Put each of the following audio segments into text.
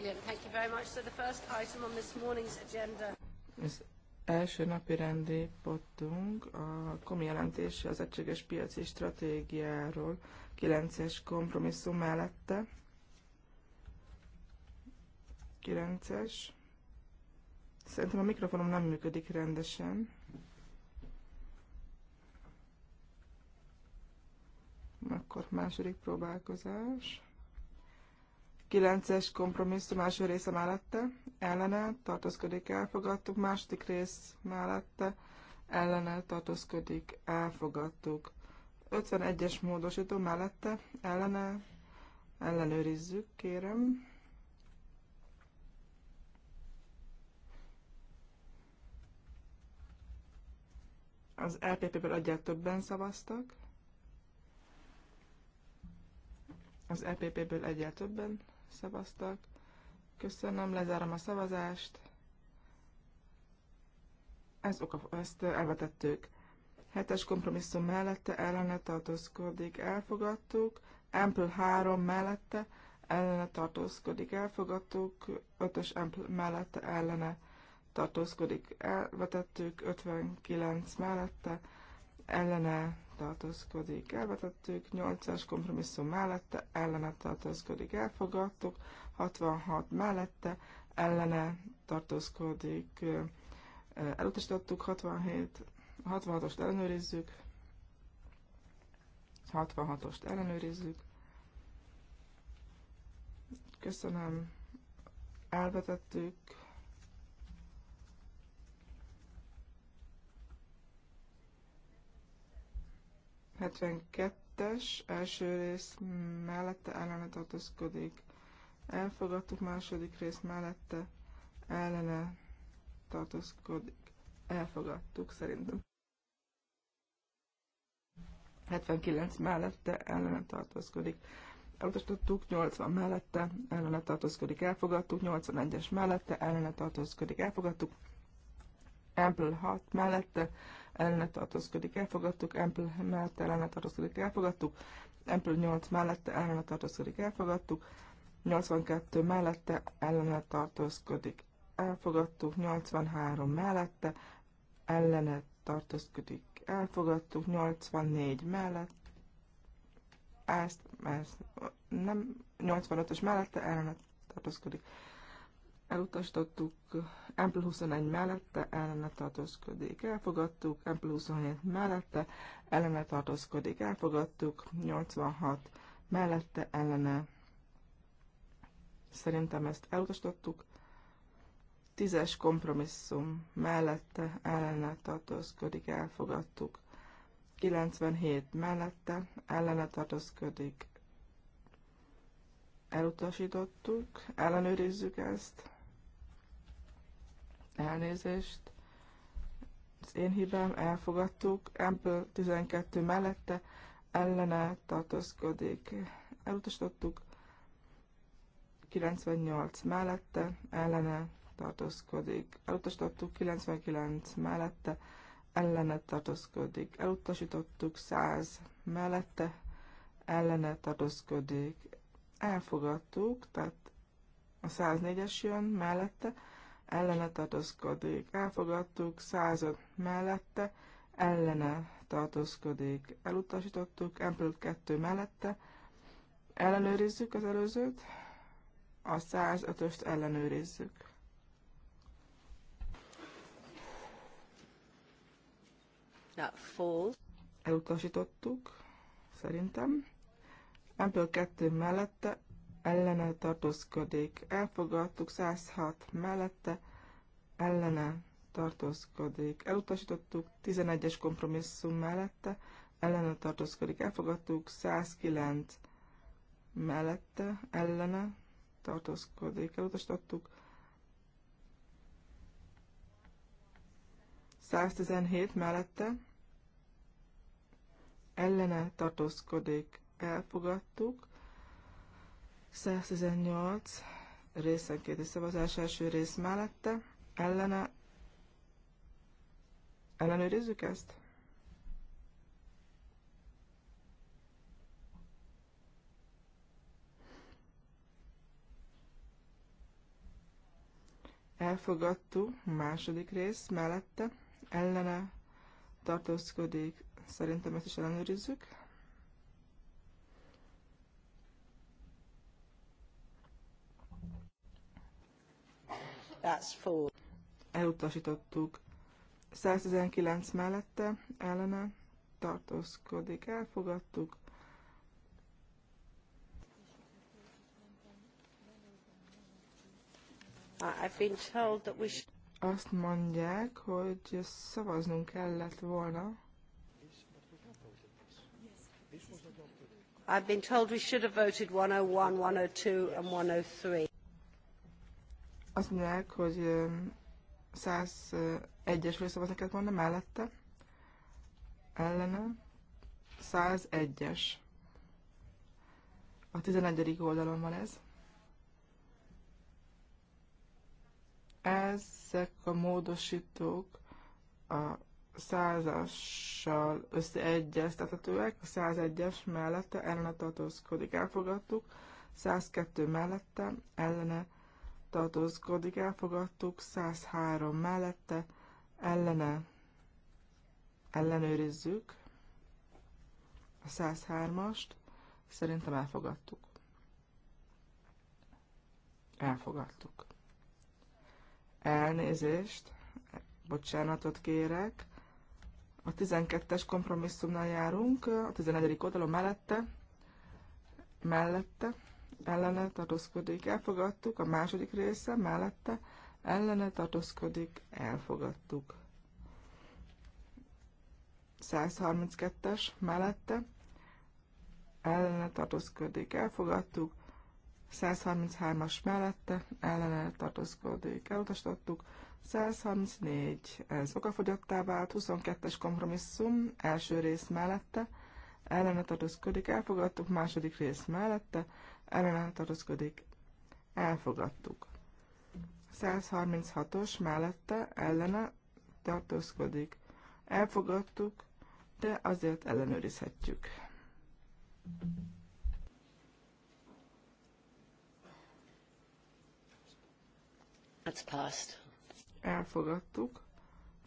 Brilliant. Thank you very much. So the first item on this morning's agenda. Az első napi rendi pontunk a komi jelentése az egységes piaci stratégiáról kilences kompromisszum mellette. Kilences. Szerintem a mikrofonom nem működik rendesen. Akkor második próbálkozás. 9-es kompromisszum első része mellette, ellene tartózkodik, elfogadtuk, második rész mellette, ellene tartózkodik, elfogadtuk. 51-es módosító mellette, ellene, ellenőrizzük, kérem. Az LPP-ből e egyet többen szavaztak. Az LPP-ből e egyet többen szavaztak. Köszönöm, lezárom a szavazást. Ez oka, ezt elvetettük. Hetes kompromisszum mellette ellene tartózkodik, elfogadtuk. Ample 3 mellette ellene tartózkodik, elfogadtuk. 5-ös Ample mellette ellene tartózkodik, elvetettük. 59 mellette ellene tartózkodik, elvetettük, 8-as kompromisszum mellette, ellene tartózkodik, elfogadtuk, 66 mellette, ellene tartózkodik, elutasítottuk, 67, 66-ost ellenőrizzük, 66-ost ellenőrizzük, köszönöm, elvetettük, 72-es első rész mellette ellene tartózkodik. Elfogadtuk második rész mellette ellene tartózkodik. Elfogadtuk szerintem. 79 mellette ellene tartózkodik. Elutasítottuk 80 mellette ellene tartózkodik. Elfogadtuk 81-es mellette ellene tartózkodik. Elfogadtuk Ample 6 mellette ellene tartózkodik, elfogadtuk, Ample mellette ellene tartózkodik, elfogadtuk, Ample 8 mellette ellene tartózkodik, elfogadtuk, 82 mellette ellene tartózkodik, elfogadtuk, 83 mellette ellene tartózkodik, elfogadtuk, 84 mellett, ezt, ezt nem, 85-ös mellette ellene tartózkodik, elutasítottuk, Ample 21 mellette ellene tartózkodik, elfogadtuk, Ample 27 mellette ellene tartózkodik, elfogadtuk, 86 mellette ellene, szerintem ezt elutasítottuk, 10-es kompromisszum mellette ellene tartózkodik, elfogadtuk, 97 mellette ellene tartózkodik, elutasítottuk, ellenőrizzük ezt, elnézést, az én hibám, elfogadtuk, Ample 12 mellette ellene tartózkodik, elutasítottuk, 98 mellette ellene tartózkodik, elutasítottuk, 99 mellette ellene tartózkodik, elutasítottuk, 100 mellette ellene tartózkodik, elfogadtuk, tehát a 104-es jön mellette, ellene tartózkodik, elfogadtuk, század mellette, ellene tartózkodik, elutasítottuk, Ample kettő mellette, ellenőrizzük az előzőt, a 105-öst ellenőrizzük. That Elutasítottuk, szerintem. Ample kettő mellette, ellene tartózkodik. Elfogadtuk 106 mellette, ellene tartózkodik. Elutasítottuk 11-es kompromisszum mellette, ellene tartózkodik. Elfogadtuk 109 mellette, ellene tartózkodik. Elutasítottuk 117 mellette, ellene tartózkodik. Elfogadtuk 118 részenkéti szavazás első rész mellette, ellene ellenőrizzük ezt? Elfogadtuk, második rész mellette, ellene tartózkodik, szerintem ezt is ellenőrizzük. That's four elutasítottuk. 119 mellette ellene tartózkodik, elfogadtuk. I've been told that we Azt mondják, hogy szavaznunk kellett volna. I've been told we should have voted 101, 102 and 103. Azt mondják, hogy 101-es főszavazatokat mondom mellette, ellene, 101-es. A 11. oldalon van ez. Ezek a módosítók a százassal összeegyeztethetőek, a 101-es mellette ellene tartózkodik, elfogadtuk, 102 mellette ellene tartózkodik, elfogadtuk, 103 mellette, ellene ellenőrizzük a 103-ast, szerintem elfogadtuk. Elfogadtuk. Elnézést, bocsánatot kérek. A 12-es kompromisszumnál járunk, a 11. oldalon mellette, mellette, ellene tartózkodik, elfogadtuk. A második része mellette ellene tartózkodik, elfogadtuk. 132-es mellette ellene tartózkodik, elfogadtuk. 133-as mellette ellene tartózkodik, elutasítottuk. 134, ez okafogyottá vált, 22-es kompromisszum, első rész mellette, ellene tartózkodik, elfogadtuk, második rész mellette, ellenen tartózkodik, elfogadtuk. 136-os mellette ellene tartózkodik, elfogadtuk, de azért ellenőrizhetjük. That's passed. Elfogadtuk.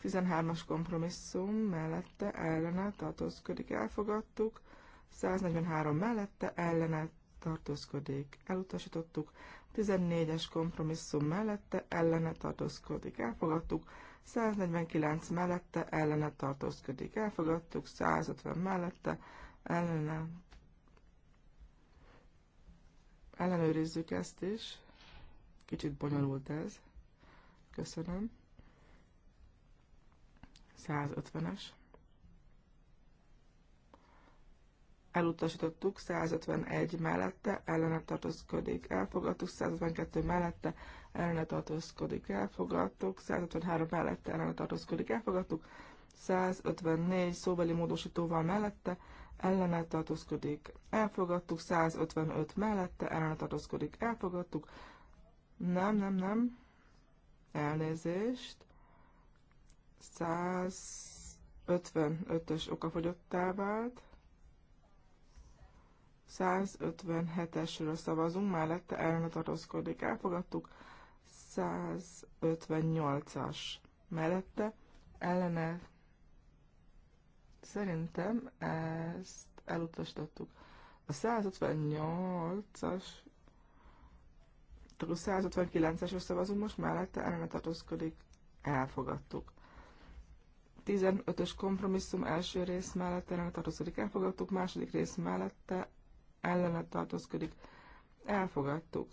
13-as kompromisszum mellette ellene tartózkodik, elfogadtuk. 143 mellette ellene tartózkodik, elutasítottuk, 14-es kompromisszum mellette ellene tartózkodik, elfogadtuk, 149 mellette ellene tartózkodik, elfogadtuk, 150 mellette ellene ellenőrizzük ezt is, kicsit bonyolult ez, köszönöm, 150-es. elutasítottuk, 151 mellette ellene tartózkodik, elfogadtuk, 152 mellette ellene tartózkodik, elfogadtuk, 153 mellette ellene tartózkodik, elfogadtuk, 154 szóbeli módosítóval mellette ellene tartózkodik, elfogadtuk, 155 mellette ellene tartózkodik, elfogadtuk, nem, nem, nem, elnézést, 155-ös okafogyottá vált, 157-esről szavazunk, mellette ellene tartózkodik, elfogadtuk. 158-as mellette ellene szerintem ezt elutasítottuk. A 158-as 159-esre szavazunk most, mellette ellene tartózkodik, elfogadtuk. 15-ös kompromisszum első rész mellett ellene tartózkodik, elfogadtuk, második rész mellette ellenet tartózkodik. Elfogadtuk.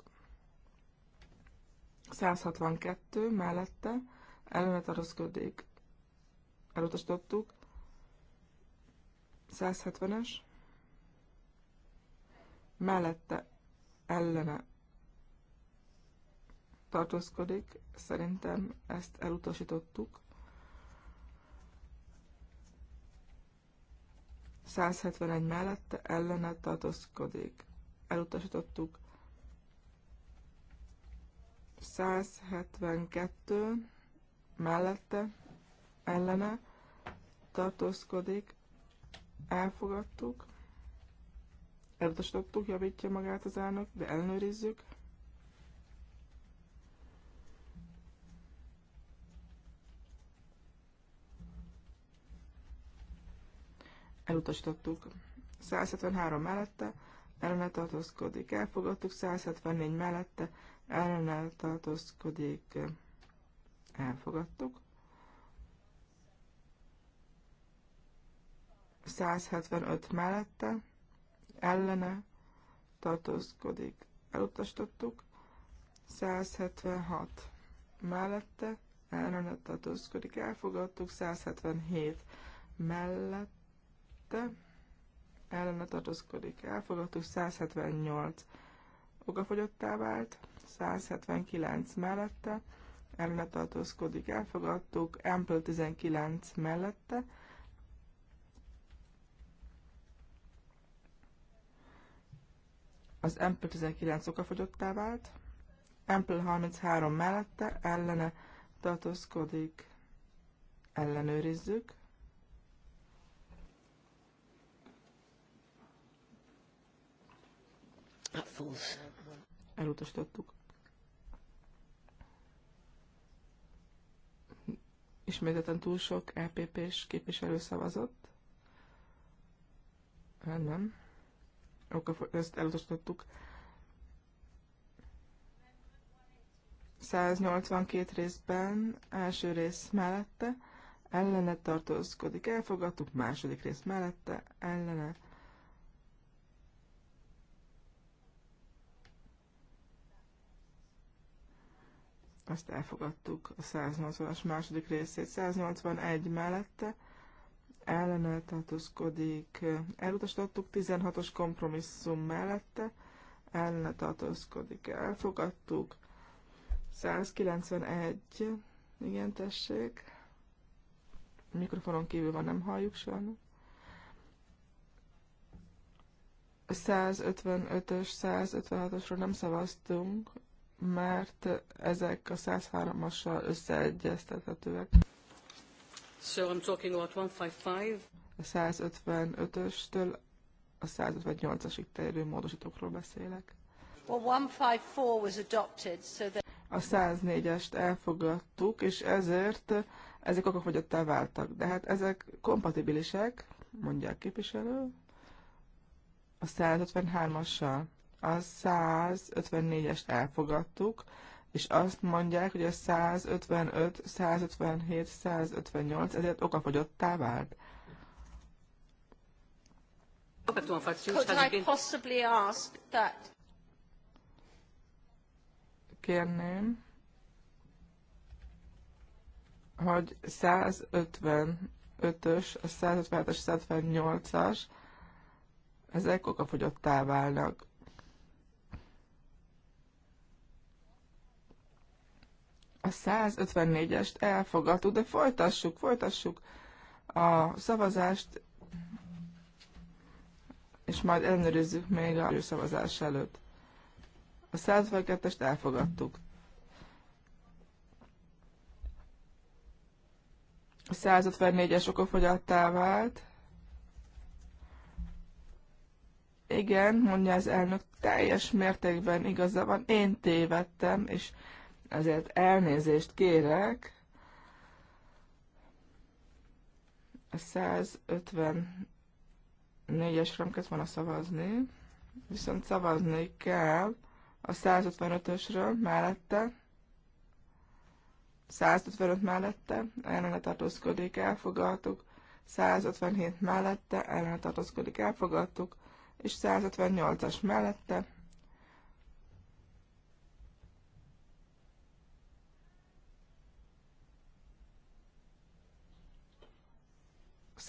162 mellette ellenet tartózkodik. Elutasítottuk. 170-es. Mellette ellene tartózkodik. Szerintem ezt elutasítottuk. 171 mellette ellene tartózkodik. Elutasítottuk. 172 mellette ellene tartózkodik. Elfogadtuk. Elutasítottuk, javítja magát az elnök, de ellenőrizzük. elutasítottuk. 173 mellette ellene tartózkodik, elfogadtuk. 174 mellette ellene tartózkodik, elfogadtuk. 175 mellette ellene tartózkodik, elutasítottuk. 176 mellette ellene tartózkodik, elfogadtuk. 177 mellett tette, ellene tartózkodik. Elfogadtuk 178 okafogyottá vált, 179 mellette ellene tartózkodik. Elfogadtuk Ample 19 mellette. Az Ample 19 okafogyottá vált, Ample 33 mellette ellene tartózkodik. Ellenőrizzük. Elutasítottuk. Ismételten túl sok lpp e s képviselő szavazott. Nem. Ezt elutasítottuk. 182 részben, első rész mellette, ellene tartózkodik, elfogadtuk, második rész mellette, ellene azt elfogadtuk a 180-as második részét. 181 mellette ellene tartózkodik. Elutasítottuk 16-os kompromisszum mellette ellene tartózkodik. Elfogadtuk. 191. Igen, tessék. Mikrofonon kívül van, nem halljuk sajnos. 155-ös, 156-osról nem szavaztunk, mert ezek a 103-assal összeegyeztethetőek. So I'm talking about 155. A 155-östől a 158-asig terjedő módosítókról beszélek. Well, 154 was adopted, so that... A 104-est elfogadtuk, és ezért ezek okafogyottá váltak. De hát ezek kompatibilisek, mondják képviselő, a 153-assal a 154-est elfogadtuk, és azt mondják, hogy a 155, 157, 158 ezért okafogyottá vált. Kérném, hogy 155-ös, a 157-es, 158-as ezek okafogyottá válnak. a 154-est elfogadtuk, de folytassuk, folytassuk a szavazást, és majd ellenőrizzük még a szavazás előtt. A 152-est elfogadtuk. A 154-es okofogyattá vált. Igen, mondja az elnök, teljes mértékben igaza van, én tévedtem, és ezért elnézést kérek. A 154-es remket van a szavazni, viszont szavazni kell a 155-ösről mellette, 155 mellette, ellene tartózkodik, elfogadtuk, 157 mellette, ellene tartózkodik, elfogadtuk, és 158-as mellette,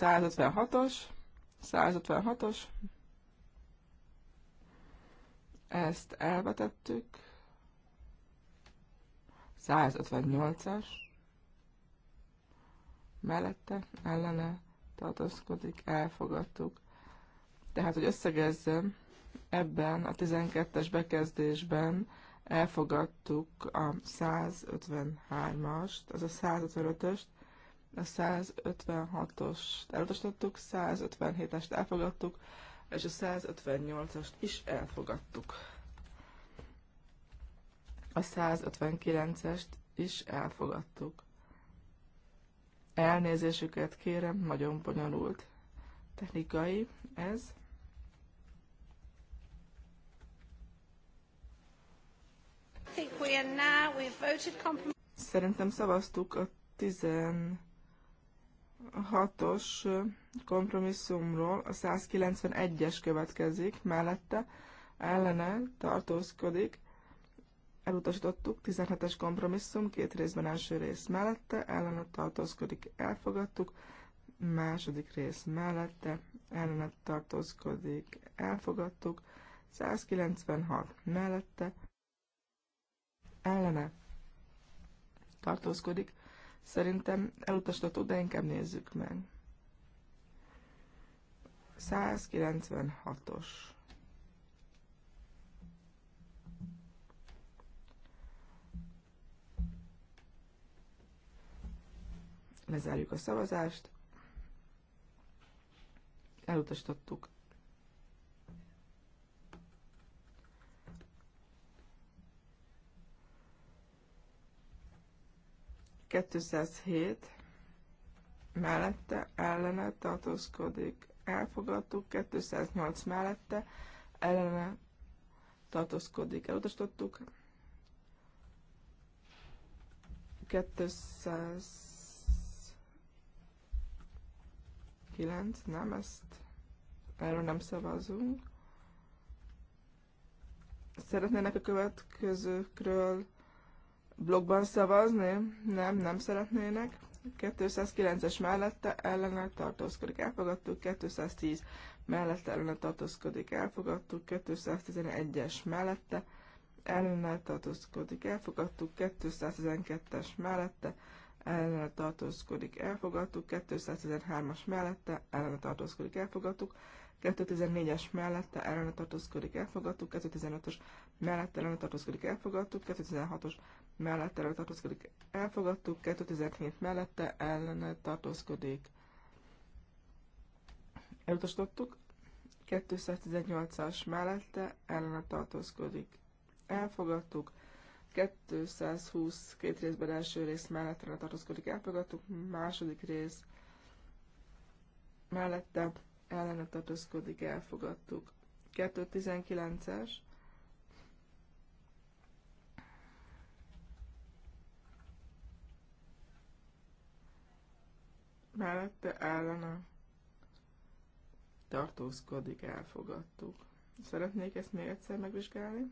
156-os, 156-os, ezt elvetettük, 158-as, mellette, ellene tartozkodik, elfogadtuk. Tehát, hogy összegezzem, ebben a 12-es bekezdésben elfogadtuk a 153-ast, az a 155-öst, 156 os elutasítottuk, 157-est elfogadtuk, és a 158-ast is elfogadtuk. A 159-est is elfogadtuk. Elnézésüket kérem, nagyon bonyolult technikai ez. Szerintem szavaztuk a 10. Tizen... 6-os kompromisszumról a 191-es következik, mellette ellene tartózkodik, elutasítottuk, 17-es kompromisszum, két részben első rész mellette, ellene tartózkodik, elfogadtuk, második rész mellette, ellene tartózkodik, elfogadtuk, 196 mellette, ellene tartózkodik, Szerintem elutasítottó, de inkább nézzük meg. 196-os. Lezárjuk a szavazást. Elutasítottuk. 207 mellette ellene tartózkodik. Elfogadtuk 208 mellette ellene tartózkodik. Elutasítottuk 209, nem ezt erről nem szavazunk. Szeretnének a következőkről blogban szavazni? Nem, nem szeretnének. 209-es mellette ellene tartózkodik, elfogadtuk, 210 mellette ellene tartózkodik, elfogadtuk, 211-es mellette ellene tartózkodik, elfogadtuk, 212-es mellette ellene tartózkodik, elfogadtuk, 213-as mellette ellene tartózkodik, elfogadtuk, 214-es mellette ellene tartózkodik, elfogadtuk, 215-ös mellette ellene tartózkodik, elfogadtuk, 216-os mellette ellene tartózkodik, elfogadtuk, 2017 mellette ellene tartózkodik, elutasítottuk, 218-as mellette ellene tartózkodik, elfogadtuk, 220 két részben első rész mellett ellene tartózkodik, elfogadtuk, második rész mellette ellene tartózkodik, elfogadtuk. 219-es mellette ellene tartózkodik, elfogadtuk. Szeretnék ezt még egyszer megvizsgálni.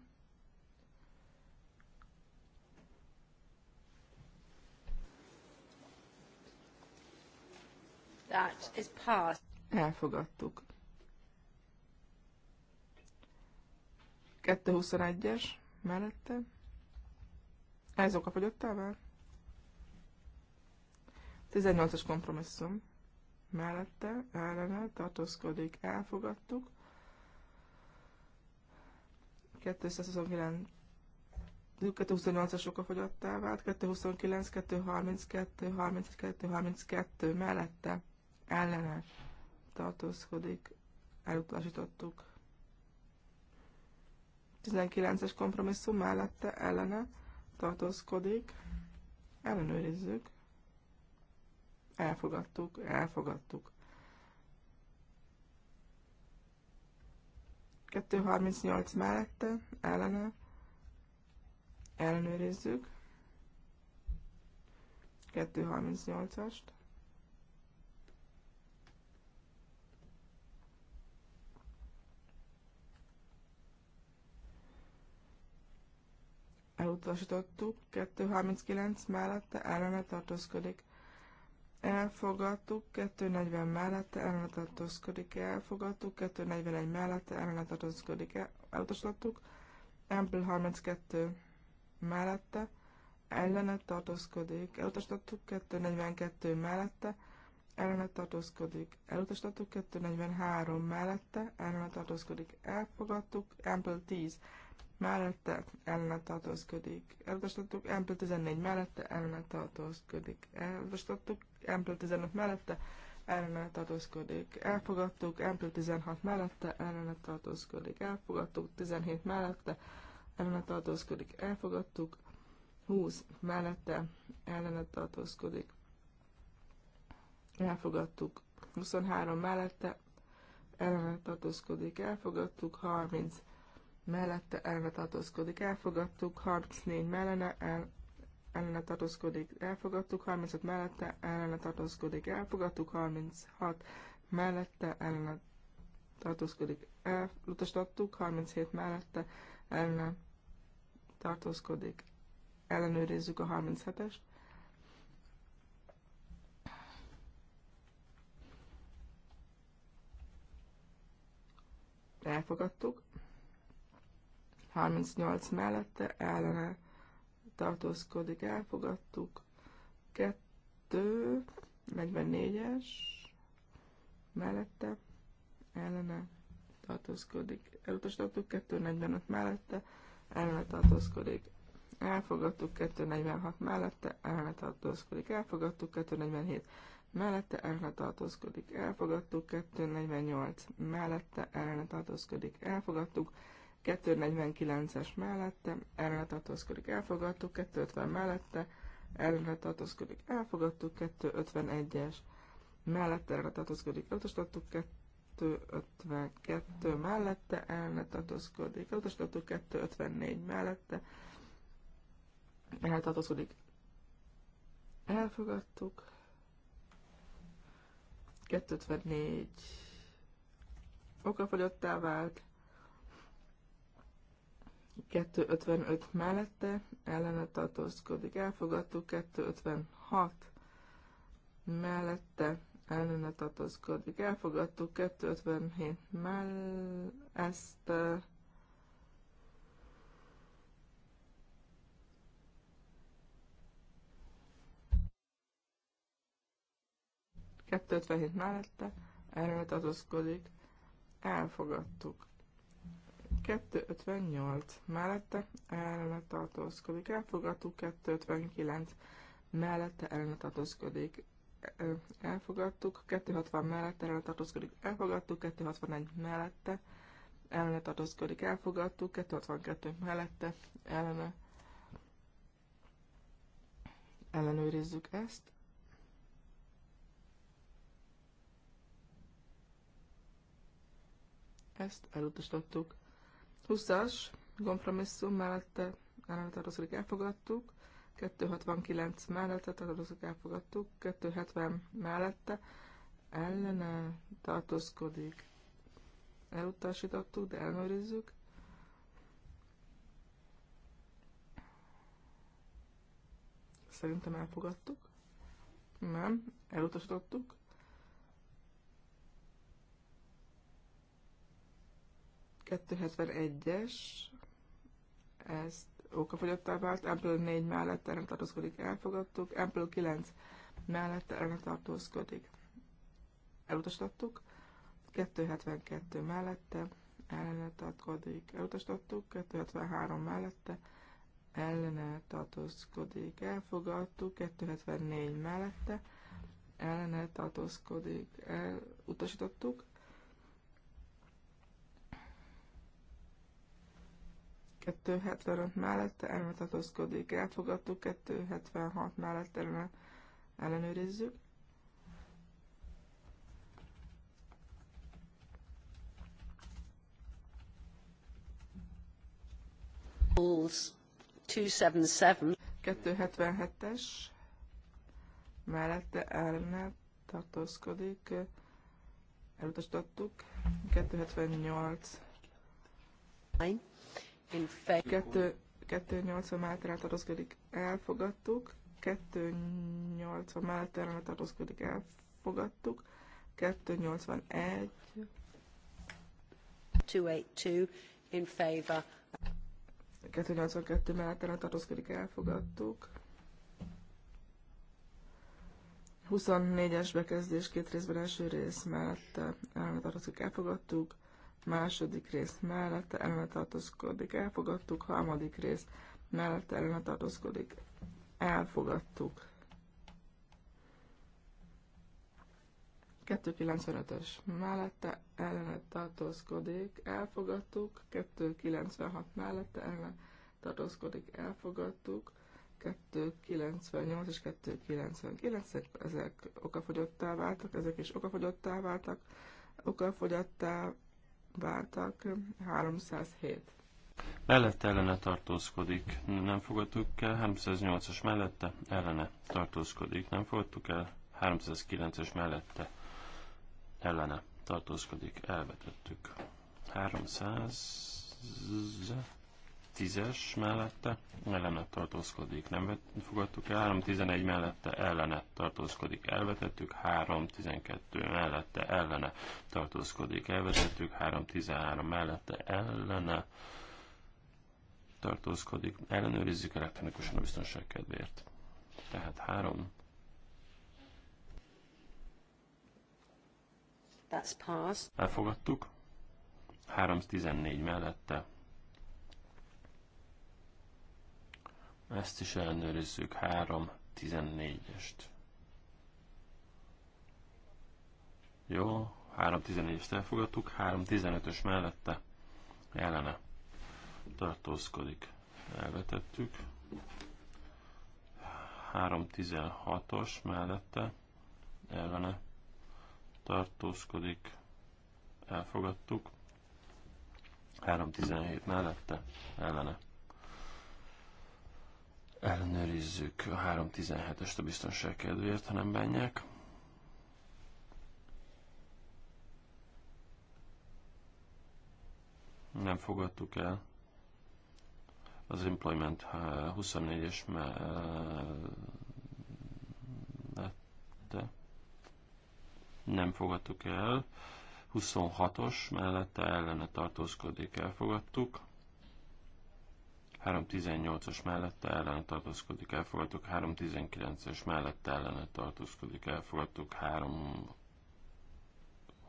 That is past Elfogadtuk. 221-es mellette. Ez oka fogyottá vált? 18-as kompromisszum mellette, ellene tartózkodik, elfogadtuk. 229 228-as okafogyottá vált, 229, 232, 32, 32 mellette ellene tartózkodik, elutasítottuk. 19-es kompromisszum mellette ellene tartózkodik, ellenőrizzük elfogadtuk, elfogadtuk. 238 mellette, ellene, ellenőrizzük. 238-ast. Elutasítottuk, 239 mellette ellene tartózkodik elfogadtuk, 240 mellette ellenetartózkodik, elfogadtuk, 241 mellette ellenetartózkodik, elutasítottuk, Ample 32 mellette ellenetartózkodik, elutasítottuk, 242 mellette ellenetartózkodik, elutasítottuk, 243 mellette ellenetartózkodik, elfogadtuk, Ample 10 mellette ellene tartózkodik. Elutasítottuk MP14 mellette ellene tartózkodik. Elutasítottuk MP15 mellette ellene tartózkodik. Elfogadtuk MP16 mellette ellene tartózkodik. Elfogadtuk 17 mellette ellene tartózkodik. Elfogadtuk 20 mellette ellene tartózkodik. Elfogadtuk 23 mellette ellene tartózkodik. Elfogadtuk 30 mellette ellene tartózkodik, elfogadtuk, 34 mellene el, ellene tartózkodik, elfogadtuk, 35 mellette ellene tartózkodik, elfogadtuk, 36 mellette ellene tartózkodik, elutasítottuk, 37 mellette ellene tartózkodik, ellenőrizzük a 37-est, elfogadtuk, 38 mellette ellene tartózkodik, elfogadtuk. 2, 44-es mellette ellene tartózkodik, elutasítottuk. 245 mellette ellene tartózkodik, elfogadtuk. 46 mellette ellene tartózkodik, elfogadtuk. 247 mellette ellene tartózkodik, elfogadtuk. 248 mellette ellene tartózkodik, elfogadtuk. 249 249-es mellette, ellene tartózkodik, elfogadtuk, 250 mellette, ellene tartózkodik, elfogadtuk, 251-es mellette, ellene tartózkodik, elutasítottuk, 252 mellette, ellene tartózkodik, elutasítottuk, 254 mellette, ellene tartózkodik, elfogadtuk, 254 okafogyottá vált, 255 mellette ellene tartózkodik. Elfogadtuk 256 mellette ellene tartózkodik. Elfogadtuk 257 mell ezt 257 mellette ellene tartózkodik. Elfogadtuk. 258 mellette ellene tartózkodik, elfogadtuk 259 e, mellette ellene tartózkodik, elfogadtuk, 260 mellette ellene tartózkodik, elfogadtuk, 261 mellette ellene tartózkodik, elfogadtuk, 262 mellette ellene ellenőrizzük ezt, ezt elutasítottuk. 20-as kompromisszum mellett ellene tartózkodik elfogadtuk, 269 mellette tartózkodik elfogadtuk, 270 mellette ellene tartózkodik elutasítottuk, de elnőrizzük. Szerintem elfogadtuk. Nem, elutasítottuk. 271-es, ezt ókafogyottá vált, ebből 4 mellett erre tartózkodik, elfogadtuk, ebből 9 mellett erre tartózkodik, elutasítottuk, 272 mellette ellene tartózkodik, elutasítottuk, 273 mellette ellene tartózkodik, elfogadtuk, 274 mellette ellene tartózkodik, elutasítottuk, 275 mellette elmetartózkodik, elfogadtuk, 276 mellett ellenőrizzük. Rules 277. 277-es mellette elne tartózkodik, elutasítottuk, 278 Nine in favor. 2, 280 mellett tartózkodik, elfogadtuk. 280 mellett tartózkodik, elfogadtuk. 281. 282 in favor. 282 mellettel tartózkodik, elfogadtuk. 24-es bekezdés két részben első rész mellett tartózkodik, elfogadtuk második rész mellette ellene tartózkodik, elfogadtuk, harmadik rész mellette ellene tartózkodik, elfogadtuk. 295-ös mellette ellene tartózkodik, elfogadtuk, 296 mellette ellene tartózkodik, elfogadtuk, 298 és 299, ezek okafogyottá váltak, ezek is okafogyottá váltak, okafogyottá váltak, 307. Mellette ellene tartózkodik, nem fogadtuk el, 308-as mellette ellene tartózkodik, nem fogadtuk el, 309-es mellette ellene tartózkodik, elvetettük. 300... 310-es mellette ellenet tartózkodik, nem fogadtuk el, 311 mellette ellenet tartózkodik, elvetettük, 312 mellette ellene tartózkodik, elvetettük, 313 mellette ellene tartózkodik, ellenőrizzük elektronikusan a biztonság kedvéért. Tehát 3. That's passed. Elfogadtuk. 314 mellette Ezt is ellenőrizzük, 3.14-est. Jó, 3.14-est elfogadtuk, 3.15-ös mellette ellene tartózkodik. Elvetettük. 3.16-os mellette ellene tartózkodik. Elfogadtuk. 3.17 mellette ellene ellenőrizzük a 317-est a biztonság kedvéért, ha nem bánják. Nem fogadtuk el az Employment 24-es mellette. Nem fogadtuk el. 26-os mellette ellene tartózkodik, elfogadtuk. 318-as mellette ellene tartózkodik, elfogadtuk. 319-es mellette ellene tartózkodik, elfogadtuk.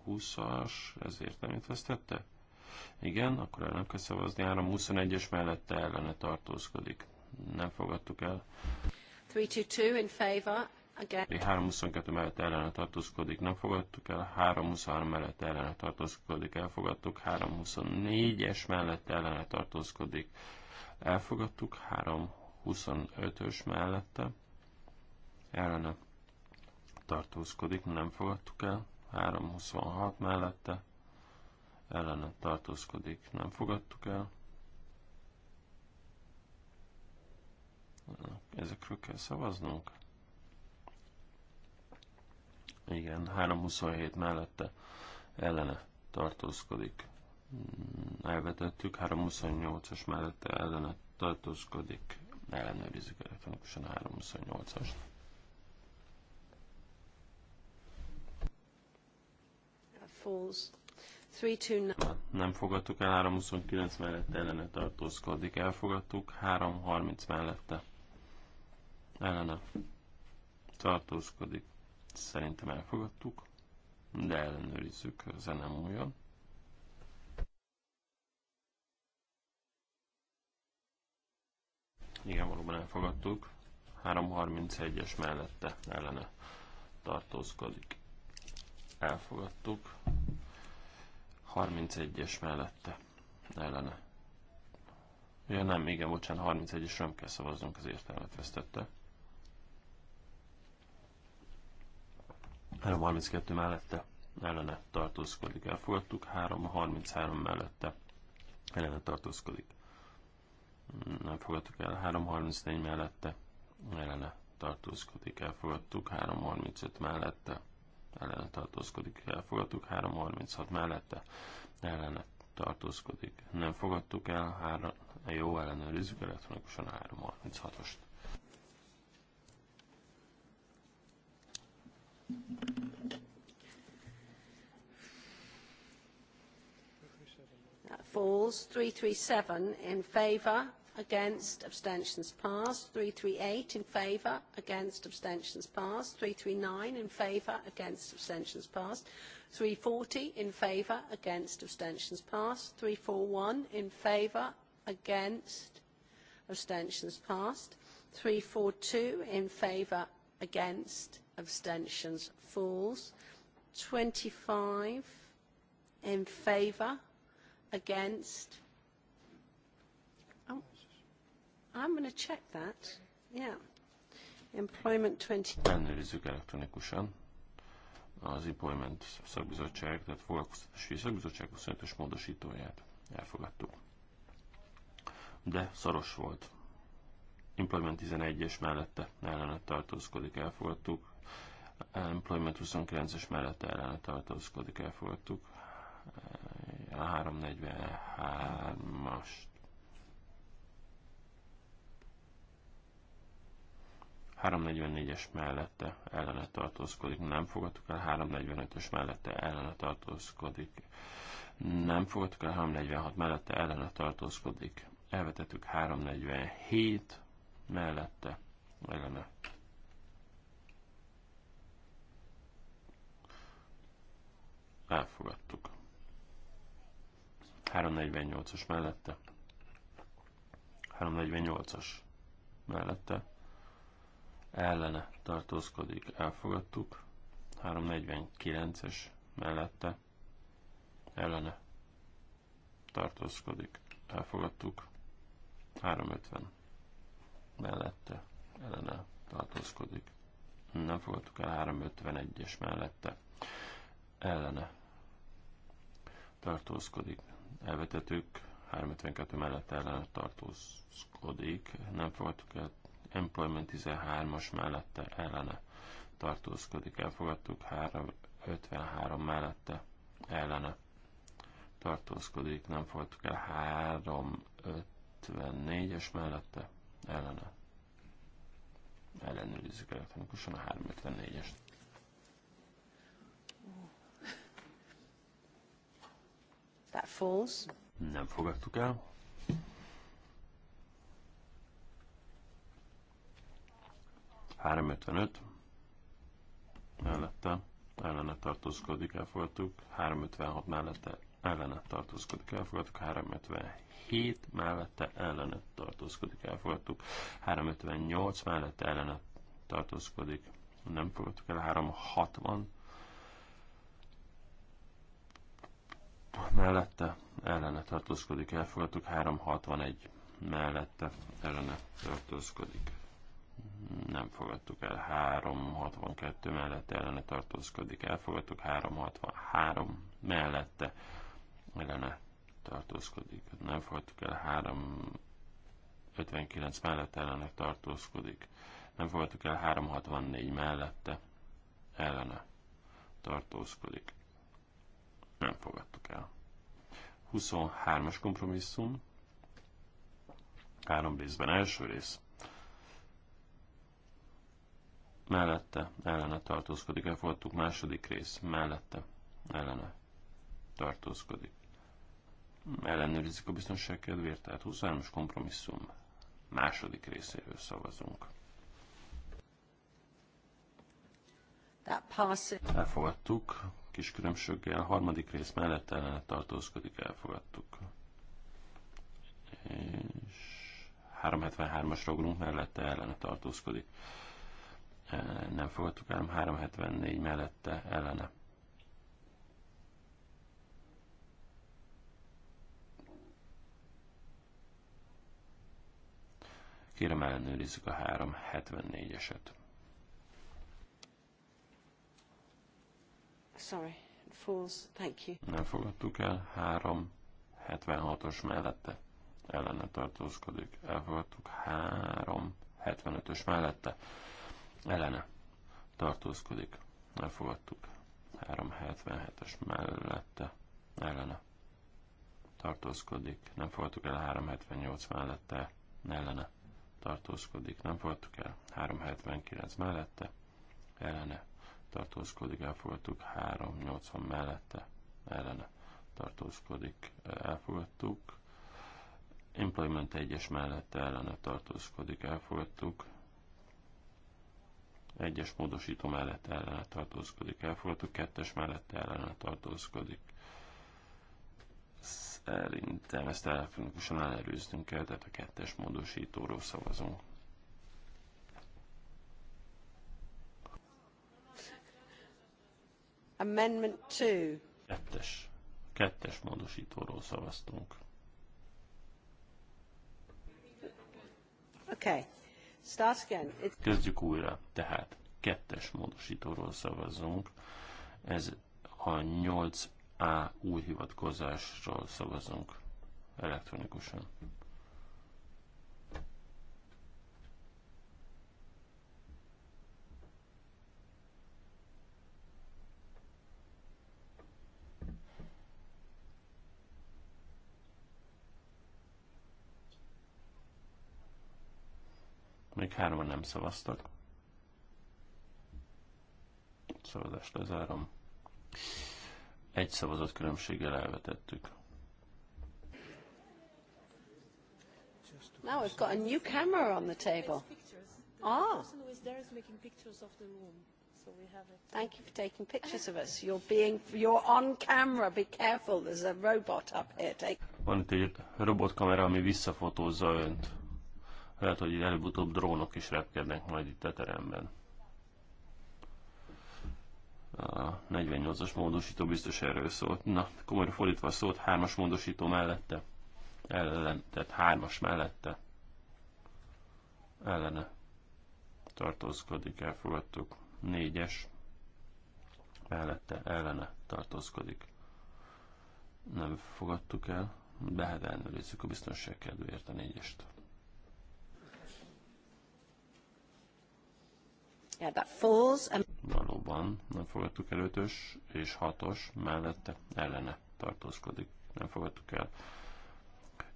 320-as, ezért nem vesztette? Igen, akkor el nem kell szavazni. 321-es mellette ellene tartózkodik. Nem fogadtuk el. 322 in favor. 322 mellett ellene tartózkodik, nem fogadtuk el, 323 mellett ellene tartózkodik, elfogadtuk, 324-es mellett ellene tartózkodik, elfogadtuk, 3.25-ös mellette ellene tartózkodik, nem fogadtuk el, 3.26 mellette ellene tartózkodik, nem fogadtuk el. Ezekről kell szavaznunk. Igen, 3.27 mellette ellene tartózkodik, elvetettük, 328-as mellette ellene tartózkodik, ellenőrizzük elektronikusan a 328-ast. Nem fogadtuk el, 329 mellette ellene tartózkodik, elfogadtuk, 330 mellette ellene tartózkodik, szerintem elfogadtuk, de ellenőrizzük, zene múljon. Igen, valóban elfogadtuk. 331-es mellette ellene tartózkodik. Elfogadtuk. 31-es mellette ellene. Ja nem, igen, bocsánat, 31-es nem kell szavaznunk, az értelmet vesztette. 332 mellette ellene tartózkodik. Elfogadtuk. 333 mellette ellene tartózkodik nem fogadtuk el, 3.34 mellette ellene tartózkodik, elfogadtuk, 3.35 mellette ellene tartózkodik, elfogadtuk, 3.36 mellette ellene tartózkodik, nem fogadtuk el, 3, jó ellenőrizzük elektronikusan 3.36-ost. Falls 337 in favor against, abstentions passed. 338 in favour, against, abstentions passed. 339 in favour, against, abstentions passed. 340 in favour, against, abstentions passed. 341 in favour, against, abstentions passed. 342 in favour, against, abstentions falls. 25 in favour, against, I'm going to check that. Yeah. Employment 20. Ellenőrizzük elektronikusan. Az Employment szakbizottság, tehát foglalkoztatási szakbizottság 25-ös módosítóját elfogadtuk. De szaros volt. Employment 11-es mellette ellenet tartózkodik, elfogadtuk. Employment 29-es mellette ellenet tartózkodik, elfogadtuk. A 343-as 344-es mellette ellene tartózkodik, nem fogadtuk el, 345-ös mellette ellene tartózkodik, nem fogadtuk el, 346 mellette ellene tartózkodik, elvetettük 347 mellette ellene. Elfogadtuk. 348-as mellette. 348-as mellette ellene tartózkodik, elfogadtuk. 349-es mellette ellene tartózkodik, elfogadtuk. 350 mellette ellene tartózkodik. Nem fogadtuk el 351-es mellette ellene tartózkodik. Elvetettük. 352 mellett ellene tartózkodik. Nem fogadtuk el Employment 13-as mellette ellene tartózkodik, elfogadtuk 53 mellette ellene tartózkodik, nem fogadtuk el 354-es mellette ellene. Ellenőrizzük elektronikusan a 354-est. That falls. Nem fogadtuk el. 355 mellette ellene tartózkodik, elfogadtuk. 356 mellette ellene tartózkodik, elfogadtuk. 357 mellette ellene tartózkodik, elfogadtuk. 358 mellette ellene tartózkodik, nem fogadtuk el. 360 mellette ellene tartózkodik, elfogadtuk. 361 mellette ellene tartózkodik, nem fogadtuk el 362 mellette ellene tartózkodik, elfogadtuk 363 mellette ellene tartózkodik, nem fogadtuk el 359 mellette ellene tartózkodik, nem fogadtuk el 364 mellette ellene tartózkodik, nem fogadtuk el. 23-as kompromisszum, három részben első rész mellette, ellene tartózkodik, elfogadtuk második rész, mellette, ellene tartózkodik. Ellenőrizik a biztonság kedvéért, tehát 23-as kompromisszum második részéről szavazunk. Elfogadtuk, kis különbséggel, harmadik rész mellette ellene tartózkodik, elfogadtuk. És 373 asra ugrunk, mellette ellene tartózkodik nem fogadtuk el, 374 mellette ellene. Kérem ellenőrizzük a 374-eset. Sorry, fools, thank you. Nem fogadtuk el, 376-os mellette ellene tartózkodik. Elfogadtuk 375-ös mellette ellene tartózkodik, elfogadtuk. 377-es mellette ellene tartózkodik, nem fogadtuk el 378 mellette ellene tartózkodik, nem fogadtuk el 379 mellette ellene tartózkodik, elfogadtuk 380 mellette ellene tartózkodik, elfogadtuk. Employment 1-es mellette ellene tartózkodik, elfogadtuk egyes módosító mellett ellene tartózkodik. Elfogadtuk kettes mellett ellene tartózkodik. Szerintem ezt elektronikusan ellenőriznünk kell, tehát a kettes módosítóról szavazunk. Amendment 2. Kettes. Kettes módosítóról szavaztunk. Okay. Kezdjük újra, tehát kettes módosítóról szavazunk. Ez a 8A új hivatkozásról szavazunk elektronikusan. Még hárman nem szavaztak. Szavazást lezárom. Egy szavazat különbséggel elvetettük. Now we've got a new camera on the table. Ah. Thank you for taking pictures of us. You're being, you're on camera. Be careful. There's a robot up here. Take. Van itt egy robotkamera, ami visszafotózza önt. Lehet, hogy előbb-utóbb drónok is repkednek majd itt a teremben. A 48-as módosító biztos erről szólt. Na, komolyra fordítva a szót, 3-as módosító mellette. Ellen, tehát 3-as mellette. Ellene. Tartózkodik, elfogadtuk. 4-es mellette, ellene tartózkodik. Nem fogadtuk el, de hát ellenőrizzük a biztonság kedvéért a négyest. Yeah, that falls. And... Valóban nem fogadtuk el ötös és hatos mellette ellene tartózkodik. Nem fogadtuk el.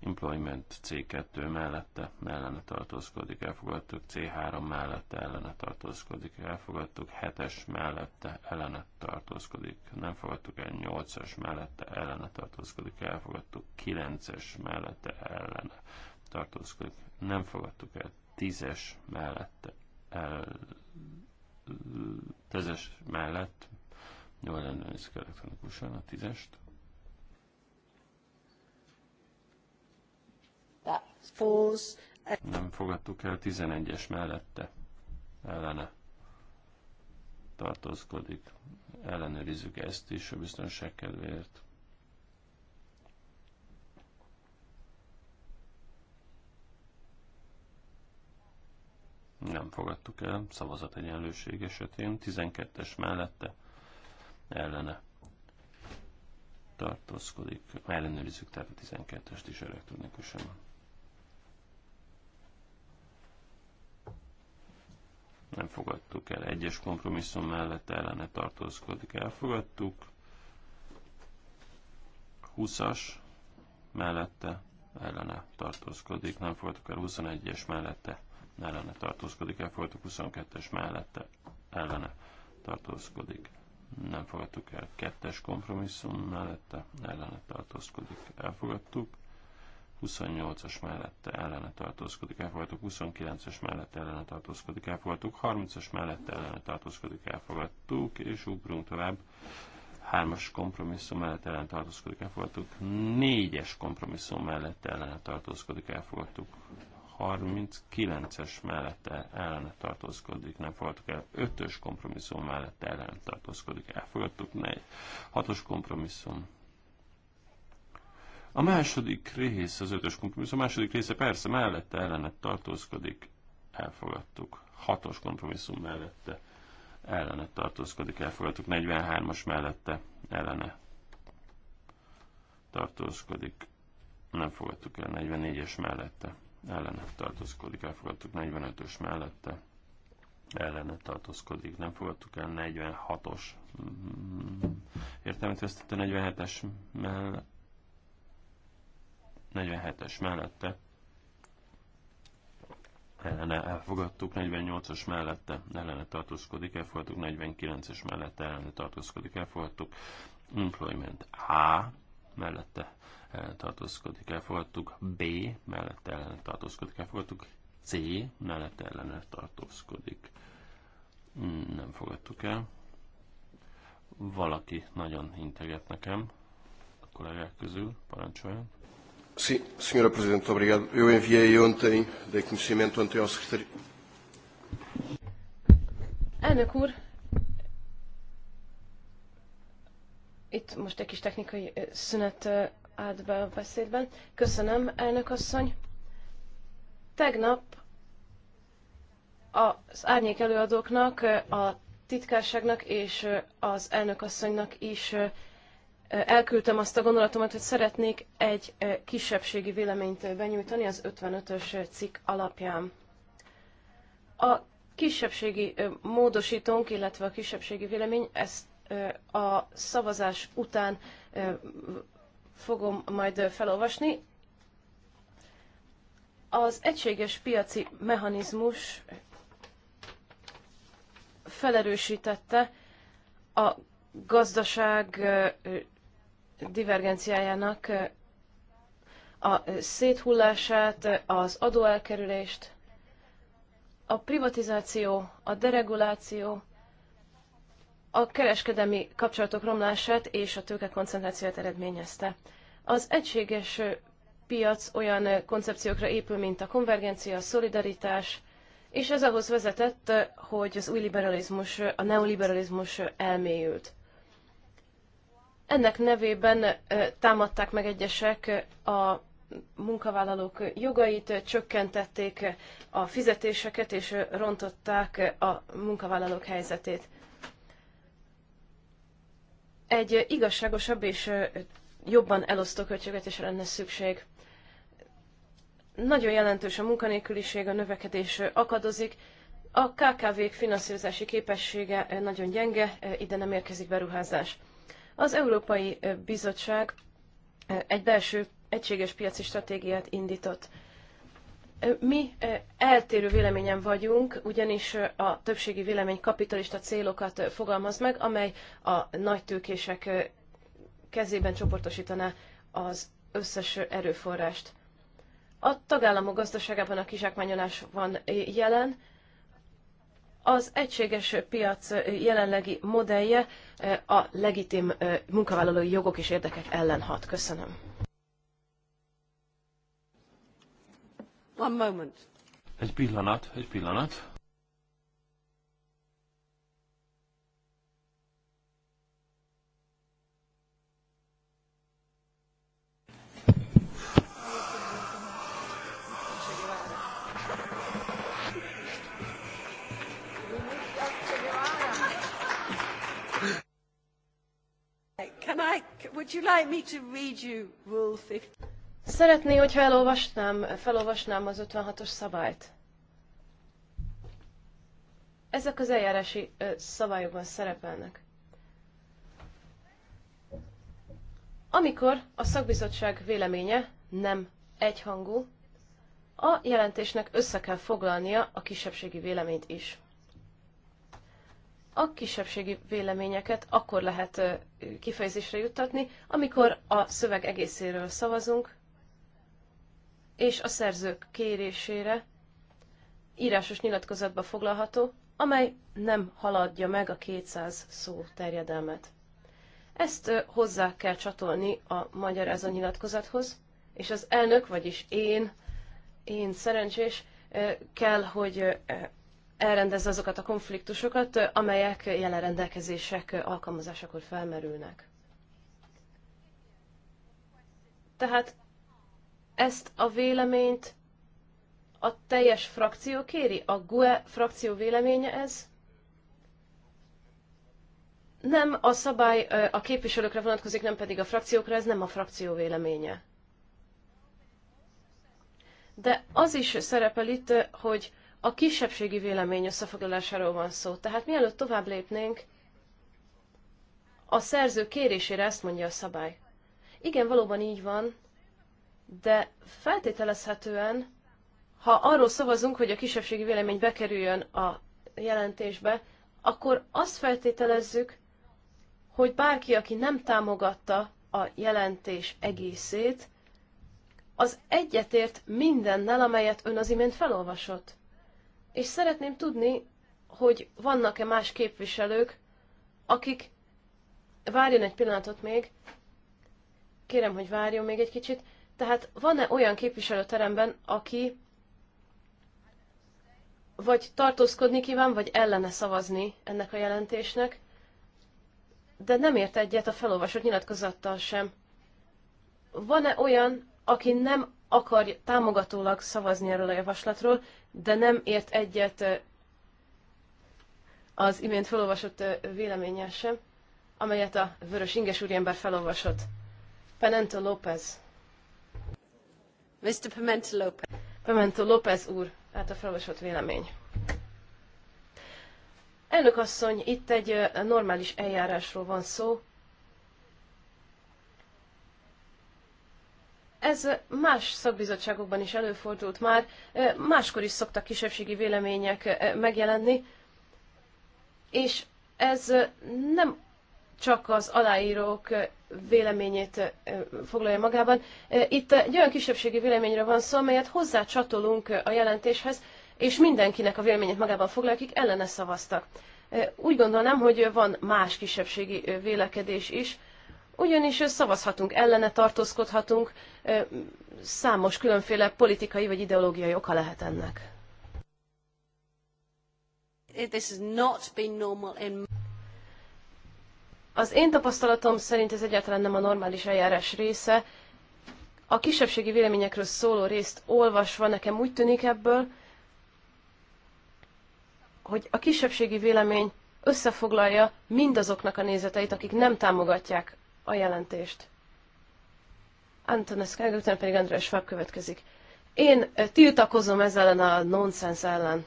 Employment C2 mellette ellene tartózkodik, elfogadtuk C3 mellette ellene tartózkodik, elfogadtuk 7-es mellette ellene tartózkodik, nem fogadtuk el 8-as mellette ellene tartózkodik, elfogadtuk 9-es mellette ellene tartózkodik, nem fogadtuk el 10-es mellette tízes mellett, jól ellenőrizzük elektronikusan a tízest. Nem fogadtuk el 11-es mellette ellene tartózkodik. Ellenőrizzük ezt is a biztonság kedvéért. nem fogadtuk el, szavazat egyenlőség esetén, 12-es mellette ellene tartózkodik, ellenőrizzük tehát a 12-est is elektronikusan. Nem fogadtuk el, egyes kompromisszum mellett ellene tartózkodik, elfogadtuk, 20-as mellette ellene tartózkodik, nem fogadtuk el 21-es mellette ellene tartózkodik, elfogadtuk 22-es mellette ellene tartózkodik, nem fogadtuk el kettes kompromisszum mellette ellene tartózkodik, elfogadtuk 28-as mellette ellene tartózkodik, elfogadtuk 29-es mellette ellene tartózkodik, elfogadtuk 30-as mellette ellene tartózkodik, elfogadtuk és ugrunk tovább 3-as kompromisszum mellett ellen tartózkodik, elfogadtuk. 4-es kompromisszum mellett ellen tartózkodik, elfogadtuk. 39-es mellette ellene tartózkodik, nem fogadtuk el. 5-ös kompromisszum mellette ellene tartózkodik, elfogadtuk. 6-os kompromisszum a második rész, az 5-ös kompromisszum, a második része persze mellette ellene tartózkodik, elfogadtuk. os kompromisszum mellette ellene tartózkodik, elfogadtuk. 43-as mellette ellene tartózkodik, nem fogadtuk el. 44-es mellette ellene tartózkodik, elfogadtuk 45-ös mellette, ellene tartózkodik, nem fogadtuk el 46-os mm-hmm. értelmet vesztett a 47-es mellett, 47-es mellette, ellene elfogadtuk, 48-as mellette ellene tartózkodik, elfogadtuk, 49-es mellette ellene tartózkodik, elfogadtuk, employment A mellette tartózkodik, elfogadtuk, B mellett ellen tartózkodik, elfogadtuk, C mellett ellen tartózkodik. Hmm, nem fogadtuk el. Valaki nagyon integet nekem a kollégák közül, parancsoljon. Sim, senhora Presidente, obrigado. Eu enviei ontem, dei conhecimento ontem ao Secretário. Elnök úr, itt most egy kis technikai szünet állt be a beszédben. Köszönöm, elnök asszony. Tegnap az árnyék előadóknak, a titkárságnak és az elnök asszonynak is elküldtem azt a gondolatomat, hogy szeretnék egy kisebbségi véleményt benyújtani az 55-ös cikk alapján. A kisebbségi módosítónk, illetve a kisebbségi vélemény ezt a szavazás után fogom majd felolvasni. Az egységes piaci mechanizmus felerősítette a gazdaság divergenciájának a széthullását, az adóelkerülést, a privatizáció, a dereguláció, a kereskedelmi kapcsolatok romlását és a tőke koncentrációt eredményezte. Az egységes piac olyan koncepciókra épül, mint a konvergencia, a szolidaritás, és ez ahhoz vezetett, hogy az új liberalizmus, a neoliberalizmus elmélyült. Ennek nevében támadták meg egyesek a munkavállalók jogait, csökkentették a fizetéseket és rontották a munkavállalók helyzetét egy igazságosabb és jobban elosztó költségvetésre lenne szükség. Nagyon jelentős a munkanélküliség, a növekedés akadozik, a KKV-k finanszírozási képessége nagyon gyenge, ide nem érkezik beruházás. Az Európai Bizottság egy belső egységes piaci stratégiát indított. Mi eltérő véleményen vagyunk, ugyanis a többségi vélemény kapitalista célokat fogalmaz meg, amely a nagy tőkések kezében csoportosítaná az összes erőforrást. A tagállamok gazdaságában a kizsákmányolás van jelen, az egységes piac jelenlegi modellje a legitim munkavállalói jogok és érdekek ellen hat. Köszönöm. One moment. Egy pillanat, egy pillanat. Can I, would you like me to read you Rule 50? Szeretné, hogyha elolvasnám, felolvasnám az 56-os szabályt. Ezek az eljárási szabályokban szerepelnek. Amikor a szakbizottság véleménye nem egyhangú, a jelentésnek össze kell foglalnia a kisebbségi véleményt is. A kisebbségi véleményeket akkor lehet kifejezésre juttatni, amikor a szöveg egészéről szavazunk, és a szerzők kérésére írásos nyilatkozatba foglalható, amely nem haladja meg a 200 szó terjedelmet. Ezt hozzá kell csatolni a magyar a nyilatkozathoz, és az elnök, vagyis én, én szerencsés, kell, hogy elrendezze azokat a konfliktusokat, amelyek jelen rendelkezések alkalmazásakor felmerülnek. Tehát ezt a véleményt a teljes frakció kéri? A GUE frakció véleménye ez? Nem, a szabály a képviselőkre vonatkozik, nem pedig a frakciókra, ez nem a frakció véleménye. De az is szerepel itt, hogy a kisebbségi vélemény összefoglalásáról van szó. Tehát mielőtt tovább lépnénk, a szerző kérésére ezt mondja a szabály. Igen, valóban így van de feltételezhetően, ha arról szavazunk, hogy a kisebbségi vélemény bekerüljön a jelentésbe, akkor azt feltételezzük, hogy bárki, aki nem támogatta a jelentés egészét, az egyetért mindennel, amelyet ön az imént felolvasott. És szeretném tudni, hogy vannak-e más képviselők, akik... Várjon egy pillanatot még. Kérem, hogy várjon még egy kicsit. Tehát van-e olyan képviselőteremben, aki vagy tartózkodni kíván, vagy ellene szavazni ennek a jelentésnek, de nem ért egyet a felolvasott nyilatkozattal sem. Van-e olyan, aki nem akar támogatólag szavazni erről a javaslatról, de nem ért egyet az imént felolvasott véleménnyel sem, amelyet a vörös inges úriember felolvasott. Penento López. Mr. Pimento López. Pimento López úr, hát a felolvasott vélemény. Elnök asszony, itt egy normális eljárásról van szó. Ez más szakbizottságokban is előfordult már, máskor is szoktak kisebbségi vélemények megjelenni, és ez nem csak az aláírók véleményét foglalja magában. Itt egy olyan kisebbségi véleményről van szó, amelyet hozzácsatolunk a jelentéshez, és mindenkinek a véleményét magában foglalja, akik ellene szavaztak. Úgy gondolnám, hogy van más kisebbségi vélekedés is, ugyanis szavazhatunk ellene, tartózkodhatunk, számos különféle politikai vagy ideológiai oka lehet ennek. This has not been normal in az én tapasztalatom szerint ez egyáltalán nem a normális eljárás része. A kisebbségi véleményekről szóló részt olvasva nekem úgy tűnik ebből, hogy a kisebbségi vélemény összefoglalja mindazoknak a nézeteit, akik nem támogatják a jelentést. Antones Kága, utána pedig András Fab következik. Én eh, tiltakozom ez ellen a nonsense ellen.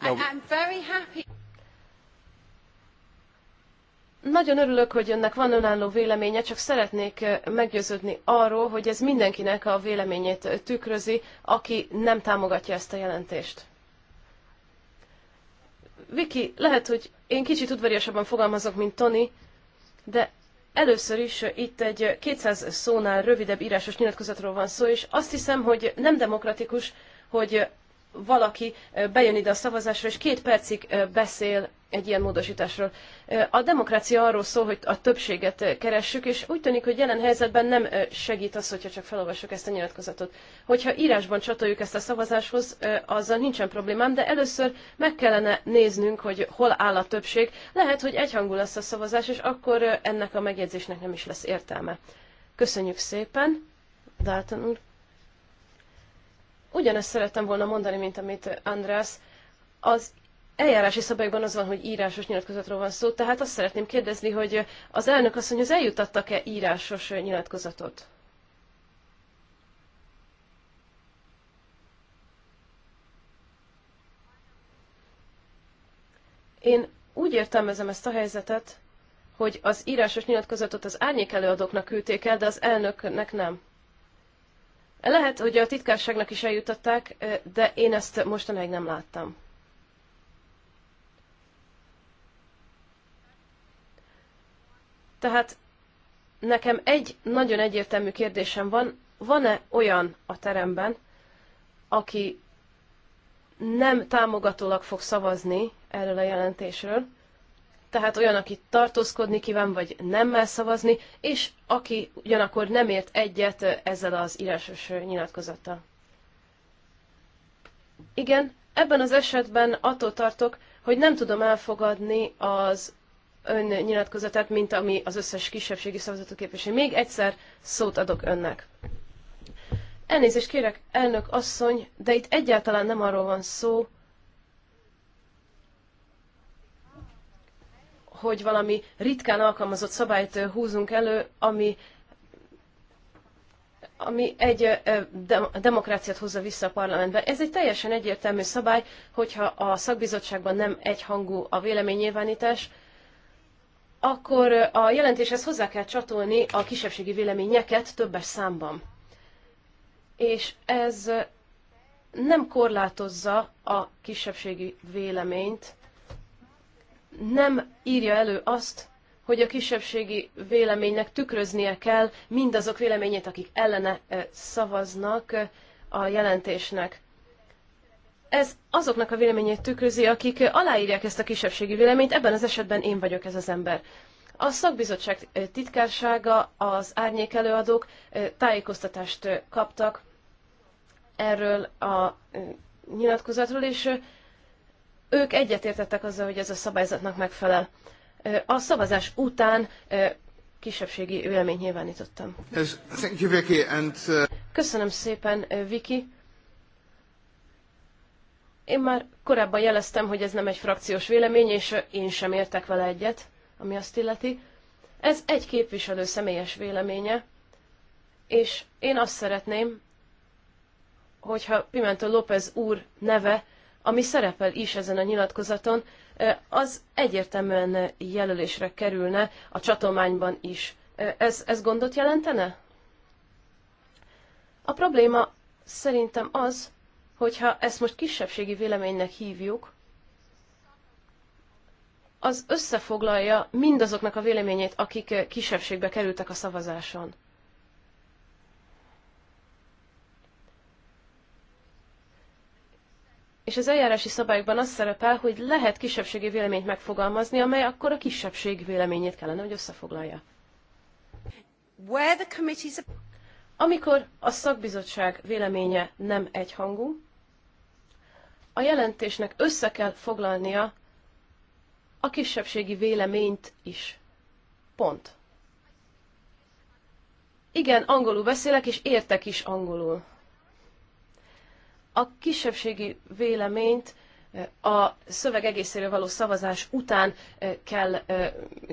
No. Nagyon örülök, hogy önnek van önálló véleménye, csak szeretnék eh, meggyőződni arról, hogy ez mindenkinek a véleményét eh, tükrözi, aki nem támogatja ezt a jelentést. Viki, lehet, hogy én kicsit udvariasabban fogalmazok, mint Tony, de először is eh, itt egy 200 szónál rövidebb írásos nyilatkozatról van szó, és azt hiszem, hogy nem demokratikus, hogy valaki bejön ide a szavazásra, és két percig beszél egy ilyen módosításról. A demokrácia arról szól, hogy a többséget keressük, és úgy tűnik, hogy jelen helyzetben nem segít az, hogyha csak felolvasok ezt a nyilatkozatot. Hogyha írásban csatoljuk ezt a szavazáshoz, azzal nincsen problémám, de először meg kellene néznünk, hogy hol áll a többség. Lehet, hogy egyhangú lesz a szavazás, és akkor ennek a megjegyzésnek nem is lesz értelme. Köszönjük szépen, Dalton úr. Ugyanezt szerettem volna mondani, mint amit András. Az eljárási szabályokban az van, hogy írásos nyilatkozatról van szó, tehát azt szeretném kérdezni, hogy az elnök az eljutattak-e írásos nyilatkozatot? Én úgy értelmezem ezt a helyzetet, hogy az írásos nyilatkozatot az árnyék előadóknak küldték el, de az elnöknek nem. Lehet, hogy a titkárságnak is eljutották, de én ezt mostanáig nem láttam. Tehát nekem egy nagyon egyértelmű kérdésem van, van-e olyan a teremben, aki nem támogatólag fog szavazni erről a jelentésről, tehát olyan, aki tartózkodni kíván, vagy nem mer szavazni, és aki ugyanakkor nem ért egyet ezzel az írásos nyilatkozattal. Igen, ebben az esetben attól tartok, hogy nem tudom elfogadni az önnyilatkozatát, mint ami az összes kisebbségi szavazatot képviseli. Még egyszer szót adok önnek. Elnézést kérek, elnök asszony, de itt egyáltalán nem arról van szó, hogy valami ritkán alkalmazott szabályt húzunk elő, ami, ami egy demokráciát hozza vissza a parlamentbe. Ez egy teljesen egyértelmű szabály, hogyha a szakbizottságban nem egyhangú a véleménynyilvánítás, akkor a jelentéshez hozzá kell csatolni a kisebbségi véleményeket többes számban. És ez nem korlátozza a kisebbségi véleményt, nem írja elő azt, hogy a kisebbségi véleménynek tükröznie kell mindazok véleményét, akik ellene eh, szavaznak eh, a jelentésnek. Ez azoknak a véleményét tükrözi, akik aláírják ezt a kisebbségi véleményt, ebben az esetben én vagyok ez az ember. A szakbizottság titkársága, az árnyék előadók tájékoztatást kaptak erről a nyilatkozatról, és ők egyetértettek azzal, hogy ez a szabályzatnak megfelel. A szavazás után kisebbségi véleményt nyilvánítottam. Uh, Köszönöm szépen, Viki. Én már korábban jeleztem, hogy ez nem egy frakciós vélemény, és én sem értek vele egyet, ami azt illeti. Ez egy képviselő személyes véleménye, és én azt szeretném, hogyha Pimento López úr neve, ami szerepel is ezen a nyilatkozaton, az egyértelműen jelölésre kerülne a csatolmányban is. Ez, ez gondot jelentene? A probléma szerintem az, hogyha ezt most kisebbségi véleménynek hívjuk, az összefoglalja mindazoknak a véleményét, akik kisebbségbe kerültek a szavazáson. És az eljárási szabályokban az szerepel, hogy lehet kisebbségi véleményt megfogalmazni, amely akkor a kisebbség véleményét kellene, hogy összefoglalja. Amikor a szakbizottság véleménye nem egyhangú, a jelentésnek össze kell foglalnia a kisebbségi véleményt is. Pont. Igen, angolul beszélek, és értek is angolul. A kisebbségi véleményt a szöveg egészéről való szavazás után kell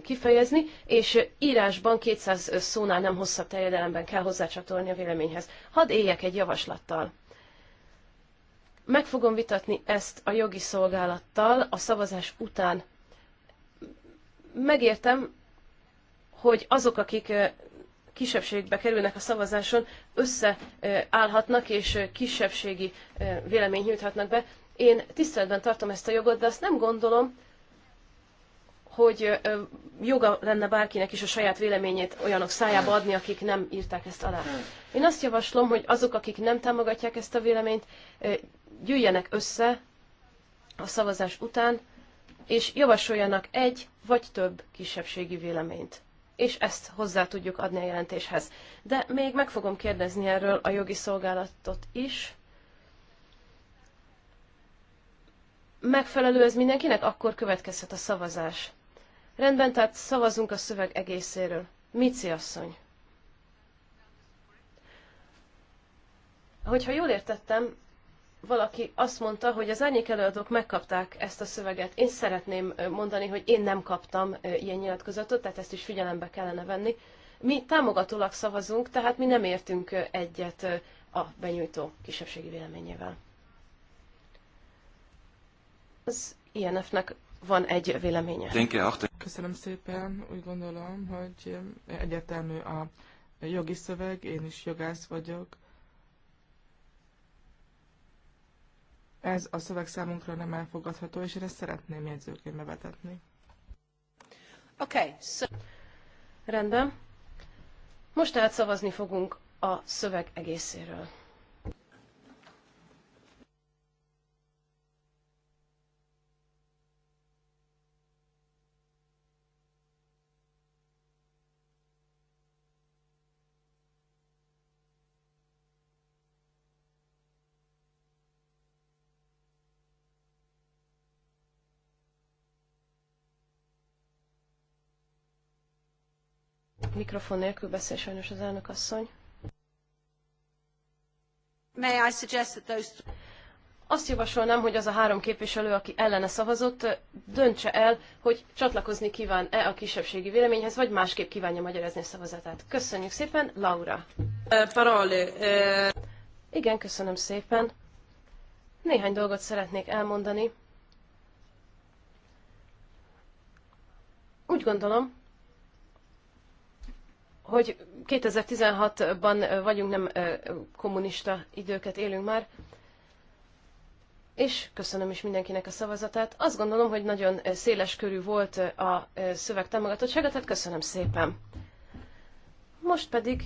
kifejezni, és írásban 200 szónál nem hosszabb terjedelemben kell hozzácsatolni a véleményhez. Hadd éljek egy javaslattal. Meg fogom vitatni ezt a jogi szolgálattal a szavazás után. Megértem, hogy azok, akik kisebbségbe kerülnek a szavazáson, összeállhatnak és kisebbségi véleményt nyújthatnak be. Én tiszteletben tartom ezt a jogot, de azt nem gondolom, hogy joga lenne bárkinek is a saját véleményét olyanok szájába adni, akik nem írták ezt alá. Én azt javaslom, hogy azok, akik nem támogatják ezt a véleményt, gyűjjenek össze a szavazás után, és javasoljanak egy vagy több kisebbségi véleményt. És ezt hozzá tudjuk adni a jelentéshez. De még meg fogom kérdezni erről a jogi szolgálatot is. Megfelelő ez mindenkinek, akkor következhet a szavazás. Rendben, tehát szavazunk a szöveg egészéről. Mici asszony. Hogyha jól értettem, valaki azt mondta, hogy az árnyék előadók megkapták ezt a szöveget. Én szeretném mondani, hogy én nem kaptam ilyen nyilatkozatot, tehát ezt is figyelembe kellene venni. Mi támogatólag szavazunk, tehát mi nem értünk egyet a benyújtó kisebbségi véleményével. Az INF-nek van egy véleménye. Köszönöm szépen. Úgy gondolom, hogy egyetemű a jogi szöveg, én is jogász vagyok Ez a szöveg számunkra nem elfogadható, és én ezt szeretném bevetetni. Oké, Okay, so... Rendben. Most tehát szavazni fogunk a szöveg egészéről. Mikrofon nélkül beszél sajnos az elnök asszony. May I suggest that those... Azt javasolnám, hogy az a három képviselő, aki ellene szavazott, döntse el, hogy csatlakozni kíván-e a kisebbségi véleményhez, vagy másképp kívánja magyarázni a szavazatát. Köszönjük szépen, Laura. Eh, parole. Eh. Igen, köszönöm szépen. Néhány dolgot szeretnék elmondani. Úgy gondolom, hogy 2016-ban vagyunk, nem kommunista időket élünk már, és köszönöm is mindenkinek a szavazatát. Azt gondolom, hogy nagyon széles körű volt a szöveg támogatottsága, tehát köszönöm szépen. Most pedig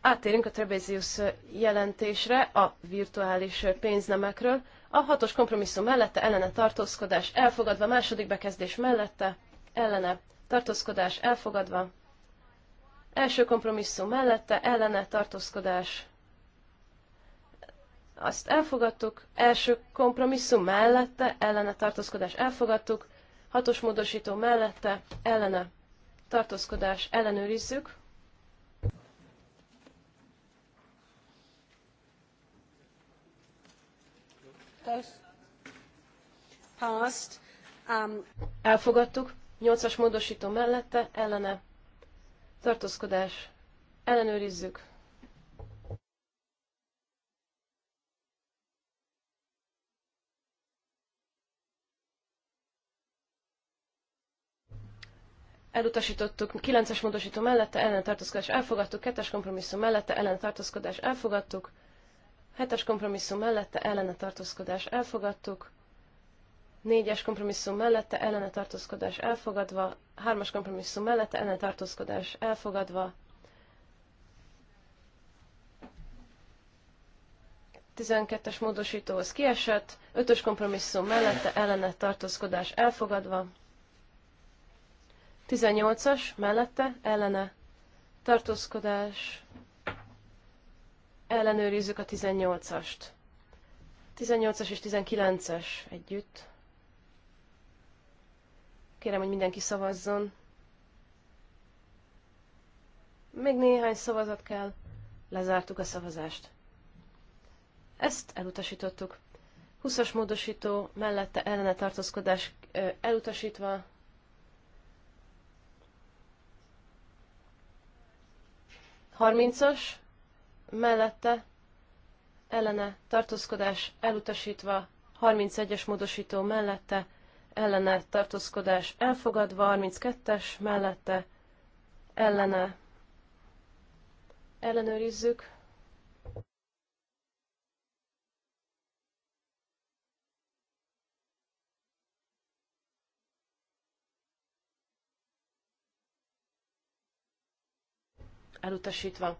áttérünk a Trebezius jelentésre, a virtuális pénznemekről. A hatos kompromisszum mellette ellene tartózkodás elfogadva, második bekezdés mellette ellene tartózkodás elfogadva, Első kompromisszum mellette, ellene tartózkodás. Azt elfogadtuk. Első kompromisszum mellette, ellene tartózkodás elfogadtuk. Hatos módosító mellette, ellene tartózkodás ellenőrizzük. Um, elfogadtuk. Nyolcas módosító mellette, ellene tartózkodás, ellenőrizzük. Elutasítottuk 9-es módosító mellette, ellen tartózkodás elfogadtuk, 2-es kompromisszum mellette, ellen tartózkodás elfogadtuk, 7-es kompromisszum mellette, ellen tartózkodás elfogadtuk, négyes kompromisszum mellette ellen tartózkodás elfogadva, hármas kompromisszum mellett ellen tartózkodás elfogadva. 12-es módosítóhoz kiesett, 5-ös kompromisszum mellette ellenet tartózkodás elfogadva. 18-as mellette ellene tartózkodás ellenőrizzük a 18-ast. 18-as és 19-es együtt. Kérem, hogy mindenki szavazzon. Még néhány szavazat kell. Lezártuk a szavazást. Ezt elutasítottuk. 20-as módosító mellette ellene tartózkodás elutasítva. Harmincas mellette ellene tartózkodás elutasítva. 31-es módosító mellette ellene tartózkodás elfogadva, 32-es mellette ellene ellenőrizzük. Elutasítva.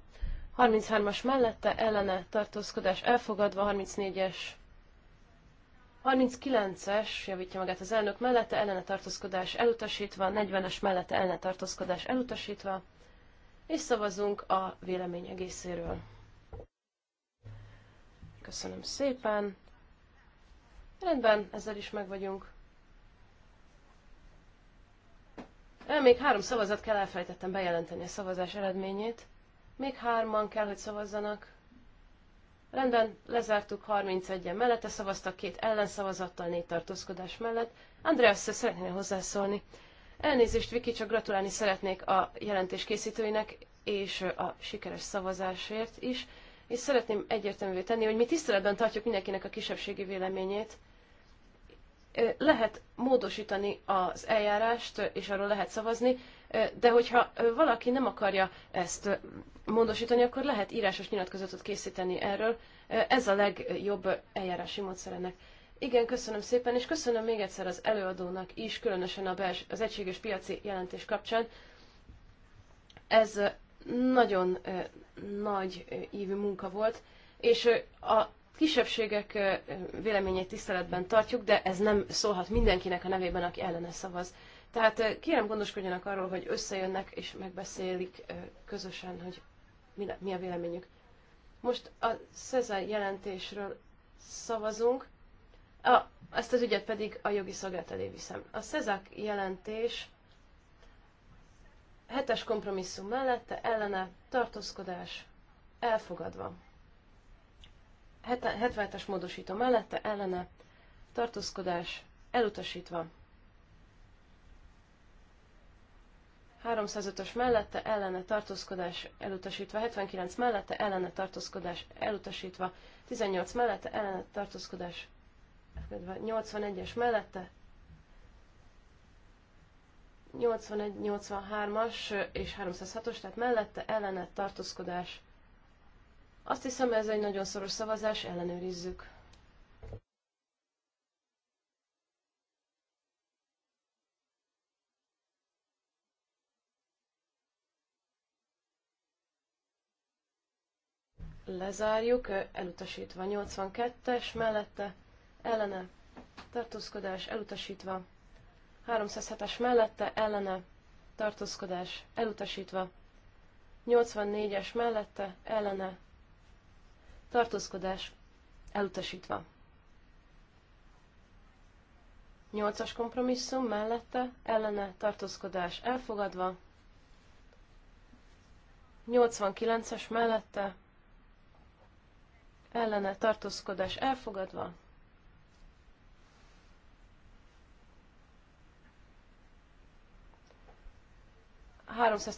33-as mellette ellene tartózkodás elfogadva, 34-es 39-es, javítja magát az elnök mellette, ellene tartózkodás elutasítva, 40-es mellette ellene tartózkodás elutasítva, és szavazunk a vélemény egészéről. Köszönöm szépen. Rendben, ezzel is meg vagyunk. még három szavazat kell, elfelejtettem bejelenteni a szavazás eredményét. Még hárman kell, hogy szavazzanak. Rendben, lezártuk 31-en mellette, szavaztak két ellenszavazattal, négy tartózkodás mellett. Andreas, szeretnél hozzászólni? Elnézést, Viki, csak gratulálni szeretnék a jelentés készítőinek és a sikeres szavazásért is, és szeretném egyértelművé tenni, hogy mi tiszteletben tartjuk mindenkinek a kisebbségi véleményét. Lehet módosítani az eljárást, és arról lehet szavazni, de hogyha valaki nem akarja ezt módosítani, akkor lehet írásos nyilatkozatot készíteni erről. Ez a legjobb eljárási módszer ennek. Igen, köszönöm szépen, és köszönöm még egyszer az előadónak is, különösen a bels- az egységes piaci jelentés kapcsán. Ez nagyon nagy ívű munka volt, és a kisebbségek véleményét tiszteletben tartjuk, de ez nem szólhat mindenkinek a nevében, aki ellene szavaz. Tehát kérem gondoskodjanak arról, hogy összejönnek és megbeszélik közösen, hogy mi a véleményük. Most a Szeze jelentésről szavazunk, a, ezt az ügyet pedig a jogi szolgált elé viszem. A Szezák jelentés hetes kompromisszum mellette ellene tartózkodás elfogadva. 77-es módosító mellette ellene tartózkodás elutasítva. 305-ös mellette ellene tartózkodás elutasítva, 79 mellette ellene tartózkodás elutasítva, 18 mellette ellene tartózkodás 81-es mellette 81-83-as és 306-os, tehát mellette ellene tartózkodás. Azt hiszem, ez egy nagyon szoros szavazás, ellenőrizzük. lezárjuk, elutasítva 82-es mellette, ellene, tartózkodás, elutasítva 307-es mellette, ellene, tartózkodás, elutasítva 84-es mellette, ellene, tartózkodás, elutasítva. 8-as kompromisszum mellette, ellene, tartózkodás, elfogadva 89-es mellette, ellene tartózkodás elfogadva.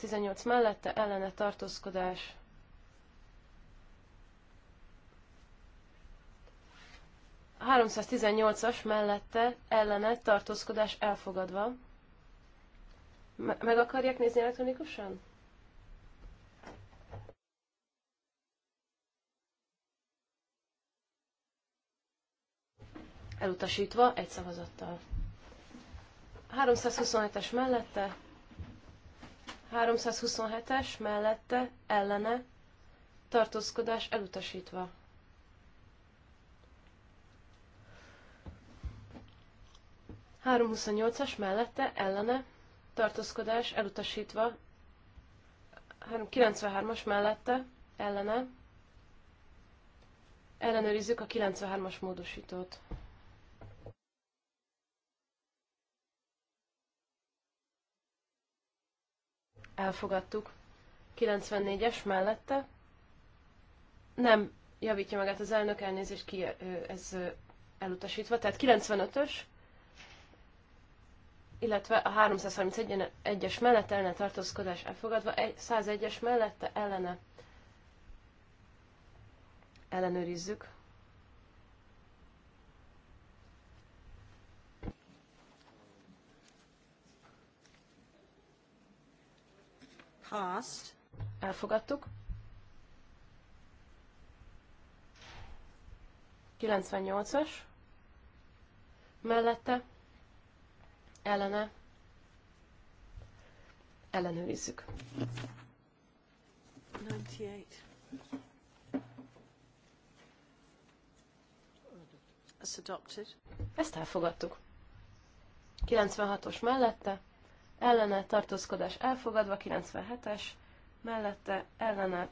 tizennyolc mellette ellene tartózkodás. tizennyolcas mellette ellene tartózkodás elfogadva. meg akarják nézni elektronikusan? elutasítva egy szavazattal. 327-es mellette, 327-es mellette, ellene, tartózkodás elutasítva. Három as mellette, ellene, tartózkodás elutasítva. 393-as mellette, ellene, ellenőrizzük a 93-as módosítót. elfogadtuk. 94-es mellette. Nem, javítja magát az elnök, elnézést, ki ez elutasítva. Tehát 95-ös, illetve a 331-es mellette ellene tartózkodás elfogadva, 101-es mellette ellene ellenőrizzük. Passed. Elfogadtuk. 98-as. Mellette. Ellene. Ellenőrizzük. 98. Ezt elfogadtuk. 96-os mellette ellene tartózkodás elfogadva, 97-es, mellette ellene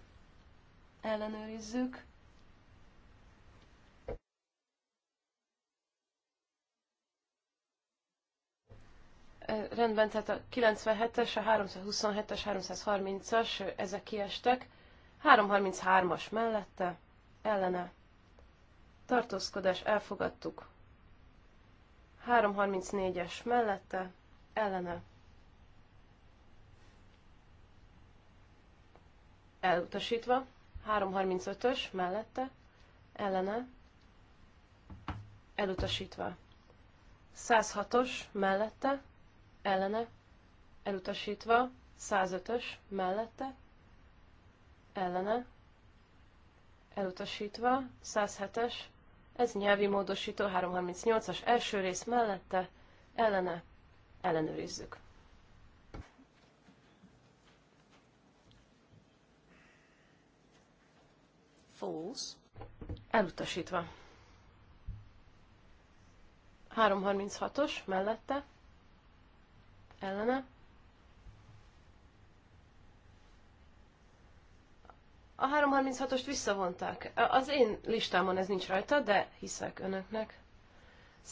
ellenőrizzük. Rendben, tehát a 97-es, a 327-es, 330-as, ezek kiestek. 333-as mellette, ellene. Tartózkodás elfogadtuk. 334-es mellette, ellene elutasítva, 335-ös mellette, ellene, elutasítva. 106-os mellette, ellene, elutasítva, 105-ös mellette, ellene, elutasítva, 107-es, ez nyelvi módosító 338-as első rész mellette, ellene, ellenőrizzük. Falls. Elutasítva. 336-os mellette. Ellene. A 336-ost visszavonták. Az én listámon ez nincs rajta, de hiszek önöknek.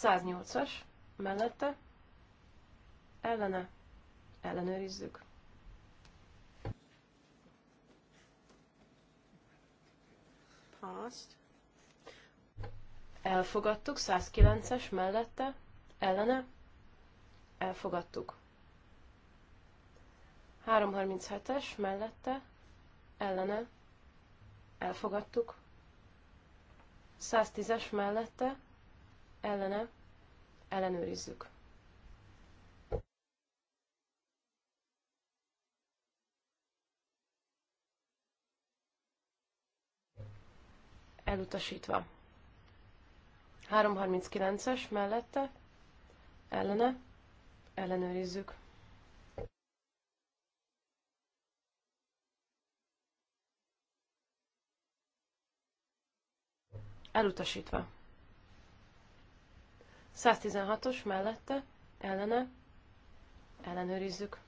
108-as mellette. Ellene. Ellenőrizzük. Azt. Elfogadtuk, 109-es mellette, ellene, elfogadtuk. 337-es mellette, ellene, elfogadtuk. 110-es mellette, ellene, ellenőrizzük. elutasítva. 339-es mellette, ellene, ellenőrizzük. Elutasítva. 116-os mellette, ellene, ellenőrizzük.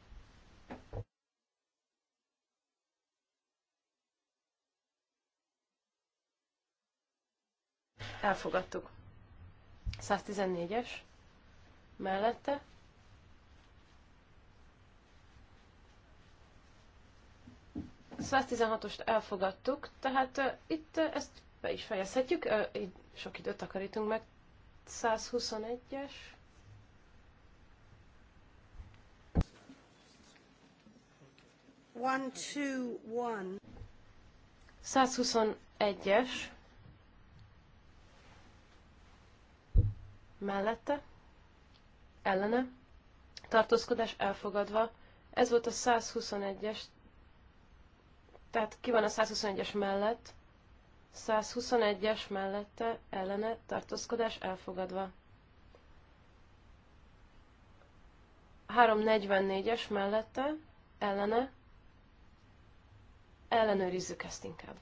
elfogadtuk. 114-es mellette. A 116-ost elfogadtuk, tehát uh, itt uh, ezt be is fejezhetjük, uh, így sok időt takarítunk meg. 121-es. One, two, one. 121-es mellette, ellene, tartózkodás elfogadva, ez volt a 121-es, tehát ki van a 121-es mellett, 121-es mellette, ellene, tartózkodás elfogadva. 344-es mellette, ellene, ellenőrizzük ezt inkább.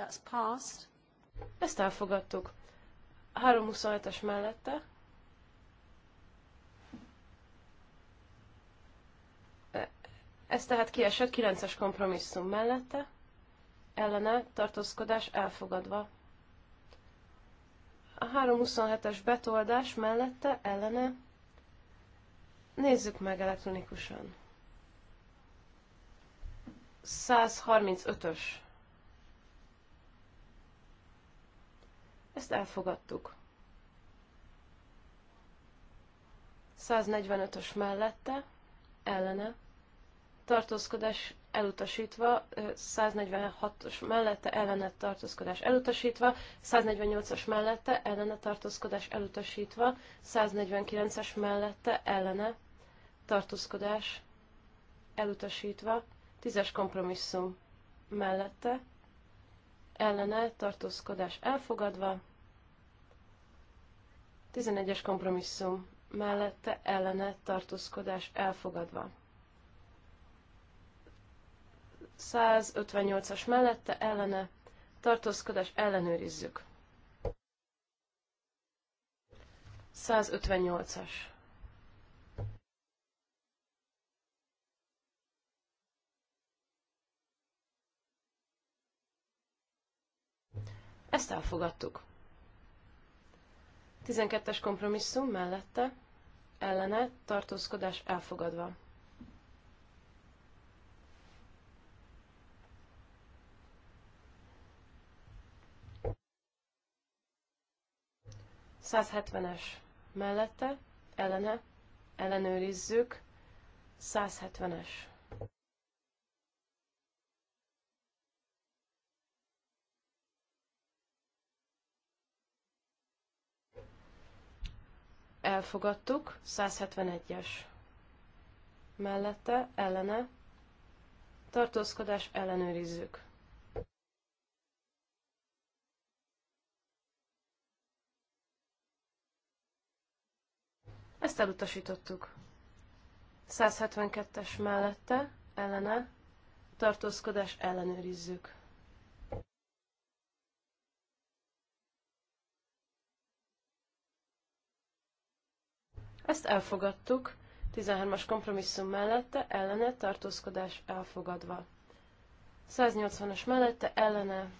That's passed. Ezt elfogadtuk. 327-es mellette. E, ez tehát kiesett 9-es kompromisszum mellette, ellene tartózkodás elfogadva. A 327-es betoldás mellette, ellene. Nézzük meg elektronikusan. 135-ös Ezt elfogadtuk. 145-ös mellette, ellene, tartózkodás elutasítva, 146-os mellette ellene tartózkodás elutasítva, 148-as mellette ellene tartózkodás elutasítva, 149-es mellette ellene tartózkodás elutasítva, 10-es kompromisszum mellette ellene tartózkodás elfogadva, 11-es kompromisszum mellette ellene tartózkodás elfogadva. 158-as mellette ellene tartózkodás ellenőrizzük. 158-as. Ezt elfogadtuk. 12-es kompromisszum mellette, ellene, tartózkodás elfogadva. Százhetvenes mellette, ellene, ellenőrizzük, százhetvenes. es elfogadtuk, 171-es mellette, ellene, tartózkodás ellenőrizzük. Ezt elutasítottuk. 172-es mellette, ellene, tartózkodás ellenőrizzük. Ezt elfogadtuk, 13-as kompromisszum mellette, ellene, tartózkodás elfogadva. 180-as mellette, ellene,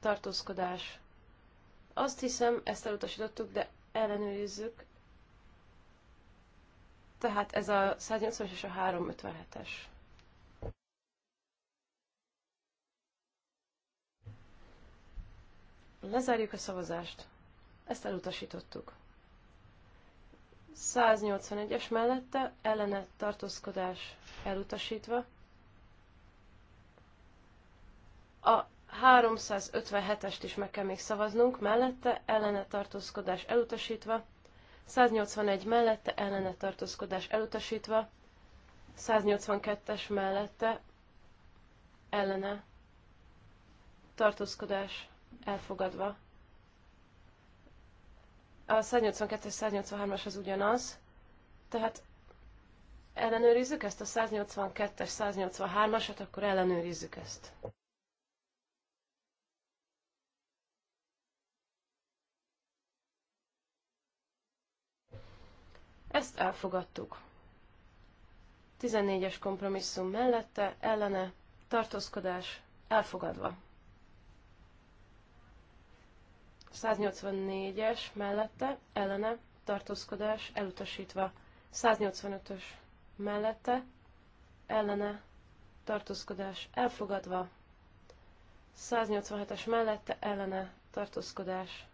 tartózkodás. Azt hiszem, ezt elutasítottuk, de ellenőrizzük. Tehát ez a 180-as és a 357-es. Lezárjuk a szavazást. Ezt elutasítottuk. 181-es mellette ellene tartózkodás elutasítva. A 357-est is meg kell még szavaznunk, mellette ellene tartózkodás elutasítva. 181 mellette ellene tartózkodás elutasítva. 182-es mellette ellene tartózkodás elfogadva. A 182-183-as az ugyanaz, tehát ellenőrizzük ezt a 182-es, 183-asat, akkor ellenőrizzük ezt. Ezt elfogadtuk. 14-es kompromisszum mellette, ellene, tartózkodás, elfogadva. 184-es mellette, ellene, tartózkodás elutasítva. 185-ös mellette, ellene, tartózkodás elfogadva. 187-es mellette, ellene, tartózkodás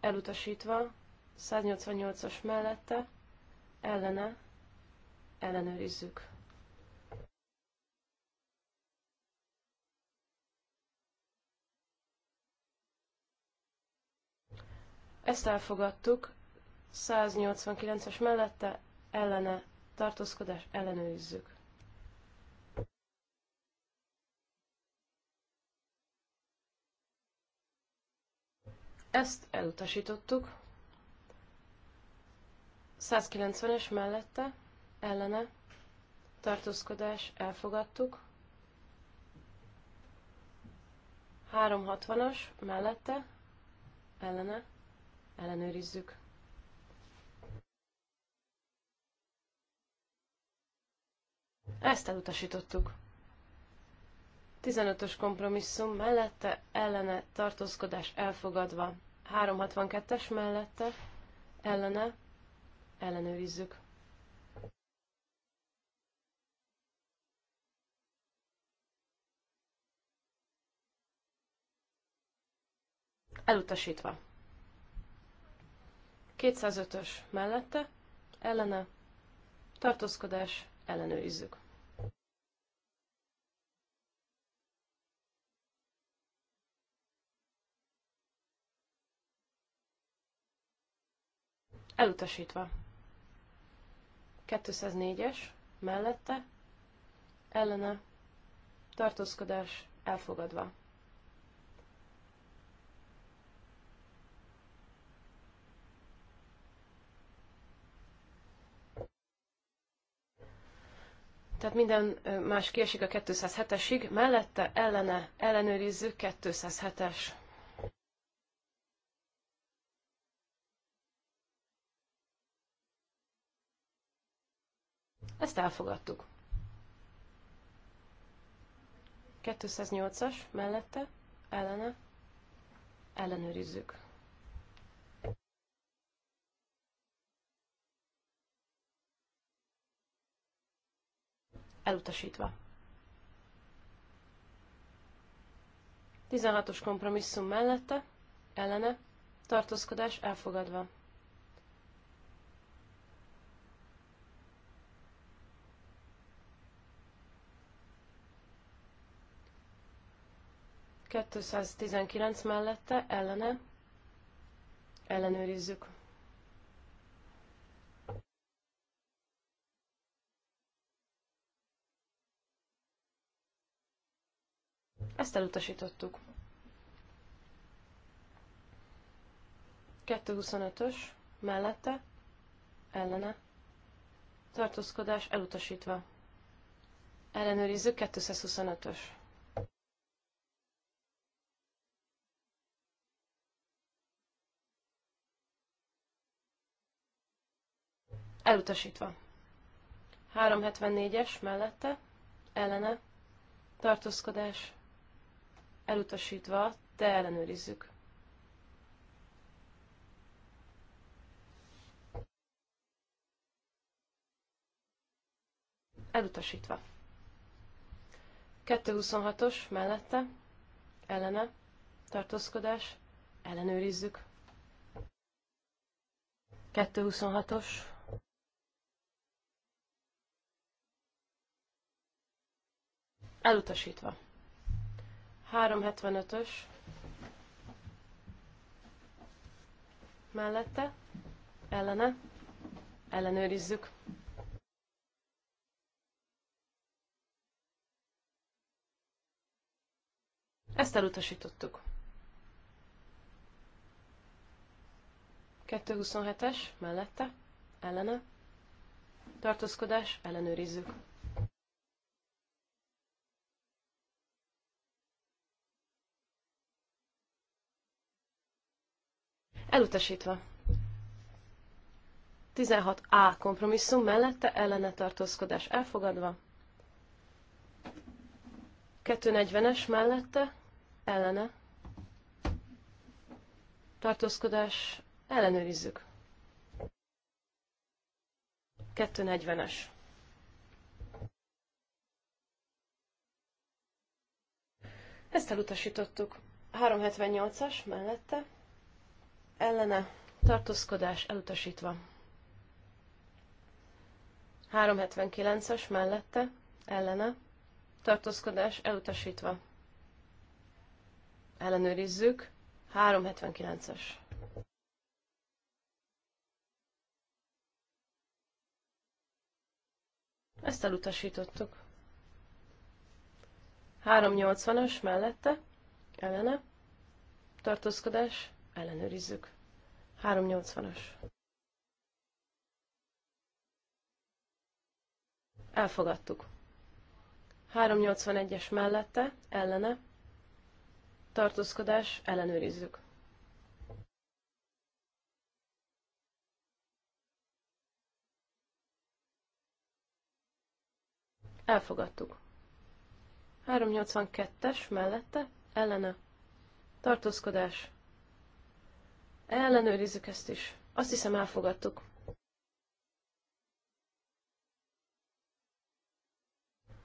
elutasítva. 188-as mellette, ellene, ellenőrizzük. Ezt elfogadtuk, 189-es mellette ellene tartózkodás ellenőrizzük. Ezt elutasítottuk. 190-es mellette ellene tartózkodás elfogadtuk. 360-as mellette ellene ellenőrizzük. Ezt elutasítottuk. 15-ös kompromisszum mellette, ellene, tartózkodás elfogadva. 362-es mellette, ellene, ellenőrizzük. Elutasítva. 205-ös mellette, ellene, tartózkodás, ellenőrizzük. Elutasítva. 204-es, mellette, ellene, tartózkodás, elfogadva. tehát minden más kiesik a 207-esig, mellette ellene ellenőrizzük 207-es. Ezt elfogadtuk. 208-as mellette ellene ellenőrizzük. elutasítva. 16-os kompromisszum mellette, ellene, tartózkodás elfogadva. Kettőszáztizenkilenc mellette, ellene, ellenőrizzük. Ezt elutasítottuk. 225-ös, mellette, ellene, tartózkodás elutasítva. Ellenőrizzük 225-ös. Elutasítva. 374-es mellette, ellene, tartózkodás elutasítva, de ellenőrizzük. Elutasítva. 226-os mellette, ellene, tartózkodás, ellenőrizzük. 226-os. Elutasítva. 375-ös mellette, ellene, ellenőrizzük. Ezt elutasítottuk. 227-es mellette, ellene, tartózkodás, ellenőrizzük. Elutasítva. 16A kompromisszum mellette ellene tartózkodás elfogadva. 240-es mellette ellene tartózkodás ellenőrizzük. 240-es. Ezt elutasítottuk. 378-as mellette ellene tartózkodás elutasítva. 379-es mellette ellene tartózkodás elutasítva. Ellenőrizzük. 379-es. Ezt elutasítottuk. 380-as mellette, ellene, tartózkodás, ellenőrizzük. 380-as. Elfogadtuk. 381-es mellette, ellene, tartózkodás, ellenőrizzük. Elfogadtuk. 382-es mellette, ellene, tartózkodás, Ellenőrizzük ezt is. Azt hiszem elfogadtuk.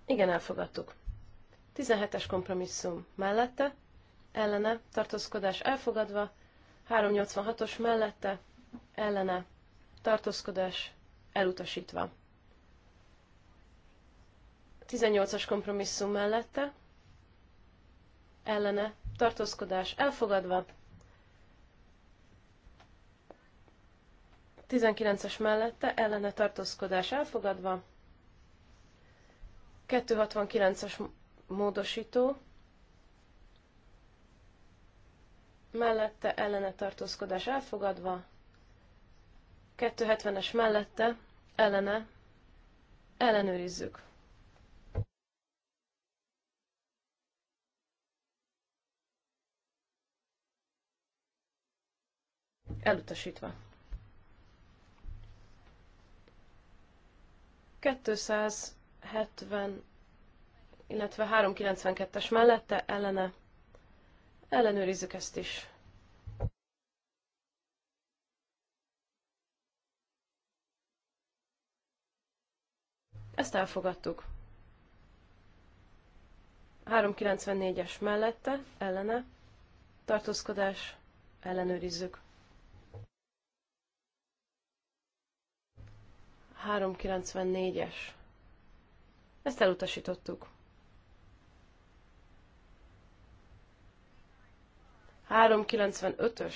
Igen, elfogadtuk. 17-es kompromisszum mellette, ellene, tartózkodás elfogadva, 386-os mellette, ellene, tartózkodás elutasítva. 18-as kompromisszum mellette, ellene, tartózkodás elfogadva, 19-es mellette ellene tartózkodás elfogadva. 269-es módosító mellette ellene tartózkodás elfogadva. 270-es mellette ellene ellenőrizzük. Elutasítva. 270, illetve 392-es mellette ellene. Ellenőrizzük ezt is. Ezt elfogadtuk. 394-es mellette, ellene, tartózkodás, ellenőrizzük. 394-es. Ezt elutasítottuk. 395-ös.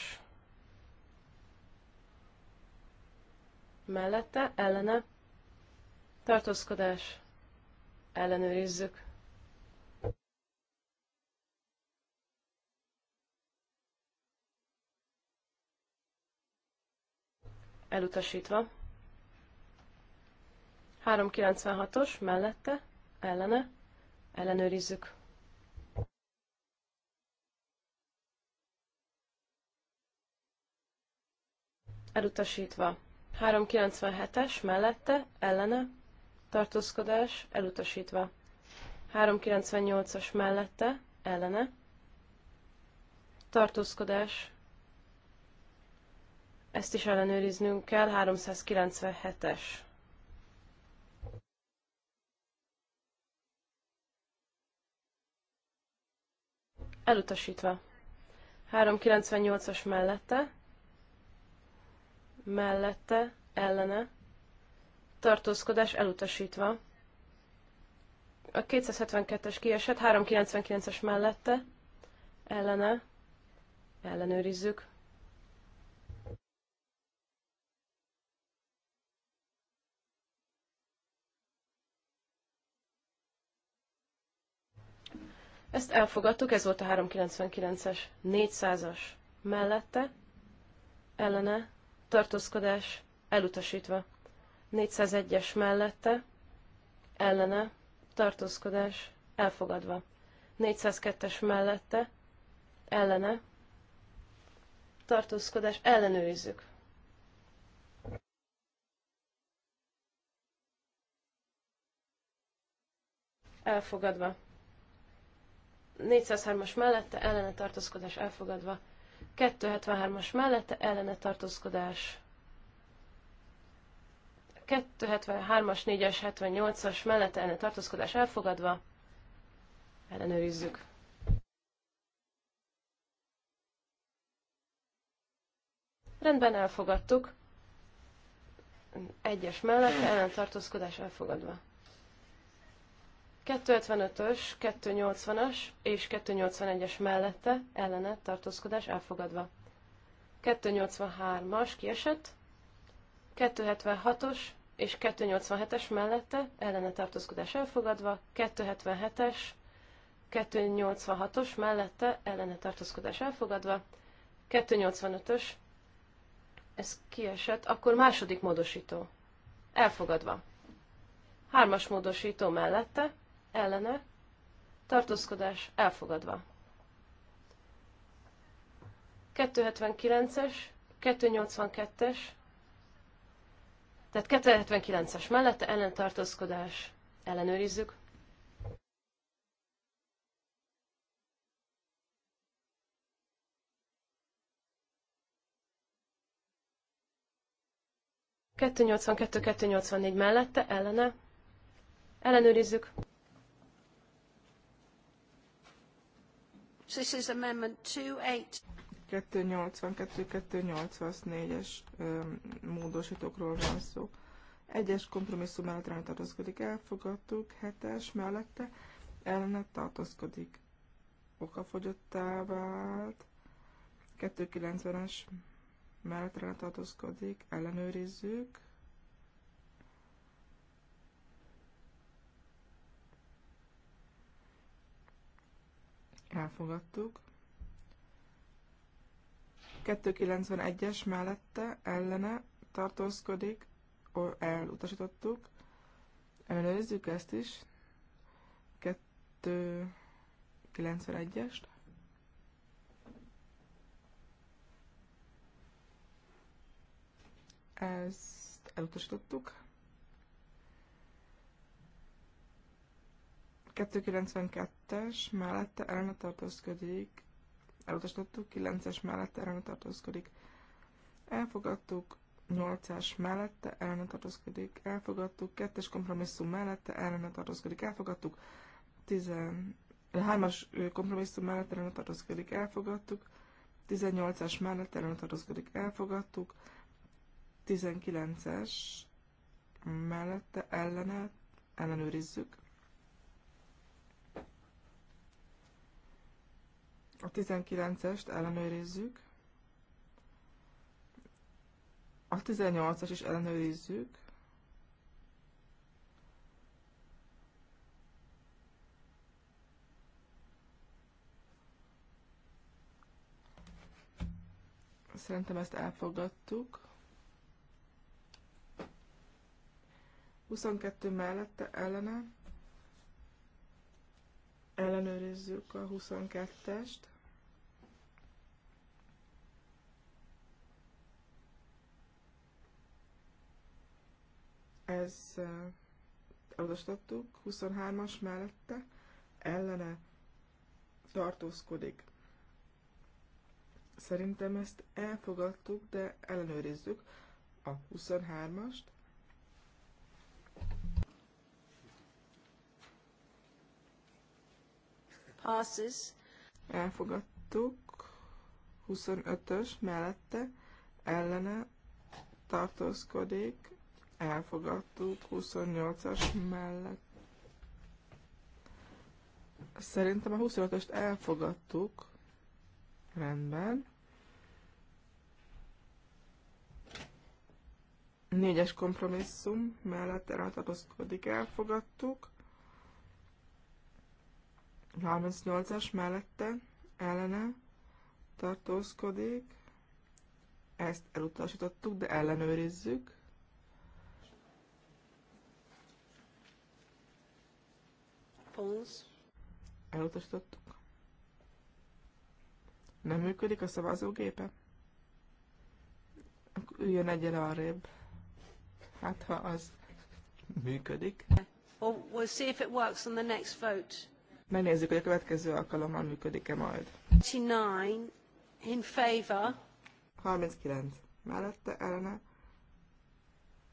Mellette, ellene, tartózkodás, ellenőrizzük. Elutasítva. 396-os mellette, ellene, ellenőrizzük. Elutasítva. 397-es mellette, ellene, tartózkodás, elutasítva. 398-as mellette, ellene, tartózkodás, ezt is ellenőriznünk kell, 397-es. Elutasítva. 398-as mellette, mellette, ellene, tartózkodás elutasítva. A 272-es kiesett, 399-es mellette, ellene, ellenőrizzük. Ezt elfogadtuk, ez volt a 399-es, 400-as mellette, ellene, tartózkodás, elutasítva. 401-es mellette, ellene, tartózkodás, elfogadva. 402-es mellette, ellene, tartózkodás, ellenőrizzük. Elfogadva. 403-as mellette ellene tartózkodás elfogadva. 273-as mellette ellene tartózkodás. 273-as, 4-es, 78-as mellette ellene tartózkodás elfogadva. Ellenőrizzük. Rendben elfogadtuk. Egyes mellette ellen tartózkodás elfogadva. 255-ös, 280-as és 281-es mellette ellene tartózkodás elfogadva. 283-as kiesett, 276-os és 287-es mellette ellene tartózkodás elfogadva, 277-es, 286-os mellette ellene tartózkodás elfogadva, 285-ös, ez kiesett, akkor második módosító. Elfogadva. Hármas módosító mellette, ellene, tartózkodás elfogadva. 279-es, 282-es, tehát 279-es mellette ellentartózkodás ellenőrizzük. Kettő 284 mellette, ellene. Ellenőrizzük. this is amendment 282-284-es módosítókról van szó. Egyes kompromisszum mellett ellen tartozkodik, elfogadtuk, hetes mellette ellene tartózkodik. Okafogyottá vált, 290-es mellett tartozkodik, ellenőrizzük, elfogadtuk. 291-es mellette ellene tartózkodik, elutasítottuk. Előzzük ezt is. 291-est. Ezt elutasítottuk. 292 7-es mellette ellene tartózkodik, elutasítottuk, 9-es mellette ellene tartózkodik, elfogadtuk, 8-as mellette ellene tartózkodik, elfogadtuk, 2-es kompromisszum mellette ellene tartózkodik, elfogadtuk, 13-as kompromisszum mellett ellene tartózkodik, elfogadtuk, 18-as mellett ellene tartózkodik, elfogadtuk, 19-es mellette ellene ellenőrizzük, A 19-est ellenőrizzük. A 18-as is ellenőrizzük. Szerintem ezt elfogadtuk. 22 mellette ellene ellenőrizzük a 22-est. Ez eh, elutasítottuk, 23-as mellette ellene tartózkodik. Szerintem ezt elfogadtuk, de ellenőrizzük a 23-ast. passes. Elfogadtuk. 25-ös mellette ellene tartózkodik. Elfogadtuk. 28-as mellett. Szerintem a 25-öst elfogadtuk. Rendben. Négyes kompromisszum mellett eltartózkodik. Elfogadtuk. 38-as mellette ellene tartózkodik. Ezt elutasítottuk, de ellenőrizzük. Pons. Elutasítottuk. Nem működik a szavazógépe? Akkor üljön egyen arrébb. Hát, ha az működik. Well, we'll see if it works on the next vote. Megnézzük, hogy a következő alkalommal működik-e majd. 39 in favor. 39 mellette ellene.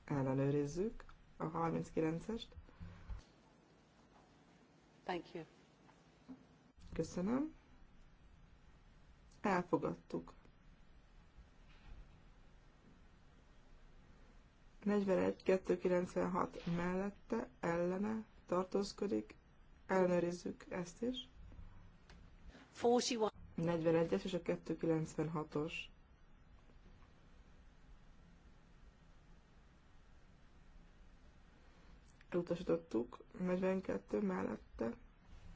Ellenőrizzük a 39-est. Thank you. Köszönöm. Elfogadtuk. 41-296 mellette ellene tartózkodik, Ellenőrizzük ezt is. 41-es és a 296-os. Elutasítottuk. 42 mellette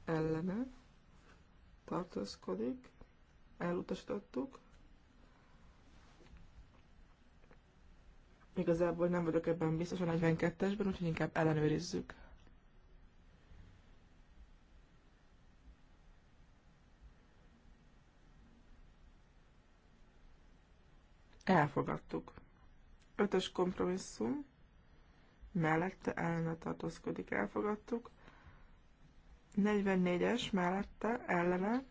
ellene tartózkodik. Elutasítottuk. Igazából nem vagyok ebben biztos a 42-esben, úgyhogy inkább ellenőrizzük. Elfogadtuk. Ötös kompromisszum. Mellette ellene tartózkodik. Elfogadtuk. 44-es mellette ellene.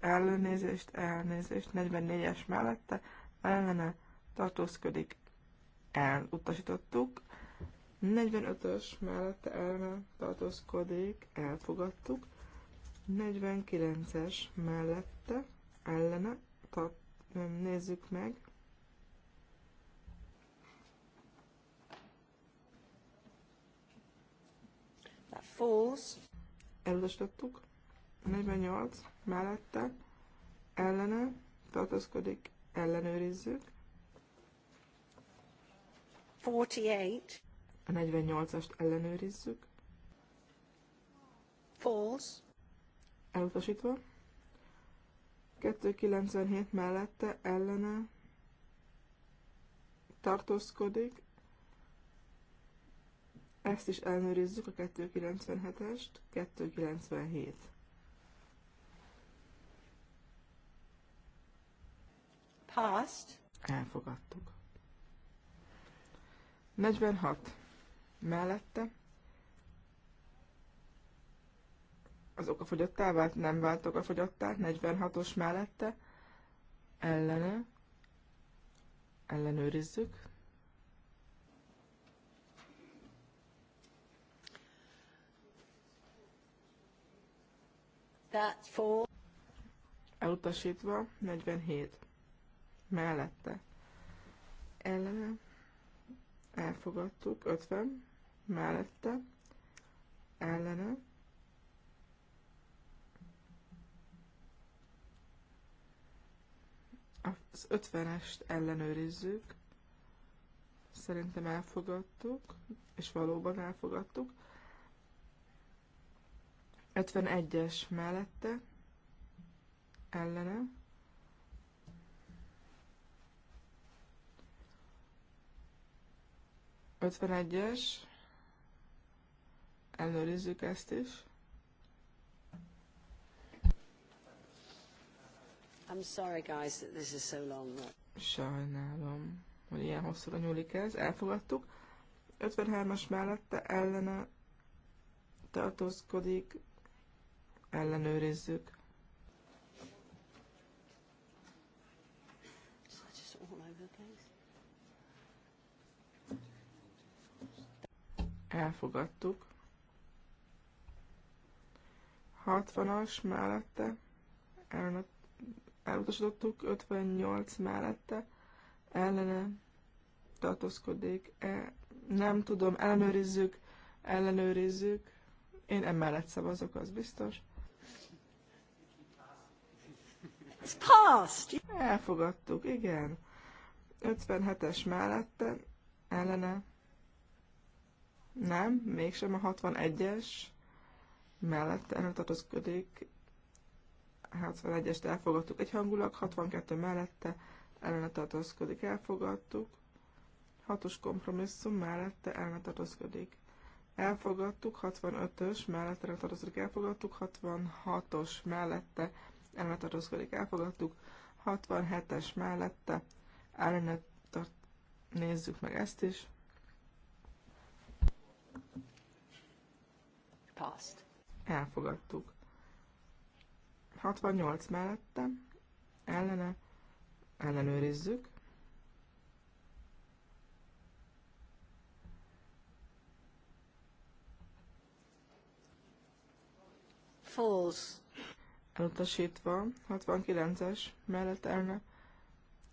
ellenézést elnézést. 44-es mellette ellene tartózkodik. Elutasítottuk. 45-ös mellette ellene tartózkodik. Elfogadtuk. 49-es mellette ellene tart, nézzük meg. Falls. Elutasítottuk. 48 mellette, ellene, tartózkodik, ellenőrizzük. 48. A 48-ast ellenőrizzük. False. Elutasítva. 297 mellette ellene tartózkodik, ezt is ellenőrizzük a 297-est, 297. Past. Elfogadtuk. 46. Mellette. Az fogyottá vált, nem vált fogyottá. 46-os mellette. Ellene. Ellenőrizzük. That's four. Elutasítva 47. Mellette. Ellene. Elfogadtuk 50. Mellette. Ellene. Az 50-est ellenőrizzük. Szerintem elfogadtuk, és valóban elfogadtuk. 51-es mellette, ellene. es ellőrizzük ezt is. I'm sorry guys that this is so long. Sajnálom, hogy ilyen hosszúra nyúlik ez, elfogadtuk. 53-as mellette ellene tartózkodik, ellenőrizzük. Elfogadtuk. 60-as mellette elutasítottuk, 58 mellette ellene tartózkodik, e, nem tudom, ellenőrizzük, ellenőrizzük. Én emellett szavazok, az biztos. It's past. Elfogadtuk, igen. 57-es mellette, ellene. Nem, mégsem a 61-es mellette tartozkodik. 61 est elfogadtuk hangulag, 62 mellette ellene tartozkodik, elfogadtuk. 6-os kompromisszum mellette ellene tartozkodik. Elfogadtuk, 65-ös mellette ellene tartózkodik, elfogadtuk, 66-os mellette eltartózkodik, elfogadtuk. 67-es mellette ellene tart, nézzük meg ezt is. Passed. Elfogadtuk. 68 mellette ellene ellenőrizzük. False elutasítva, 69-es mellett elne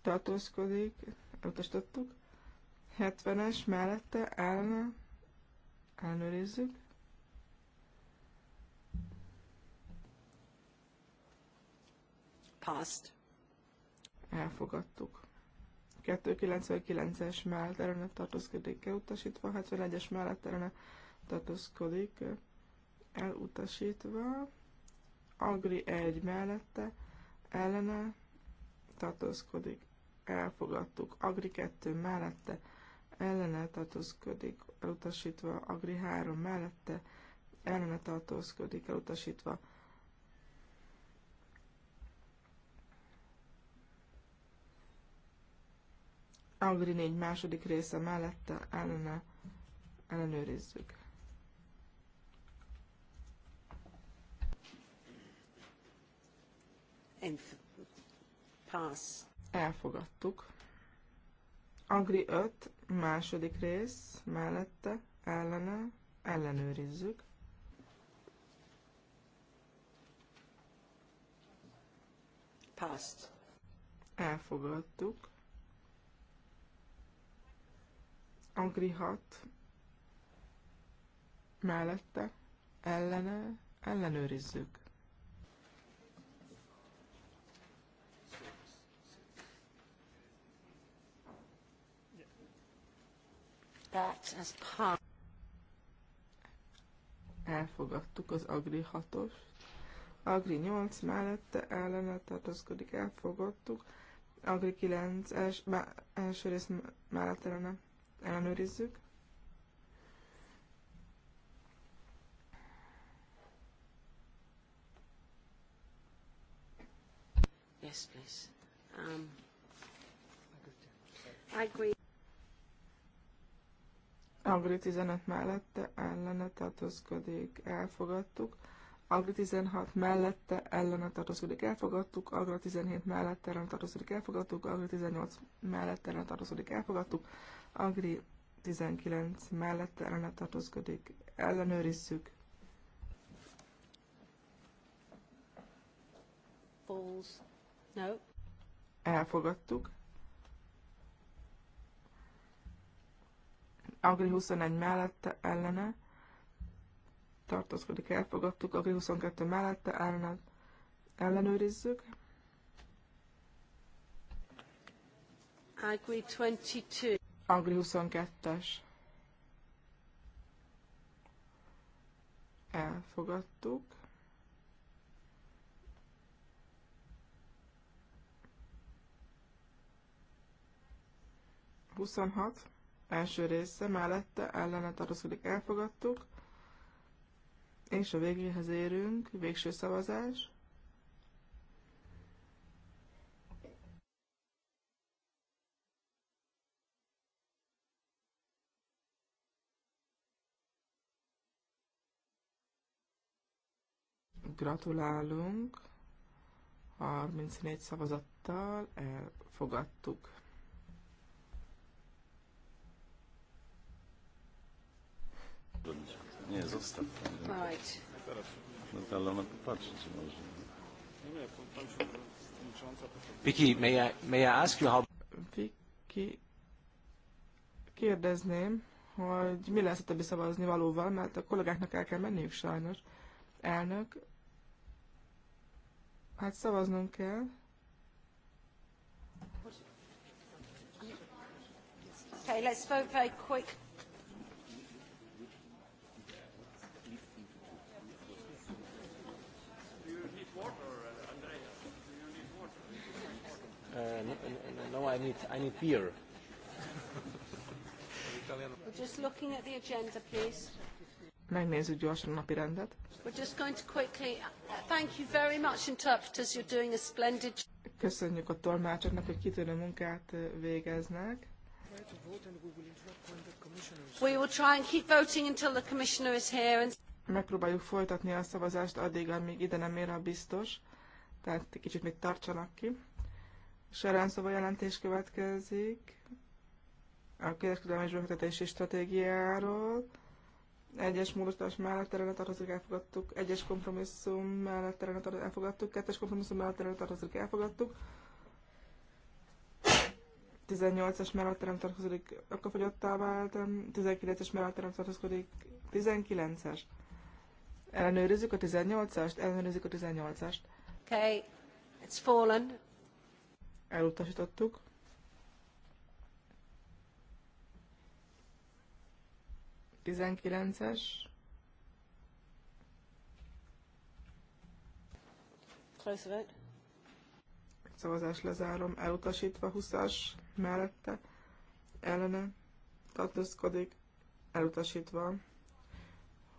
tartózkodik, elutasítottuk, 70-es mellette elne ellenőrizzük, Passed. Elfogadtuk. 299-es mellett ellene tartózkodik elutasítva, 71-es mellett ellene tartózkodik elutasítva, Agri egy mellette, ellene tartózkodik, elfogadtuk. Agri 2 mellette, ellene tartózkodik, elutasítva. Agri 3 mellette, ellene tartózkodik, elutasítva. Agri 4 második része mellette, ellene ellenőrizzük. and pass. Elfogadtuk. Agri 5, második rész, mellette, ellene, ellenőrizzük. Passed. Elfogadtuk. Agri 6, mellette, ellene, ellenőrizzük. that as part. Elfogadtuk az Agri 6-os. Agri 8 mellette ellene tartozkodik, elfogadtuk. Agri 9 els, bá, első rész mellett ellene ellenőrizzük. Yes, please. Um, I agree Agri 15 mellette ellene tartózkodik, elfogadtuk. Agri 16 mellette ellene tartózkodik, elfogadtuk. Agri 17 mellette ellene tartózkodik, elfogadtuk. Agri 18 mellette ellene tartózkodik, elfogadtuk. Agri 19 mellette ellene tartózkodik, ellenőrizzük. Balls. No. Elfogadtuk. Agri 21 mellette ellene tartózkodik, elfogadtuk. Agri 22 mellette ellene ellenőrizzük. Agri 22. Agri 22-es. Elfogadtuk. Huszonhat első része mellette ellene tartózkodik, elfogadtuk. És a végéhez érünk, végső szavazás. Gratulálunk! 34 szavazattal elfogadtuk. Nie, zostaw tam. Chodź. No to ale ona popatrzy, czy może. Vicky, may I, may I ask you how... Vicky, kérdezném, hogy mi lesz a többi szavazni valóval, mert a kollégáknak el kell menniük sajnos. Elnök, hát szavaznunk kell. Okay, let's vote very quick. Uh, no, I need, I need beer. We're just looking at the agenda, please. Megnézzük gyorsan a napi rendet. We're just going to quickly uh, thank you very much, interpreters. You're doing a splendid job. Köszönjük a tolmácsoknak, hogy kitűnő munkát uh, végeznek. We will try and keep voting until the commissioner is here. And... Megpróbáljuk folytatni a szavazást addig, amíg ide nem ér a biztos, tehát kicsit még tartsanak ki. Során szóba jelentés következik a kereskedelmi és befektetési stratégiáról. Egyes módosítás mellett erre tartozik elfogadtuk, egyes kompromisszum mellett erre tartozik elfogadtuk, kettes kompromisszum mellett erre tartozik elfogadtuk. 18-as melletterem tartozik, akkor fogyottá vált, 19-es mellett melletterem tartozik, 19-es. Ellenőrizzük a 18-ast, ellenőrizzük a 18-ast. Okay, it's fallen elutasítottuk. Tizenkilences. Szavazás lezárom, elutasítva 20-as mellette, ellene tartózkodik, elutasítva.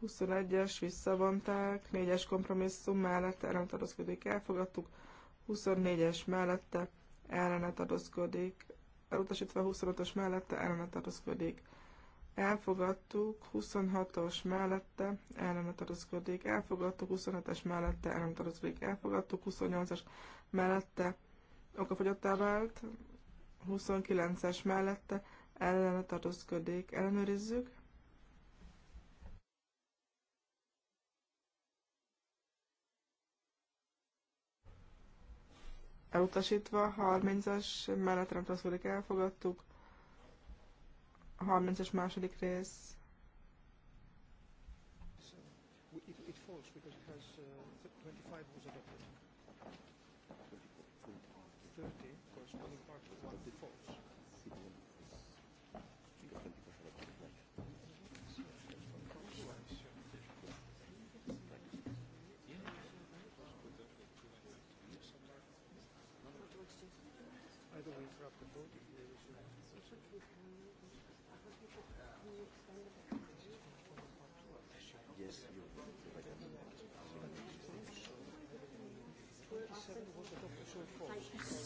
21-es visszavonták, 4-es kompromisszum mellette, el nem tartózkodik, elfogadtuk. 24-es mellette ellene tartózkodik, elutasítva 25-ös mellette ellene tartózkodik. Elfogadtuk 26-os mellette ellene tartózkodik, elfogadtuk 27-es mellette ellene tartózkodik, elfogadtuk 28-as mellette okafogyottá vált, 29-es mellette ellene tartózkodik. Ellenőrizzük. elutasítva, 30-as mellett nem tartózkodik, elfogadtuk, 30-as második rész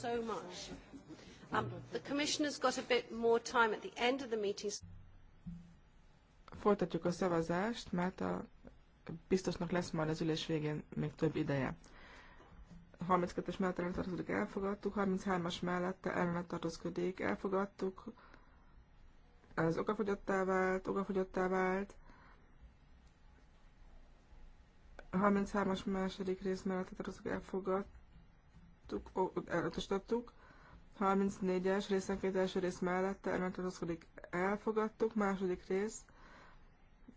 so much. Um, the Commissioner's got a bit more time at the end of the meeting. Folytatjuk a szavazást, mert a biztosnak lesz majd az ülés végén még több ideje. 32-es mellett ellen tartózkodik, elfogadtuk, 33-as mellette ellen tartózkodik, elfogadtuk, ez okafogyottá vált, okafogyottá vált, 33-as második rész mellett tartózkodik, elfogadt, elfogadtuk, elutasítottuk. 34-es részenként első rész mellette elmentetőzkodik, elfogadtuk. Második rész,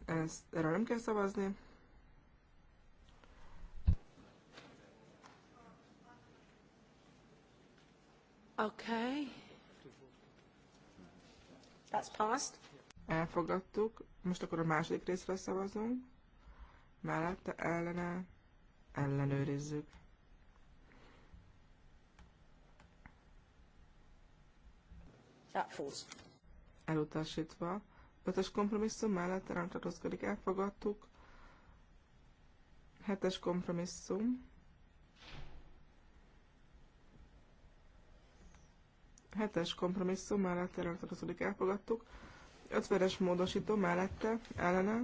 ezt, erről nem kell szavazni. Okay. That's passed. Elfogadtuk. Most akkor a második részre szavazunk. Mellette ellene ellenőrizzük. Elutasítva. Ötös kompromisszum mellett nem tartózkodik, elfogadtuk. Hetes kompromisszum. Hetes kompromisszum mellett nem tartózkodik, elfogadtuk. Ötveres módosító mellette, ellene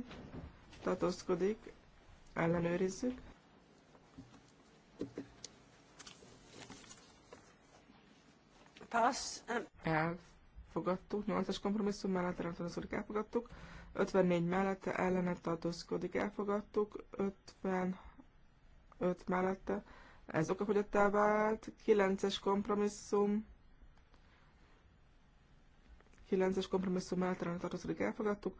tartózkodik, ellenőrizzük. Pass. Elf elfogadtuk, 8-as kompromisszum mellett tartózkodik, elfogadtuk, 54 mellette ellene tartózkodik, elfogadtuk, 55 mellette, ez okafogyottá vált, 9-es kompromisszum, 9-es kompromisszum mellett ellene tartózkodik, elfogadtuk,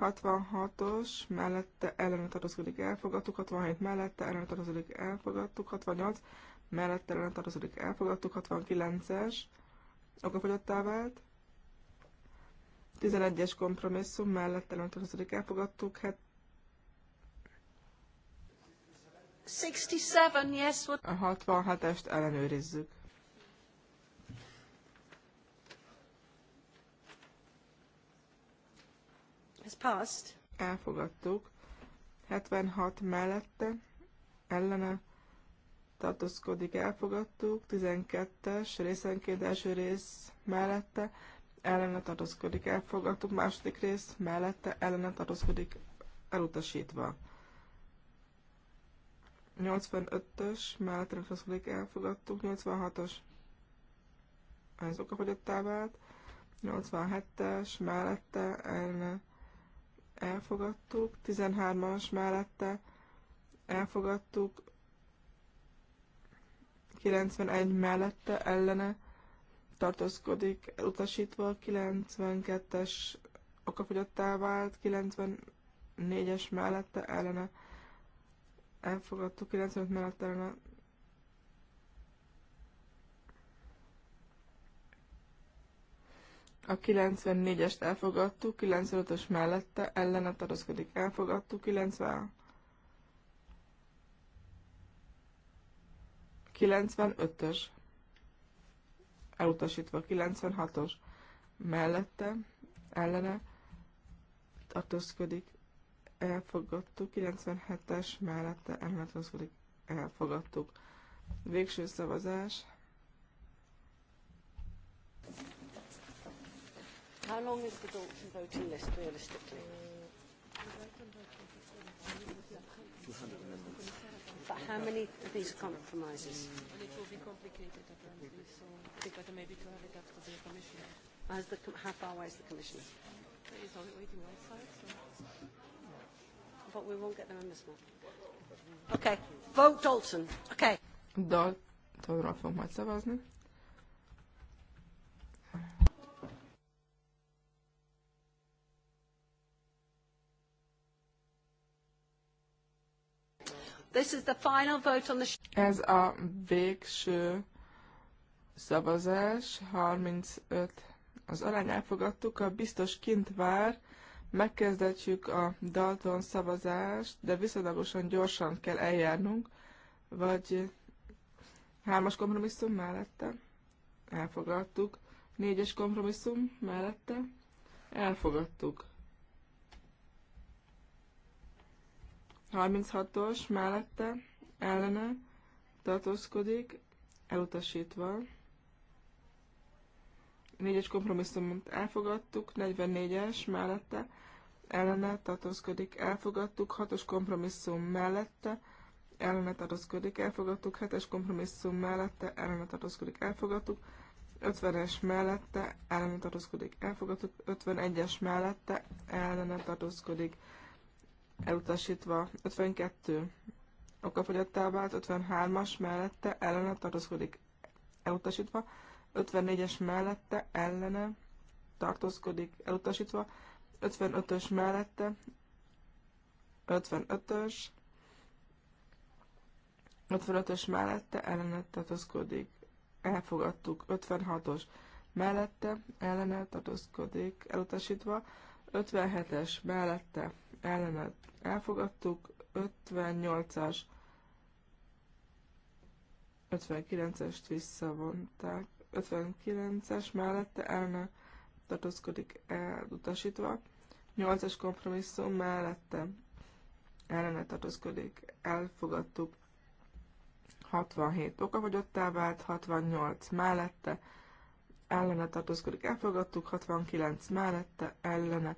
66-os mellette ellene tartózkodik, elfogadtuk, 67 mellette ellene tartózkodik, elfogadtuk, 68 mellette ellene tartózkodik, elfogadtuk, 69-es okafogyottá vált, 11-es kompromisszum mellett ellentartózkodik elfogadtuk. Hát 67, yes, what... A 67-est ellenőrizzük. It's passed. Elfogadtuk. 76 mellette, ellene tartózkodik, elfogadtuk. 12-es részenként első rész mellette, ellene tartózkodik, elfogadtuk. Második rész mellette ellene tartózkodik, elutasítva. 85-ös mellette tartózkodik, elfogadtuk. 86-os ez okafogyottá vált. 87-es mellette ellene elfogadtuk. 13-as mellette elfogadtuk. 91 mellette ellene tartózkodik, elutasítva 92-es okafogyottá vált, 94-es mellette ellene elfogadtuk, 95 mellette ellene A 94-est elfogadtuk, 95-ös mellette ellene tartozkodik, elfogadtuk, 90... 95-ös elutasítva 96-os mellette, ellene tartózkodik, elfogadtuk, 97-es mellette ellene tartózkodik, elfogadtuk. Végső szavazás. How long is the voting list realistically? 200 amendments how many of these are compromises? And it will be complicated apparently, so it's better maybe to have it after the commissioner. As the, how far away is the commissioner? He's waiting outside, so. But we won't get there on this one. Okay, vote Dalton. Okay. Daltonra fogunk majd szavazni. This is the final vote on the... Ez a végső szavazás, 35 az arány elfogadtuk, a biztos kint vár, megkezdetjük a Dalton szavazást, de viszonylagosan gyorsan kell eljárnunk, vagy hármas kompromisszum mellette, elfogadtuk, négyes kompromisszum mellette, elfogadtuk. 36-os mellette ellene tartózkodik, elutasítva. 4-es kompromisszumot elfogadtuk, 44-es mellette ellene tartózkodik, elfogadtuk, 6-os kompromisszum mellette ellene tartózkodik, elfogadtuk, 7-es kompromisszum mellette ellene tartózkodik, elfogadtuk, 50-es mellette ellene tartózkodik, elfogadtuk, 51-es mellette ellene tartózkodik, elfogadtuk elutasítva 52 Okafogyattá vált, 53-as mellette ellene tartózkodik elutasítva, 54-es mellette ellene tartózkodik elutasítva, 55-ös mellette 55-ös 55-ös mellette ellene tartózkodik elfogadtuk 56-os mellette ellene tartózkodik elutasítva, 57-es mellette ellenet elfogadtuk, 58-as, 59-est visszavonták, 59-es mellette ellene tartózkodik elutasítva, 8-as kompromisszum mellette ellene tartózkodik, elfogadtuk, 67 okafogyottá vált, 68 mellette, ellene tartózkodik, elfogadtuk, 69 mellette, ellene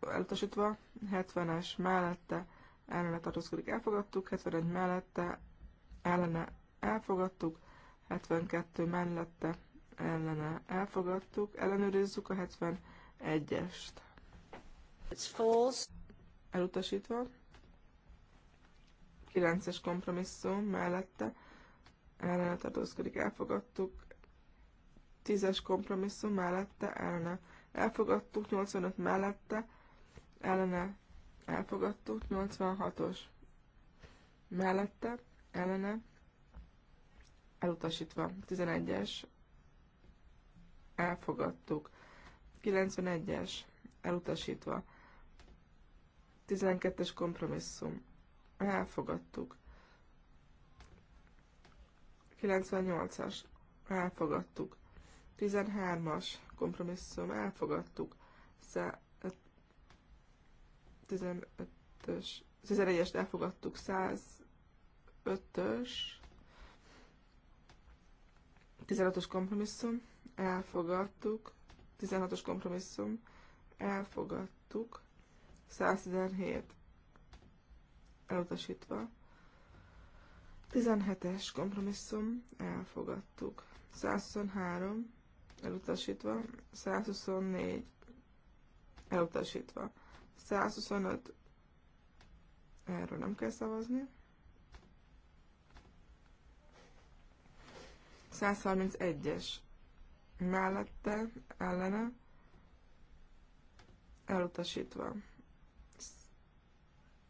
elutasítva, 70-es mellette ellene tartózkodik, elfogadtuk, 71 mellette ellene elfogadtuk, 72 mellette ellene elfogadtuk, ellenőrizzük a 71-est. Elutasítva. 9-es kompromisszum mellette ellene tartózkodik, elfogadtuk, 10-es kompromisszum mellette ellene elfogadtuk, 85 mellette, ellene elfogadtuk, 86-os mellette, ellene elutasítva, 11-es elfogadtuk, 91-es elutasítva, 12-es kompromisszum elfogadtuk, 98-as elfogadtuk, 13-as kompromisszum, elfogadtuk. 15-ös, 11-est elfogadtuk, 105-ös, 16-os kompromisszum, elfogadtuk, 16-os kompromisszum, elfogadtuk, 117 elutasítva, 17-es kompromisszum, elfogadtuk, 123 elutasítva, 124 elutasítva, 125 erről nem kell szavazni, 131-es mellette, ellene, elutasítva.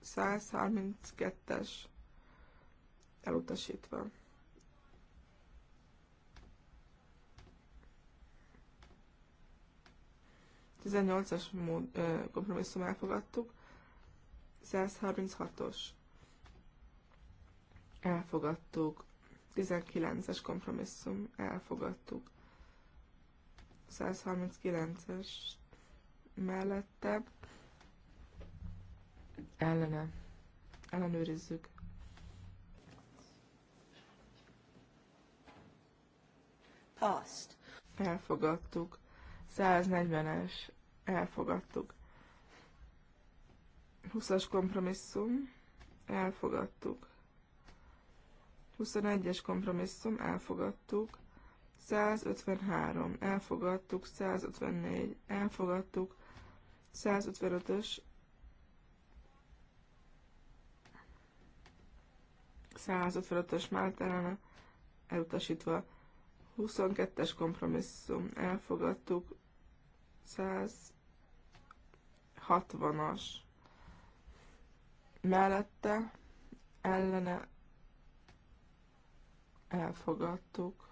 132-es elutasítva. 18-as mód, ö, kompromisszum elfogadtuk, 136-os elfogadtuk, 19-es kompromisszum elfogadtuk, 139-es mellette ellene ellenőrizzük. Passed. Elfogadtuk. 140-es, elfogadtuk. 20-as kompromisszum, elfogadtuk. 21-es kompromisszum, elfogadtuk. 153, elfogadtuk. 154, elfogadtuk. 155-ös, 155-ös már elutasítva. 22-es kompromisszum, elfogadtuk, 160-as mellette, ellene elfogadtuk,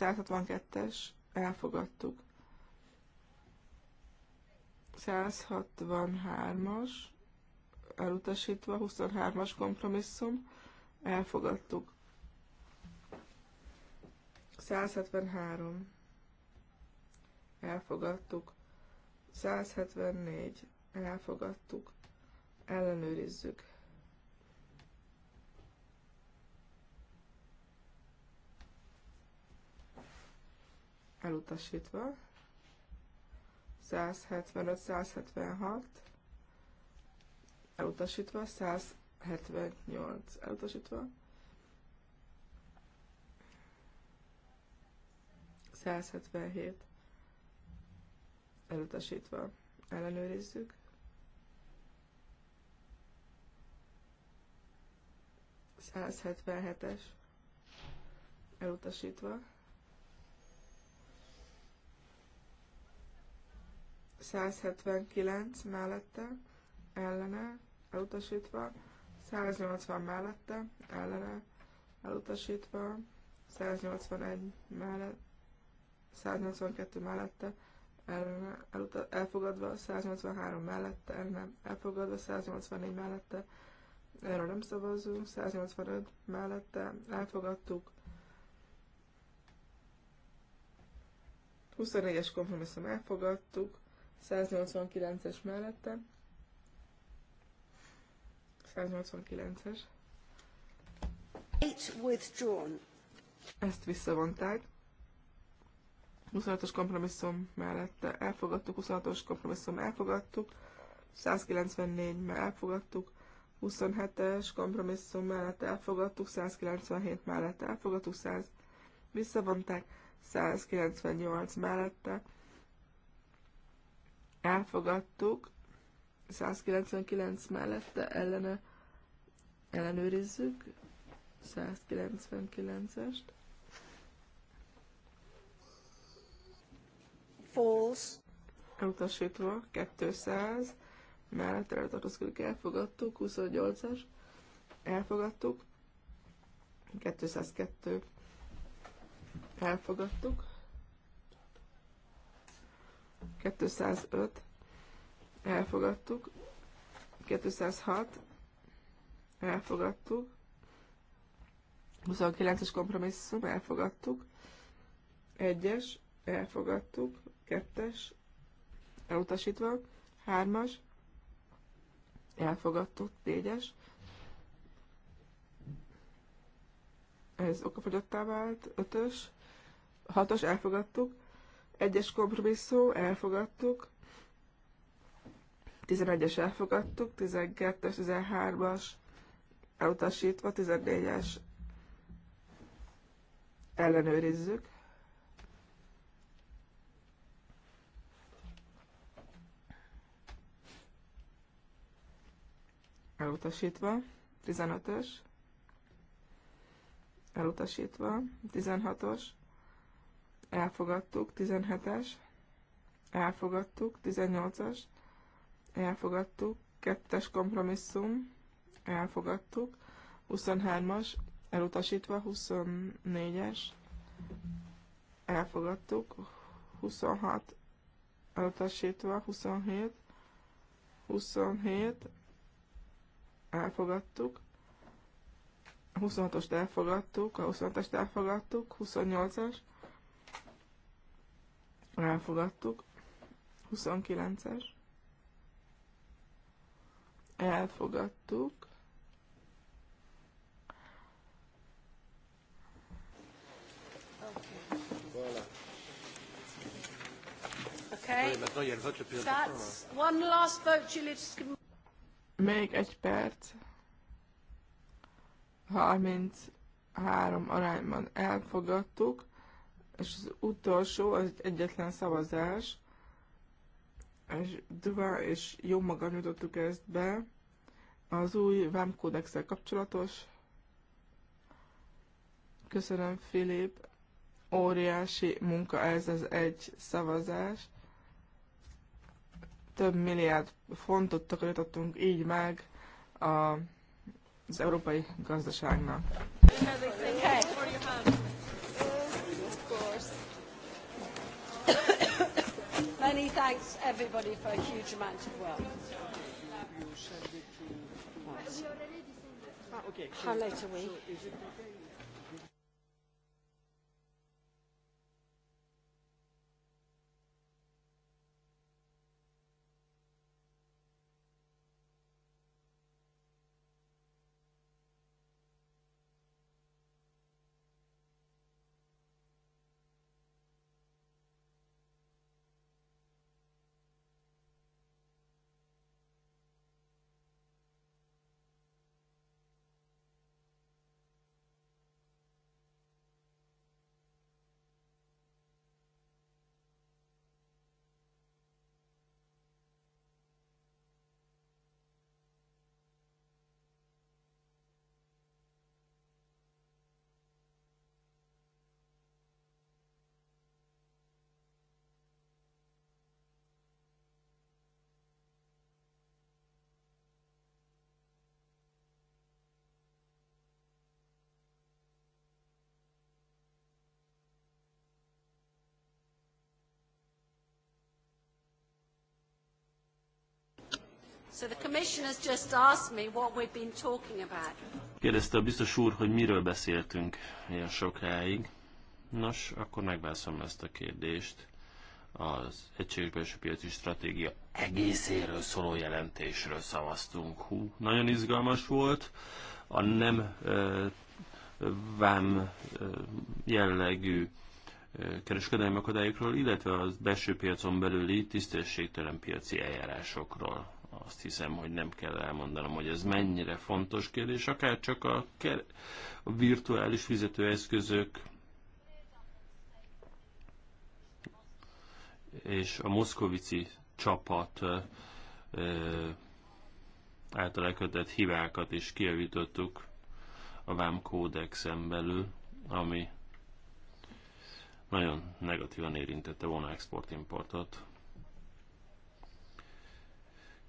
162-es elfogadtuk, 163-as elutasítva, 23-as kompromisszum elfogadtuk, 173. Elfogadtuk. 174. Elfogadtuk. Ellenőrizzük. Elutasítva. 175, 176. Elutasítva. 178. Elutasítva. 177 elutasítva ellenőrizzük. es elutasítva. 179 mellette, ellene, elutasítva, 180 mellette, ellene, elutasítva, 181 mellett, 182 mellette el, eluta, elfogadva, 183 mellette el nem elfogadva, 184 mellette erről nem szavazunk, 185 mellette elfogadtuk, 24-es kompromisszum elfogadtuk, 189-es mellette, 189-es. withdrawn. Ezt visszavonták. 26-os kompromisszum mellette elfogadtuk, 26-os kompromisszum elfogadtuk, 194 mellett elfogadtuk, 27-es kompromisszum mellett elfogadtuk, 197 mellett elfogadtuk, 100 visszavonták, 198 mellette elfogadtuk, 199 mellette ellene ellenőrizzük 199-est. falls. Elutasítva 200, mellette tartózkodik, elfogadtuk, 28-as, elfogadtuk, 202, elfogadtuk, 205, elfogadtuk, 206, elfogadtuk, 29-es kompromisszum, elfogadtuk, 1-es, elfogadtuk, kettes, elutasítva, hármas, elfogadtuk, négyes, ez okafogyottá vált, ötös, hatos, elfogadtuk, egyes kompromisszó, elfogadtuk, 11-es elfogadtuk, 12-es, 13-as elutasítva, 14-es ellenőrizzük. elutasítva, 15-ös, elutasítva, 16-os, elfogadtuk, 17-es, elfogadtuk, 18-as, elfogadtuk, 2-es kompromisszum, elfogadtuk, 23-as, elutasítva, 24-es, elfogadtuk, 26, elutasítva, 27, 27, elfogadtuk, a 26-ost elfogadtuk, a 26 est elfogadtuk, 28-as elfogadtuk, 29-es elfogadtuk, Okay. That's one last vote, Julie. Még egy perc. 33 arányban elfogadtuk, és az utolsó, az egy egyetlen szavazás, és duva és jó magam jutottuk ezt be, az új VAM kapcsolatos. Köszönöm, Filip. Óriási munka ez az egy szavazás több milliárd fontot takarítottunk így meg a, az európai gazdaságnak. Many thanks everybody for a huge amount of work. How late are we? So the commissioner's just asked me what we've been talking about. Kérdezte a biztos úr, hogy miről beszéltünk ilyen sokáig. Nos, akkor megválaszolom ezt a kérdést. Az Egységes Belső Piaci Stratégia egészéről szóló jelentésről szavaztunk. Hú, nagyon izgalmas volt. A nem e, vám e, jellegű kereskedelmi akadályokról, illetve az belső piacon belüli tisztességtelen piaci eljárásokról azt hiszem, hogy nem kell elmondanom, hogy ez mennyire fontos kérdés, akár csak a, a virtuális fizetőeszközök és a moszkovici csapat által elkötött hibákat is kijavítottuk a VAM kódexen belül, ami nagyon negatívan érintette volna export-importot.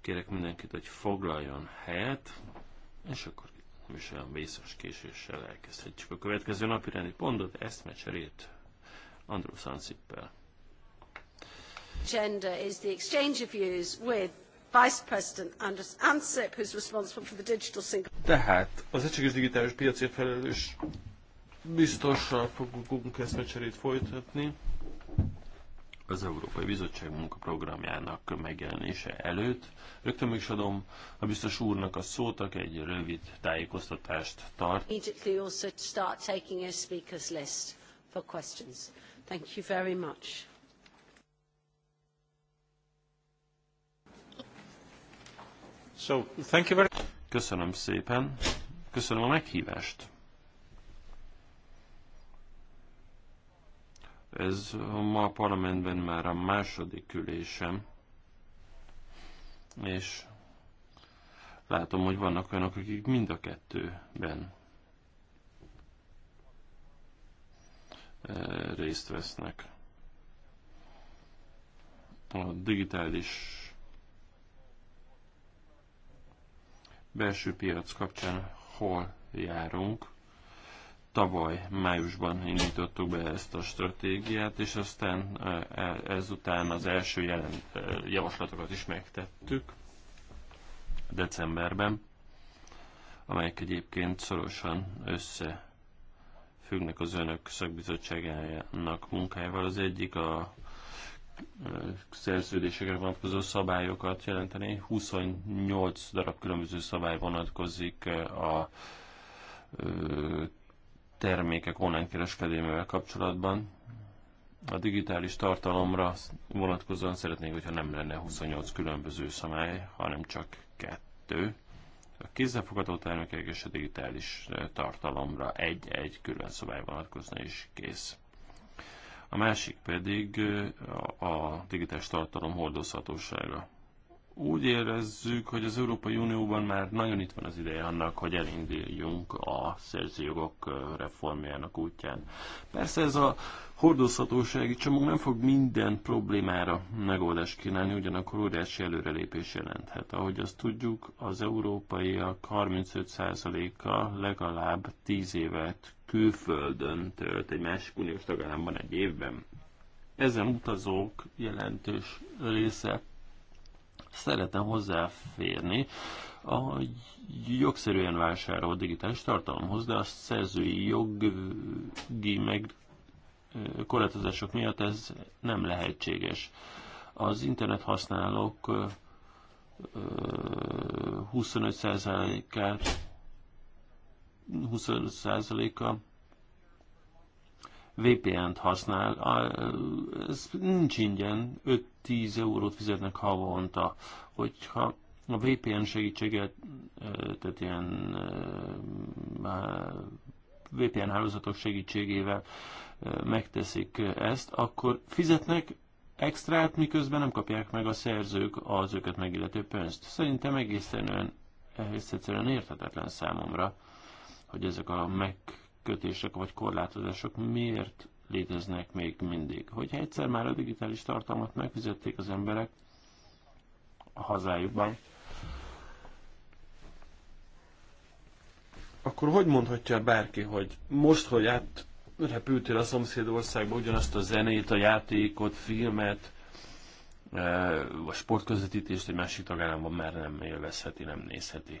Kérek mindenkit, hogy foglaljon helyet, és akkor nem is olyan vészes késéssel elkezdhetjük a következő napi rendi pontot, ezt mecserét Andrew Sansippel. Agenda is the exchange of views with Vice President Andrus Ansip, who's responsible for the digital single. Tehát az egységes digitális piacért felelős biztossal fogunk eszmecserét folytatni az Európai Bizottság munkaprogramjának megjelenése előtt. Rögtön is adom a biztos úrnak a szót, aki egy rövid tájékoztatást tart. a Köszönöm szépen. Köszönöm a meghívást. Ez ma a parlamentben már a második ülésem, és látom, hogy vannak olyanok, akik mind a kettőben eh, részt vesznek. A digitális belső piac kapcsán hol járunk, Tavaly májusban indítottuk be ezt a stratégiát, és aztán e, ezután az első jelent, e, javaslatokat is megtettük decemberben, amelyek egyébként szorosan összefüggnek az önök szakbizottságának munkájával. Az egyik a e, szerződésekre vonatkozó szabályokat jelenteni. 28 darab különböző szabály vonatkozik a termékek online kereskedelmével kapcsolatban. A digitális tartalomra vonatkozóan szeretnénk, hogyha nem lenne 28 különböző szabály, hanem csak kettő. A kézzelfogható termékek és a digitális eh, tartalomra egy-egy külön szabály vonatkozna is kész. A másik pedig eh, a digitális tartalom hordozhatósága. Úgy érezzük, hogy az Európai Unióban már nagyon itt van az ideje annak, hogy elinduljunk a jogok reformjának útján. Persze ez a hordozhatósági csomó nem fog minden problémára megoldást kínálni, ugyanakkor óriási előrelépés jelenthet. Ahogy azt tudjuk, az európaiak 35%-a legalább 10 évet külföldön tölt egy másik uniós tagállamban egy évben. Ezen utazók jelentős része szeretne hozzáférni a jogszerűen vásárolt digitális tartalomhoz, de a szerzői jogi meg korlátozások miatt ez nem lehetséges. Az internet használók 25%-át 25%-a VPN-t használ. Ez nincs ingyen, 5 10 eurót fizetnek havonta. Hogyha a VPN segítséget, tehát ilyen VPN hálózatok segítségével megteszik ezt, akkor fizetnek extrát, miközben nem kapják meg a szerzők az őket megillető pénzt. Szerintem egészen, egész egyszerűen érthetetlen számomra, hogy ezek a megkötések vagy korlátozások miért léteznek még mindig. Hogyha egyszer már a digitális tartalmat megfizették az emberek a hazájukban, akkor hogy mondhatja bárki, hogy most, hogy átrepültél a szomszédországba ugyanazt a zenét, a játékot, filmet, e, a sportközvetítést egy másik tagállamban már nem élvezheti, nem nézheti.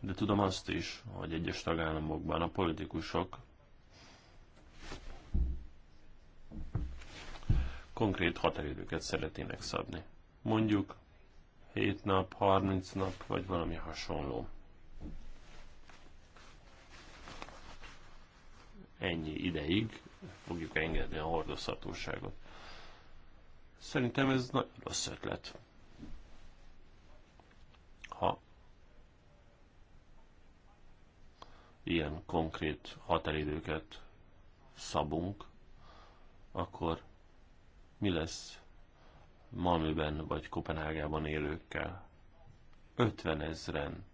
De tudom azt is, hogy egyes tagállamokban a politikusok konkrét határidőket szeretnének szabni. Mondjuk 7 nap, 30 nap, vagy valami hasonló. Ennyi ideig fogjuk engedni a hordozhatóságot. Szerintem ez nagy rossz ötlet. Ha ilyen konkrét határidőket szabunk, akkor mi lesz Malmöben vagy Kopenhágában élőkkel? 50 ezren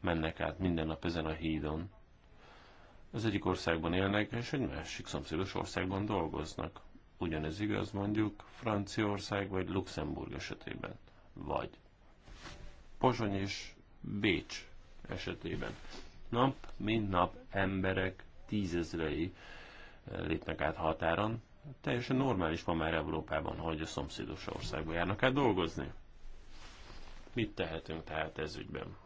mennek át minden nap ezen a hídon. Az egyik országban élnek, és egy másik szomszédos országban dolgoznak. Ugyanez igaz mondjuk Franciaország vagy Luxemburg esetében, vagy Pozsony és Bécs esetében. Nap, mint nap emberek tízezrei lépnek át határon. Teljesen normális van már Európában, hogy a szomszédos országba járnak át dolgozni. Mit tehetünk tehát ez ügyben?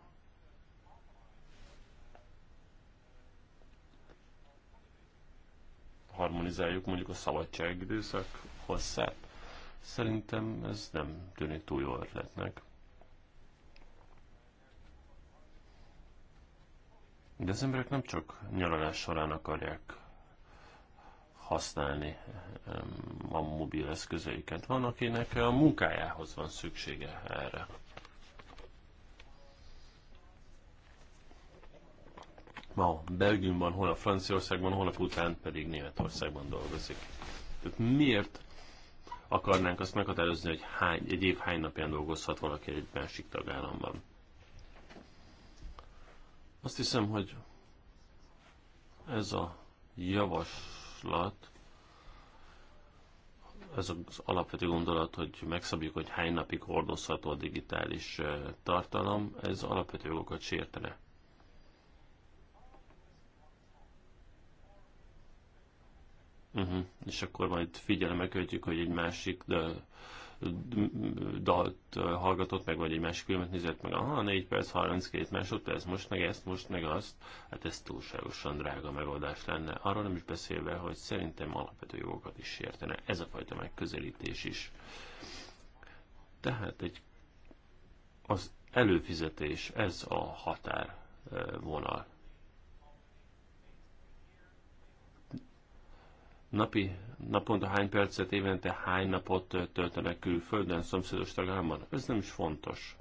harmonizáljuk mondjuk a szabadság időszak hosszát. Szerintem ez nem tűnik túl jó ötletnek. De az emberek nem csak nyaralás során akarják használni a mobil eszközeiket. Van, akinek a munkájához van szüksége erre. Ma Belgiumban, hol a Franciaországban, holnap után pedig Németországban dolgozik. Tehát miért akarnánk azt meghatározni, hogy hány, egy év hány napján dolgozhat valaki egy másik tagállamban? Azt hiszem, hogy ez a javaslat javaslat, ez az alapvető gondolat, hogy megszabjuk, hogy hány napig hordozható a digitális eh, tartalom, ez alapvető jogokat sértene. Uh-huh. És akkor majd figyelemekötjük, hogy egy másik de dalt hallgatott meg, vagy egy másik filmet nézett meg, aha, 4 perc, 32 másodperc, most meg ezt, most meg azt, hát ez túlságosan drága megoldás lenne. Arról nem is beszélve, hogy szerintem alapvető jogokat is sértene ez a fajta megközelítés is. Tehát egy, az előfizetés, ez a határvonal. napi, naponta hány percet, évente hány napot töltenek külföldön, szomszédos tagállamban. Ez nem is fontos.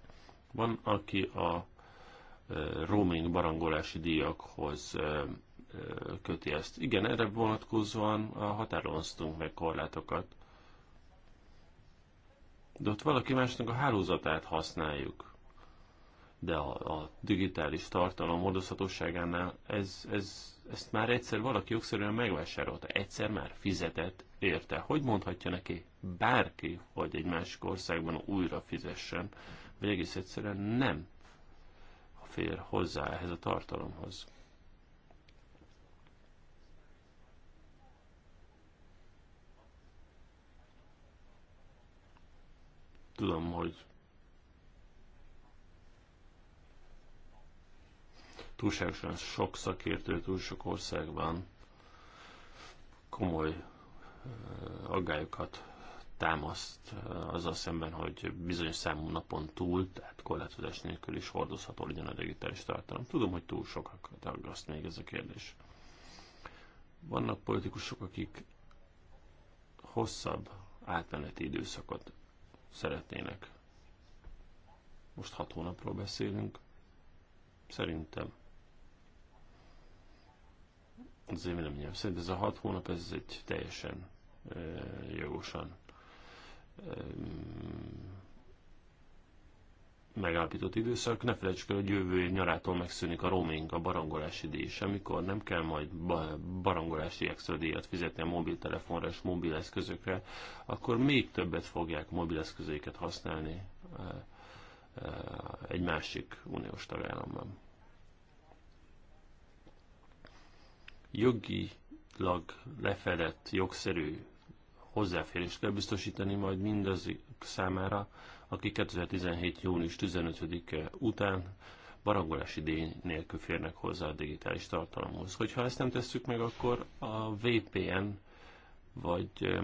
Van, aki a e, roaming barangolási díjakhoz e, e, köti ezt. Igen, erre vonatkozóan határoztunk meg korlátokat. De ott valaki másnak a hálózatát használjuk. De a, a digitális tartalom hordozhatóságánál ez, ez ezt már egyszer valaki jogszerűen megvásárolta, egyszer már fizetett érte. Hogy mondhatja neki bárki, hogy egy másik országban újra fizessen, vagy egész egyszerűen nem fér hozzá ehhez a tartalomhoz? Tudom, hogy túlságosan sok szakértő túl sok országban komoly eh, aggályokat támaszt eh, azzal szemben, hogy bizonyos számú napon túl, tehát korlátozás nélkül is hordozható legyen a digitális tartalom. Tudom, hogy túl sokakat aggaszt még ez a kérdés. Vannak politikusok, akik hosszabb átmeneti időszakot szeretnének. Most hat hónapról beszélünk. Szerintem az én véleményem szerint ez a hat hónap, ez egy teljesen e, jogosan e, megállapított időszak. Ne felejtsük el, hogy jövő év nyarától megszűnik a roaming, a barangolási díj is, amikor nem kell majd barangolási extra díjat fizetni a mobiltelefonra és mobileszközökre, akkor még többet fogják mobileszközéket használni egy másik uniós tagállamban. jogilag lefedett, jogszerű hozzáférést kell biztosítani majd mindazok számára, akik 2017. június 15-e után barangolás díj nélkül férnek hozzá a digitális tartalomhoz. Hogyha ezt nem tesszük meg, akkor a VPN vagy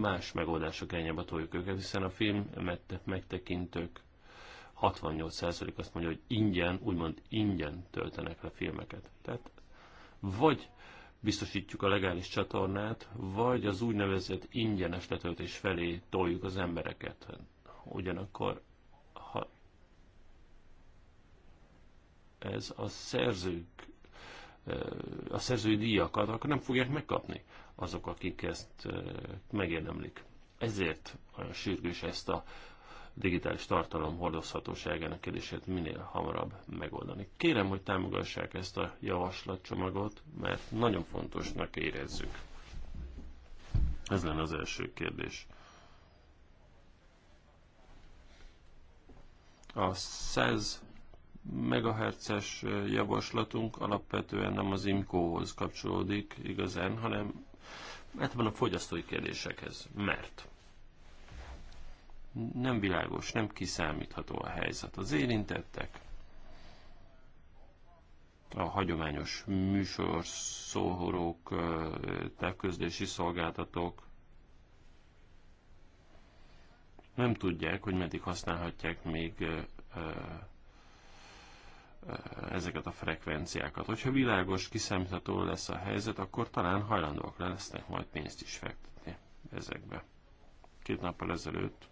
más megoldások irányába a őket, hiszen a filmet megtekintők 68% azt mondja, hogy ingyen, úgymond ingyen töltenek le filmeket. Tehát vagy biztosítjuk a legális csatornát, vagy az úgynevezett ingyenes letöltés felé toljuk az embereket. Ugyanakkor, ha ez a szerzők eh, a szerzői díjakat, akkor nem fogják megkapni azok, akik ezt eh, megérdemlik. Ezért olyan sürgős ezt a digitális tartalom hordozhatóságának kérdését minél hamarabb megoldani. Kérem, hogy támogassák ezt a javaslatcsomagot, mert nagyon fontosnak érezzük. Ez lenne az első kérdés. A 100 megahertzes javaslatunk alapvetően nem az IMCO-hoz kapcsolódik igazán, hanem hát a fogyasztói kérdésekhez. Mert nem világos, nem kiszámítható a helyzet. Az érintettek a hagyományos műsorszóhorók, távközlési szolgáltatók nem tudják, hogy meddig használhatják még ezeket a frekvenciákat. Hogyha világos, kiszámítható lesz a helyzet, akkor talán hajlandóak lesznek majd pénzt is fektetni ezekbe. Két nappal ezelőtt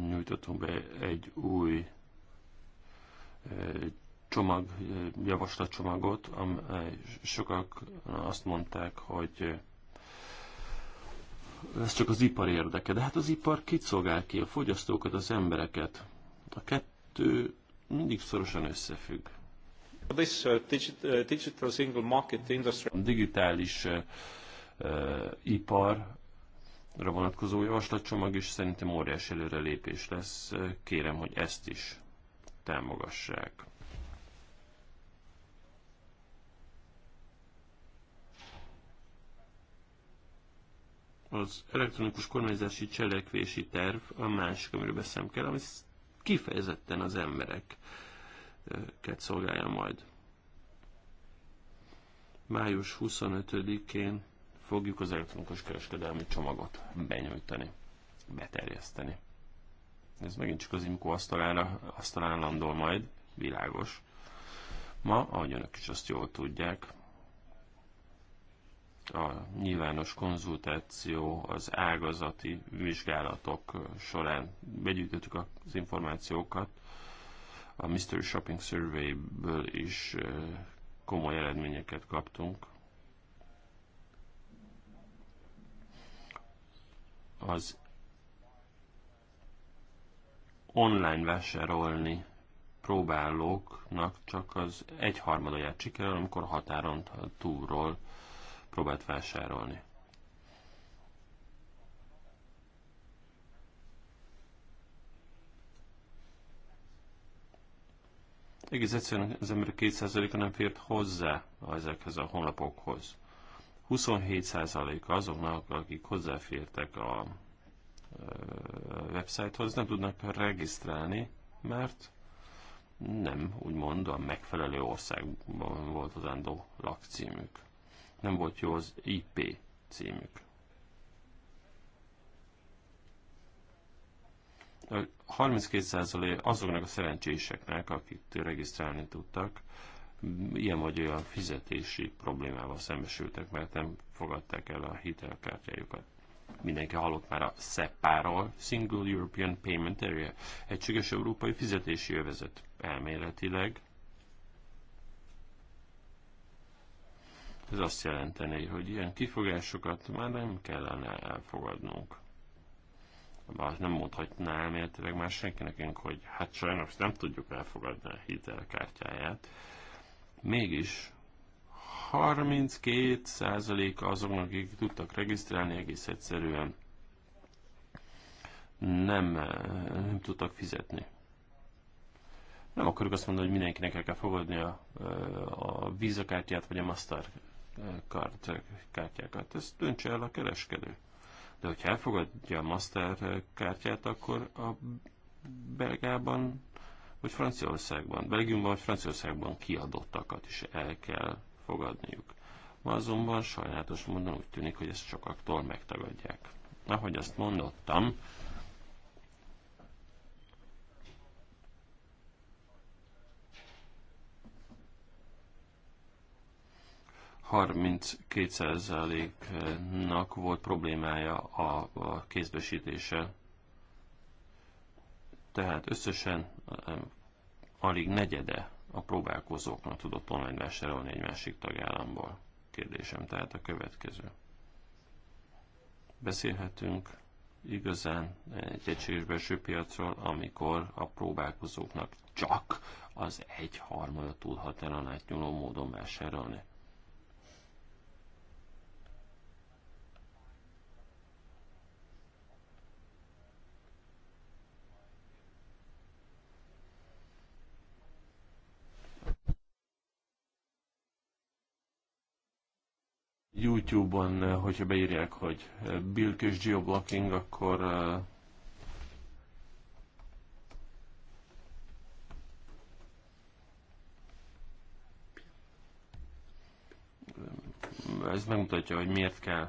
nyújtottunk be egy új csomag, javaslatcsomagot, amely sokak azt mondták, hogy ez csak az ipar érdeke. De hát az ipar kit szolgál ki? A fogyasztókat, az embereket. A kettő mindig szorosan összefügg. This uh, uh, digital single market industry. A digitális uh, ipar vonatkozó javaslatcsomag is szerintem óriási előrelépés lesz. Kérem, hogy ezt is támogassák. Az elektronikus kormányzási cselekvési terv a másik, amiről beszélnem kell, ami kifejezetten az embereket szolgálja majd. Május 25-én fogjuk az elektronikus kereskedelmi csomagot benyújtani, beterjeszteni. Ez megint csak az imkó asztalára, asztalán landol majd, világos. Ma, ahogy önök is azt jól tudják, a nyilvános konzultáció, az ágazati vizsgálatok során begyűjtöttük az információkat, a Mystery Shopping Survey-ből is komoly eredményeket kaptunk. az online vásárolni próbálóknak csak az egyharmadaját sikerül, amikor határon túlról próbált vásárolni. Egész egyszerűen az emberek 2%-a nem fért hozzá ezekhez a honlapokhoz. 27%-a azoknak, akik hozzáfértek a websitehoz, nem tudnak regisztrálni, mert nem, úgymond a megfelelő országban volt az Endo lakcímük. Nem volt jó az IP címük. A 32% azoknak a szerencséseknek, akik regisztrálni tudtak, ilyen vagy olyan fizetési problémával szembesültek, mert nem fogadták el a hitelkártyájukat. Mindenki hallott már a SEPA-ról, Single European Payment Area, Egységes Európai Fizetési Övezet elméletileg. Ez azt jelenteni, hogy ilyen kifogásokat már nem kellene elfogadnunk. Bár nem mondhatná elméletileg már senki nekünk, hogy hát sajnos nem tudjuk elfogadni a hitelkártyáját Mégis 32% azoknak, akik tudtak regisztrálni, egész egyszerűen nem, eh, nem tudtak fizetni. Nem akarjuk azt mondani, hogy mindenkinek el kell fogadni a, eh, a kártyát, vagy a Mastercard kártyákat. Ezt döntse el a kereskedő. De hogyha elfogadja a Master kártyát, akkor a Belgában hogy Franciaországban, Belgiumban vagy Franciaországban kiadottakat is el kell fogadniuk. Ma azonban sajnálatos módon úgy tűnik, hogy ezt aktól megtagadják. Ahogy azt mondottam, nak volt problémája a, a kézbesítése. Tehát összesen alig negyede a próbálkozóknak tudott online vásárolni egy másik tagállamból. Kérdésem tehát a következő. Beszélhetünk igazán egy egységes belső piacról, amikor a próbálkozóknak csak az egy harmada tudhat el a átnyúló módon vásárolni. YouTube-on, eh, hogyha beírják, hogy eh, bilkés geoblocking, akkor eh, ez megmutatja, hogy miért kell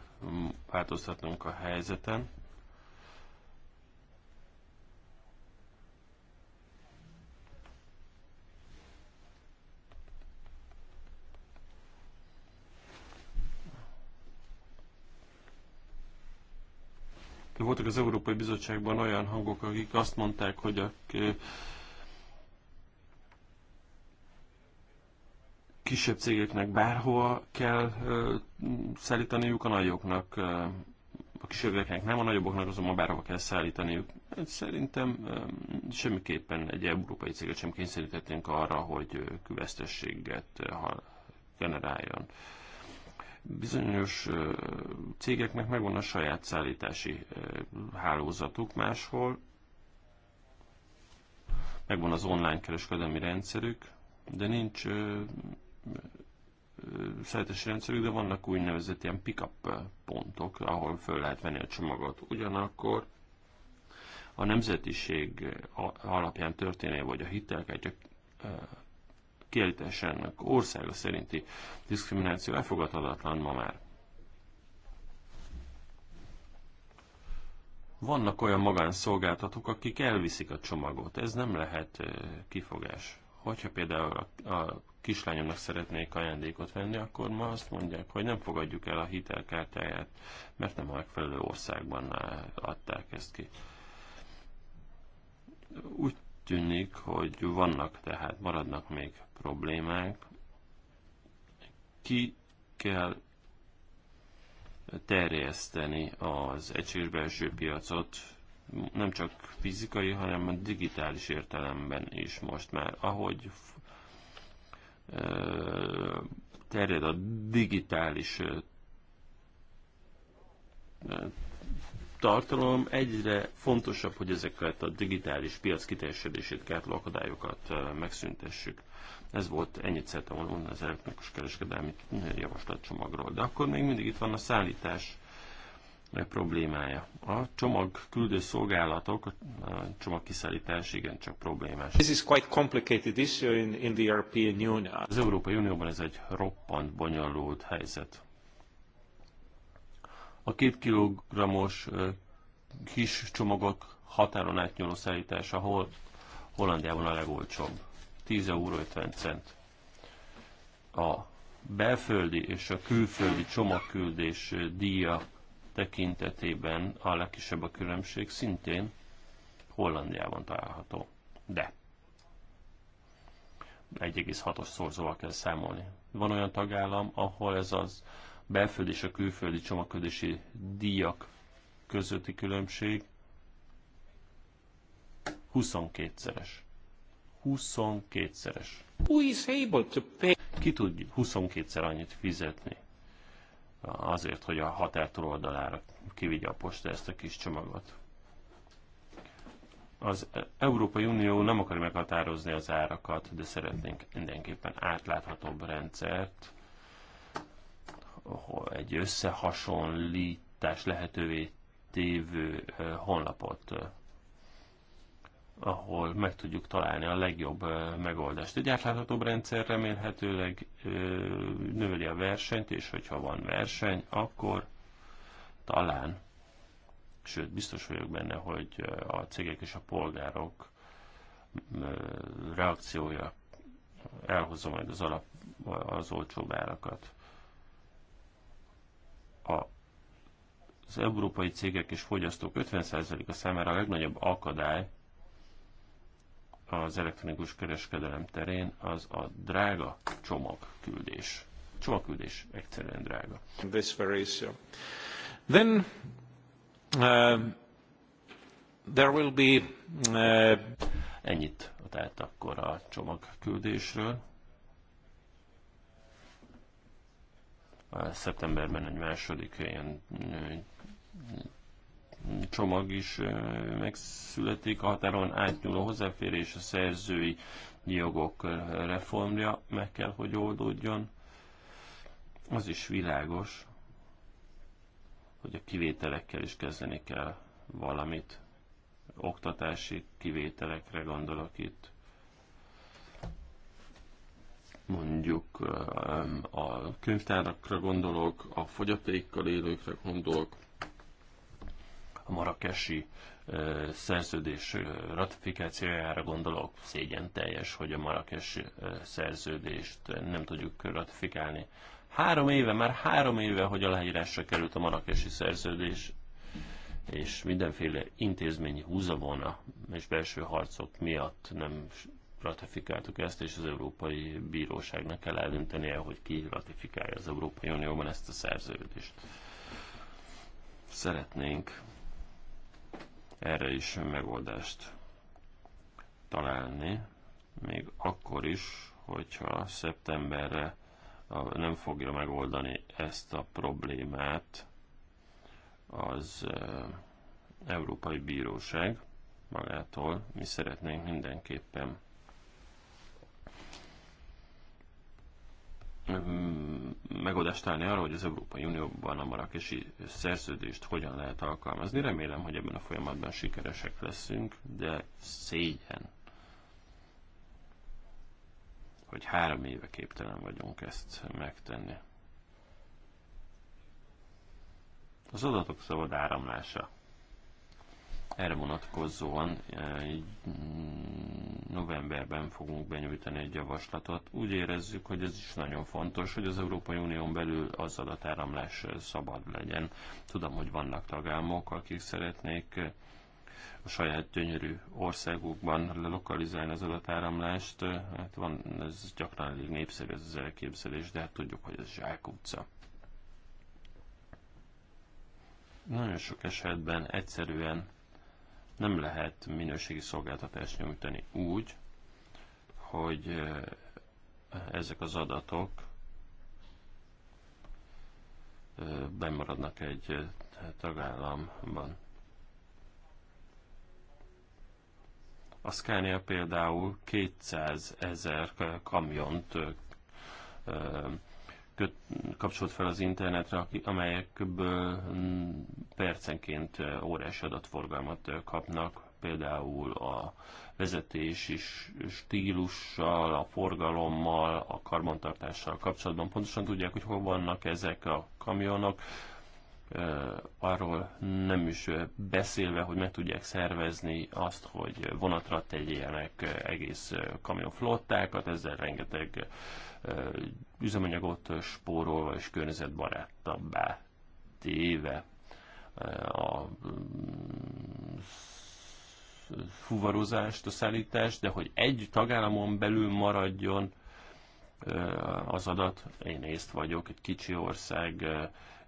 változtatnunk a helyzeten. voltak az Európai Bizottságban olyan hangok, akik azt mondták, hogy a kisebb cégeknek bárhol kell szállítaniuk, a nagyoknak, a kisebbeknek nem, a nagyobbaknak azonban bárhol kell szállítaniuk. Hát szerintem semmiképpen egy európai céget sem kényszeríthetünk arra, hogy küvesztességet generáljon. Bizonyos cégeknek megvan a saját szállítási hálózatuk, máshol megvan az online kereskedelmi rendszerük, de nincs szállítási rendszerük, de vannak úgynevezett ilyen pick-up pontok, ahol föl lehet venni a csomagot. Ugyanakkor a nemzetiség alapján történő, vagy a hitelkártya kiállításának országa szerinti diszkrimináció elfogadhatatlan ma már. Vannak olyan magánszolgáltatók, akik elviszik a csomagot. Ez nem lehet kifogás. Hogyha például a, a kislányomnak szeretnék ajándékot venni, akkor ma azt mondják, hogy nem fogadjuk el a hitelkártyáját, mert nem a megfelelő országban adták ezt ki. Úgy tűnik, hogy vannak tehát, maradnak még problémák. Ki kell terjeszteni az egységes belső piacot nem csak fizikai, hanem a digitális értelemben is most már. Ahogy terjed a digitális tartalom, egyre fontosabb, hogy ezeket a digitális piac kiteljesedését kártó akadályokat megszüntessük. Ez volt, ennyit szeretem volna az elektronikus kereskedelmi javaslatcsomagról. De akkor még mindig itt van a szállítás problémája. A csomag küldő szolgálatok, a igen csak problémás. This is quite complicated issue in, in the European Union. Az Európai Unióban ez egy roppant bonyolult helyzet. A két kilogrammos kis csomagok határon átnyúló szállítása, ahol Hollandiában a legolcsóbb. 10 euró 50 cent. A belföldi és a külföldi csomagküldés díja tekintetében a legkisebb a különbség szintén Hollandiában található. De 1,6-os szorzóval kell számolni. Van olyan tagállam, ahol ez az belföldi és a külföldi csomagködési díjak közötti különbség 22-szeres. 22-szeres. Who is able to pay? Ki tud 22-szer annyit fizetni azért, hogy a határtól oldalára kivigye a posta ezt a kis csomagot? Az Európai Unió nem akar meghatározni az árakat, de szeretnénk mindenképpen átláthatóbb rendszert, egy összehasonlítás lehetővé tévő honlapot, ahol meg tudjuk találni a legjobb megoldást. Egy átláthatóbb rendszer remélhetőleg növeli a versenyt, és hogyha van verseny, akkor talán, sőt biztos vagyok benne, hogy a cégek és a polgárok reakciója elhozza majd az, alap, az olcsóbb árakat a az európai cégek és fogyasztók 50%-a számára a legnagyobb akadály az elektronikus kereskedelem terén az a drága csomagküldés. Csomagküldés egyszerűen drága. This very issue. Then uh, there will be uh... ennyit tehát akkor a csomagküldésről. szeptemberben egy második ilyen csomag is megszületik, a határon átnyúló hozzáférés a szerzői jogok reformja meg kell, hogy oldódjon. Az is világos, hogy a kivételekkel is kezdeni kell valamit. Oktatási kivételekre gondolok itt mondjuk a könyvtárakra gondolok, a fogyatékkal élőkre gondolok, a marakesi szerződés ratifikációjára gondolok, szégyen teljes, hogy a marakesi szerződést nem tudjuk ratifikálni. Három éve, már három éve, hogy aláírásra került a marakesi szerződés, és mindenféle intézményi húzavona és belső harcok miatt nem ratifikáltuk ezt, és az Európai Bíróságnak kell eldöntenie, hogy ki ratifikálja az Európai Unióban ezt a szerződést. Szeretnénk erre is megoldást találni, még akkor is, hogyha szeptemberre nem fogja megoldani ezt a problémát az eh, Európai Bíróság magától. Mi szeretnénk mindenképpen megoldást találni arra, hogy az Európai Unióban a marakesi szerződést hogyan lehet alkalmazni. Remélem, hogy ebben a folyamatban sikeresek leszünk, de szégyen, hogy három éve képtelen vagyunk ezt megtenni. Az adatok szabad áramlása erre vonatkozóan eh, mm, novemberben fogunk benyújtani egy javaslatot. Úgy érezzük, hogy ez is nagyon fontos, hogy az Európai Unión belül az adatáramlás eh, szabad legyen. Tudom, hogy vannak tagállamok, akik szeretnék eh, a saját gyönyörű országukban lokalizálni az adatáramlást. Hát van, ez gyakran elég népszerű ez az elképzelés, de hát tudjuk, hogy ez zsákutca. Nagyon sok esetben egyszerűen nem lehet minőségi szolgáltatást nyújtani úgy, hogy ezek az adatok bemaradnak egy tagállamban. A Scania például 200 ezer kamiont köt, kapcsolt fel az internetre, amelyekből mm, percenként órás adatforgalmat kapnak, például a vezetési stílussal, a forgalommal, a karbantartással kapcsolatban. Pontosan tudják, hogy hol vannak ezek a kamionok, arról nem is beszélve, hogy meg tudják szervezni azt, hogy vonatra tegyenek egész kamionflottákat, ezzel rengeteg üzemanyagot spórolva és környezetbarátabbá téve a mm, fuvarozást, a szállítást, de hogy egy tagállamon belül maradjon az adat, én észt vagyok, egy kicsi ország,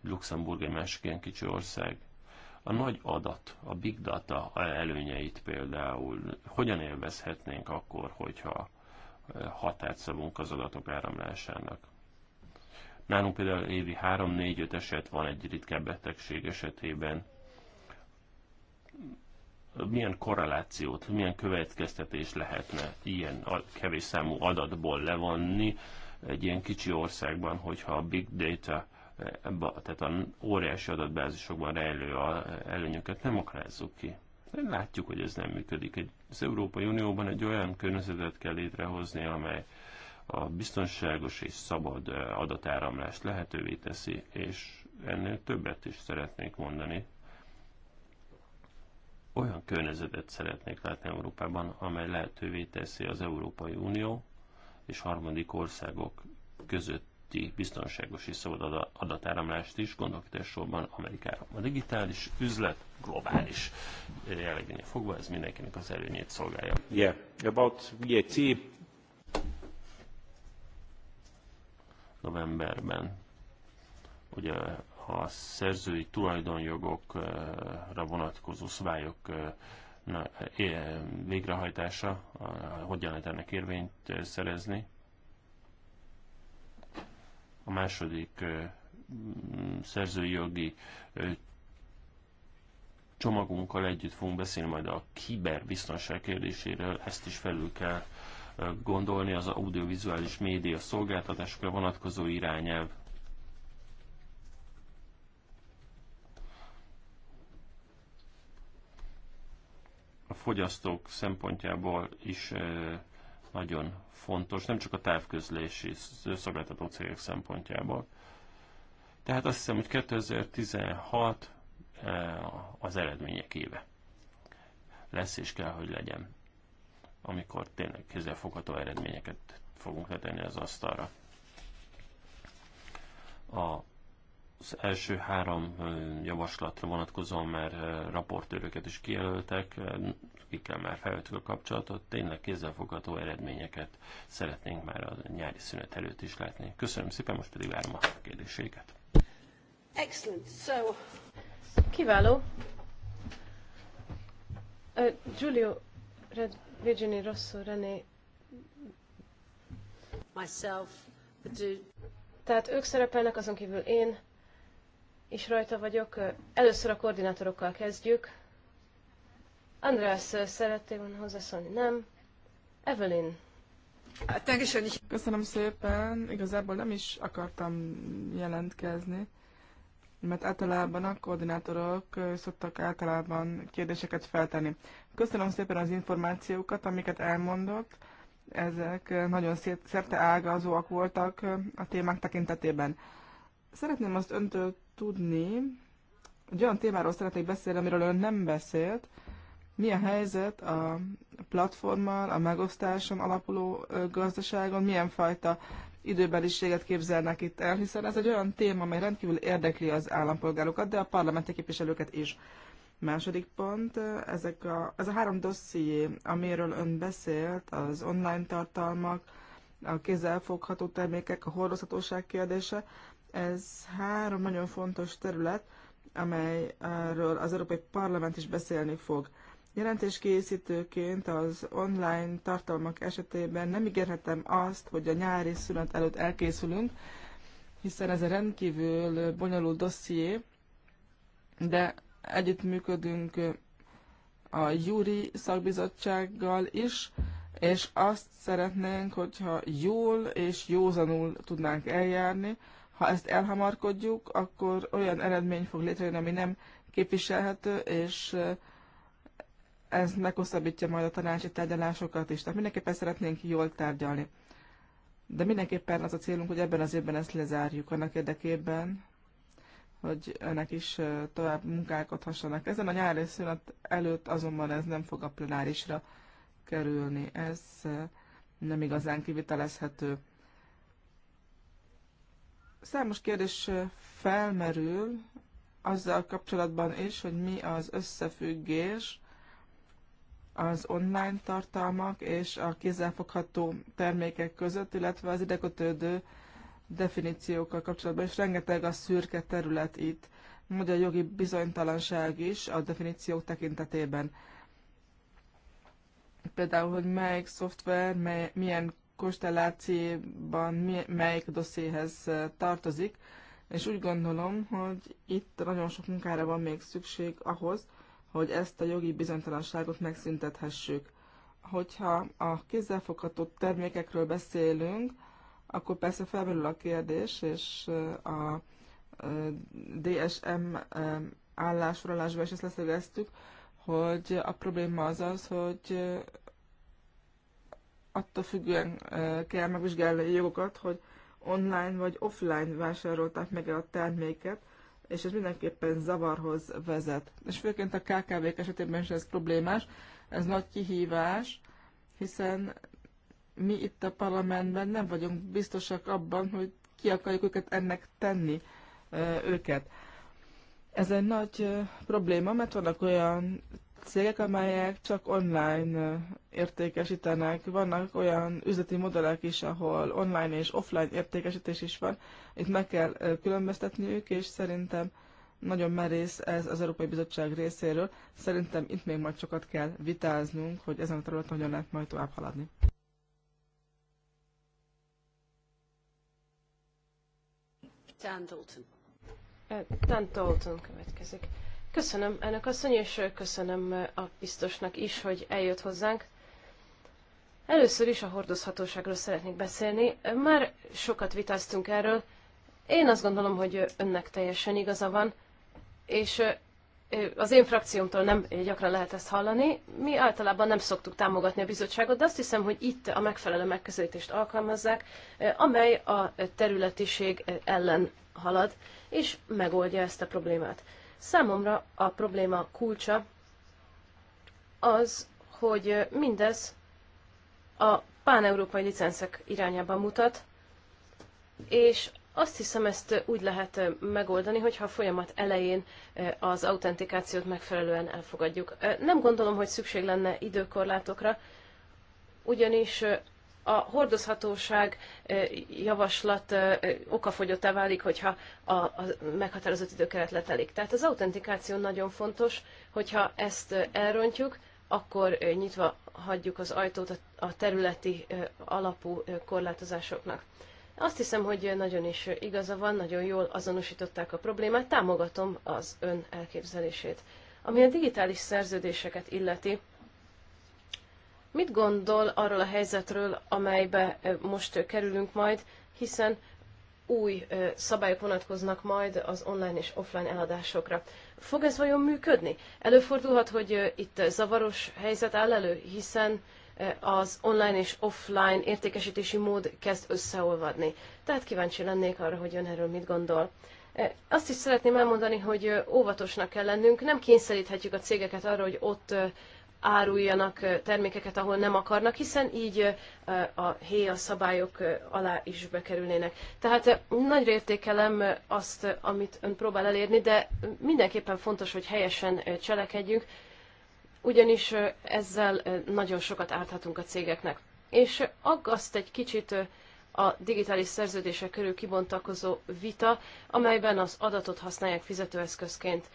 Luxemburg egy másik ilyen kicsi ország. A nagy adat, a big data előnyeit például hogyan élvezhetnénk akkor, hogyha határt szabunk az adatok áramlásának. Nálunk például évi 3-4-5 eset van egy ritkább betegség esetében. Milyen korrelációt, milyen következtetés lehetne ilyen kevés számú adatból levonni egy ilyen kicsi országban, hogyha a big data eh, tehát a óriási adatbázisokban rejlő előnyöket nem akarázzuk ki. Látjuk, hogy ez nem működik. Az Európai Unióban egy olyan környezetet kell létrehozni, amely a biztonságos és szabad adatáramlást lehetővé teszi, és ennél többet is szeretnék mondani. Olyan környezetet szeretnék látni Európában, amely lehetővé teszi az Európai Unió és harmadik országok között közötti biztonságos és szabad adatáramlást is, gondolok elsősorban Amerikára. A digitális üzlet globális jellegénye fogva, ez mindenkinek az előnyét szolgálja. Yeah, about VAT. Novemberben ugye a szerzői tulajdonjogokra vonatkozó szabályok na, végrehajtása, hogyan lehet ennek érvényt szerezni a második mm, szerzői jogi csomagunkkal együtt fogunk beszélni majd a kiberbiztonság kérdéséről, ezt is felül kell gondolni, az audiovizuális média szolgáltatásokra vonatkozó irányelv. A fogyasztók szempontjából is nagyon fontos, nem csak a távközlési szolgáltató cégek szempontjából. Tehát azt hiszem, hogy 2016 eh, az eredmények éve lesz és kell, hogy legyen, amikor tényleg kézzelfogható eredményeket fogunk letenni az asztalra. A az első három javaslatra vonatkozóan már raportőröket is kijelöltek, akikkel már felvettük a kapcsolatot, tényleg kézzelfogható eredményeket szeretnénk már a nyári szünet előtt is látni. Köszönöm szépen, most pedig várom a kérdéseiket. Excellent. So... Kiváló. Uh, Giulio Red, Virginie Rosso, René, myself, the two... Tehát ők szerepelnek, azon kívül én, is rajta vagyok. Először a koordinátorokkal kezdjük. András, szerettél volna hozzászólni? Nem. Evelyn. Hát, Köszönöm szépen. Igazából nem is akartam jelentkezni, mert általában a koordinátorok szoktak általában kérdéseket feltenni. Köszönöm szépen az információkat, amiket elmondott. Ezek nagyon szerte ágazóak voltak a témák tekintetében. Szeretném azt öntött tudni, egy olyan témáról szeretnék beszélni, amiről ön nem beszélt, mi a helyzet a platformmal, a megosztáson alapuló gazdaságon, milyen fajta időbeliséget képzelnek itt el, hiszen ez egy olyan téma, amely rendkívül érdekli az állampolgárokat, de a parlamenti képviselőket is. Második pont, ezek a, ez a három dosszié, amiről ön beszélt, az online tartalmak, a kézzelfogható termékek, a hordozhatóság kérdése, ez három nagyon fontos terület, amelyről az Európai Parlament is beszélni fog. Jelentéskészítőként az online tartalmak esetében nem ígérhetem azt, hogy a nyári szünet előtt elkészülünk, hiszen ez egy rendkívül bonyolult dosszié, de együttműködünk a júri szakbizottsággal is, és azt szeretnénk, hogyha jól és józanul tudnánk eljárni, ha ezt elhamarkodjuk, akkor olyan eredmény fog létrejönni, ami nem képviselhető, és ez meghosszabbítja majd a tanácsi tárgyalásokat is. Tehát mindenképpen szeretnénk jól tárgyalni. De mindenképpen az a célunk, hogy ebben az évben ezt lezárjuk annak érdekében, hogy önök is tovább munkálkodhassanak. Ezen a nyári szünet előtt azonban ez nem fog a plenárisra kerülni. Ez nem igazán kivitelezhető. Számos kérdés felmerül azzal kapcsolatban is, hogy mi az összefüggés az online tartalmak és a kézzelfogható termékek között, illetve az idekötődő definíciókkal kapcsolatban, és rengeteg a szürke terület itt, vagy a jogi bizonytalanság is a definíciók tekintetében. Például, hogy melyik szoftver, mely, milyen konstellációban melyik dosszéhez tartozik, és úgy gondolom, hogy itt nagyon sok munkára van még szükség ahhoz, hogy ezt a jogi bizonytalanságot megszüntethessük. Hogyha a kézzelfogható termékekről beszélünk, akkor persze felmerül a kérdés, és a DSM állásfoglalásban is ezt leszögeztük, hogy a probléma az az, hogy attól függően kell megvizsgálni a jogokat, hogy online vagy offline vásárolták meg a terméket, és ez mindenképpen zavarhoz vezet. És főként a KKV-k esetében is ez problémás, ez nagy kihívás, hiszen mi itt a parlamentben nem vagyunk biztosak abban, hogy ki akarjuk őket ennek tenni őket. Ez egy nagy probléma, mert vannak olyan cégek, amelyek csak online értékesítenek. Vannak olyan üzleti modellek is, ahol online és offline értékesítés is van. Itt meg kell különböztetniük, és szerintem nagyon merész ez az Európai Bizottság részéről. Szerintem itt még majd sokat kell vitáznunk, hogy ezen a területen hogyan lehet majd tovább haladni. Dan Dalton. Dan Dalton következik. Köszönöm, elnök asszony, és köszönöm a biztosnak is, hogy eljött hozzánk. Először is a hordozhatóságról szeretnék beszélni. Már sokat vitáztunk erről. Én azt gondolom, hogy önnek teljesen igaza van, és az én frakciómtól nem gyakran lehet ezt hallani. Mi általában nem szoktuk támogatni a bizottságot, de azt hiszem, hogy itt a megfelelő megközelítést alkalmazzák, amely a területiség ellen halad, és megoldja ezt a problémát. Számomra a probléma kulcsa az, hogy mindez a páneurópai licenszek irányába mutat, és azt hiszem, ezt úgy lehet megoldani, hogyha a folyamat elején az autentikációt megfelelően elfogadjuk. Nem gondolom, hogy szükség lenne időkorlátokra, ugyanis a hordozhatóság javaslat okafogyottá válik, hogyha a, a meghatározott időkeret letelik. Tehát az autentikáció nagyon fontos, hogyha ezt elrontjuk, akkor nyitva hagyjuk az ajtót a területi alapú korlátozásoknak. Azt hiszem, hogy nagyon is igaza van, nagyon jól azonosították a problémát, támogatom az ön elképzelését. Ami a digitális szerződéseket illeti, Mit gondol arról a helyzetről, amelybe most kerülünk majd, hiszen új szabályok vonatkoznak majd az online és offline eladásokra. Fog ez vajon működni? Előfordulhat, hogy itt zavaros helyzet áll elő, hiszen az online és offline értékesítési mód kezd összeolvadni. Tehát kíváncsi lennék arra, hogy ön erről mit gondol. Azt is szeretném elmondani, hogy óvatosnak kell lennünk, nem kényszeríthetjük a cégeket arra, hogy ott áruljanak termékeket, ahol nem akarnak, hiszen így a héja szabályok alá is bekerülnének. Tehát nagy értékelem azt, amit ön próbál elérni, de mindenképpen fontos, hogy helyesen cselekedjünk, ugyanis ezzel nagyon sokat árthatunk a cégeknek. És aggaszt egy kicsit a digitális szerződések körül kibontakozó vita, amelyben az adatot használják fizetőeszközként.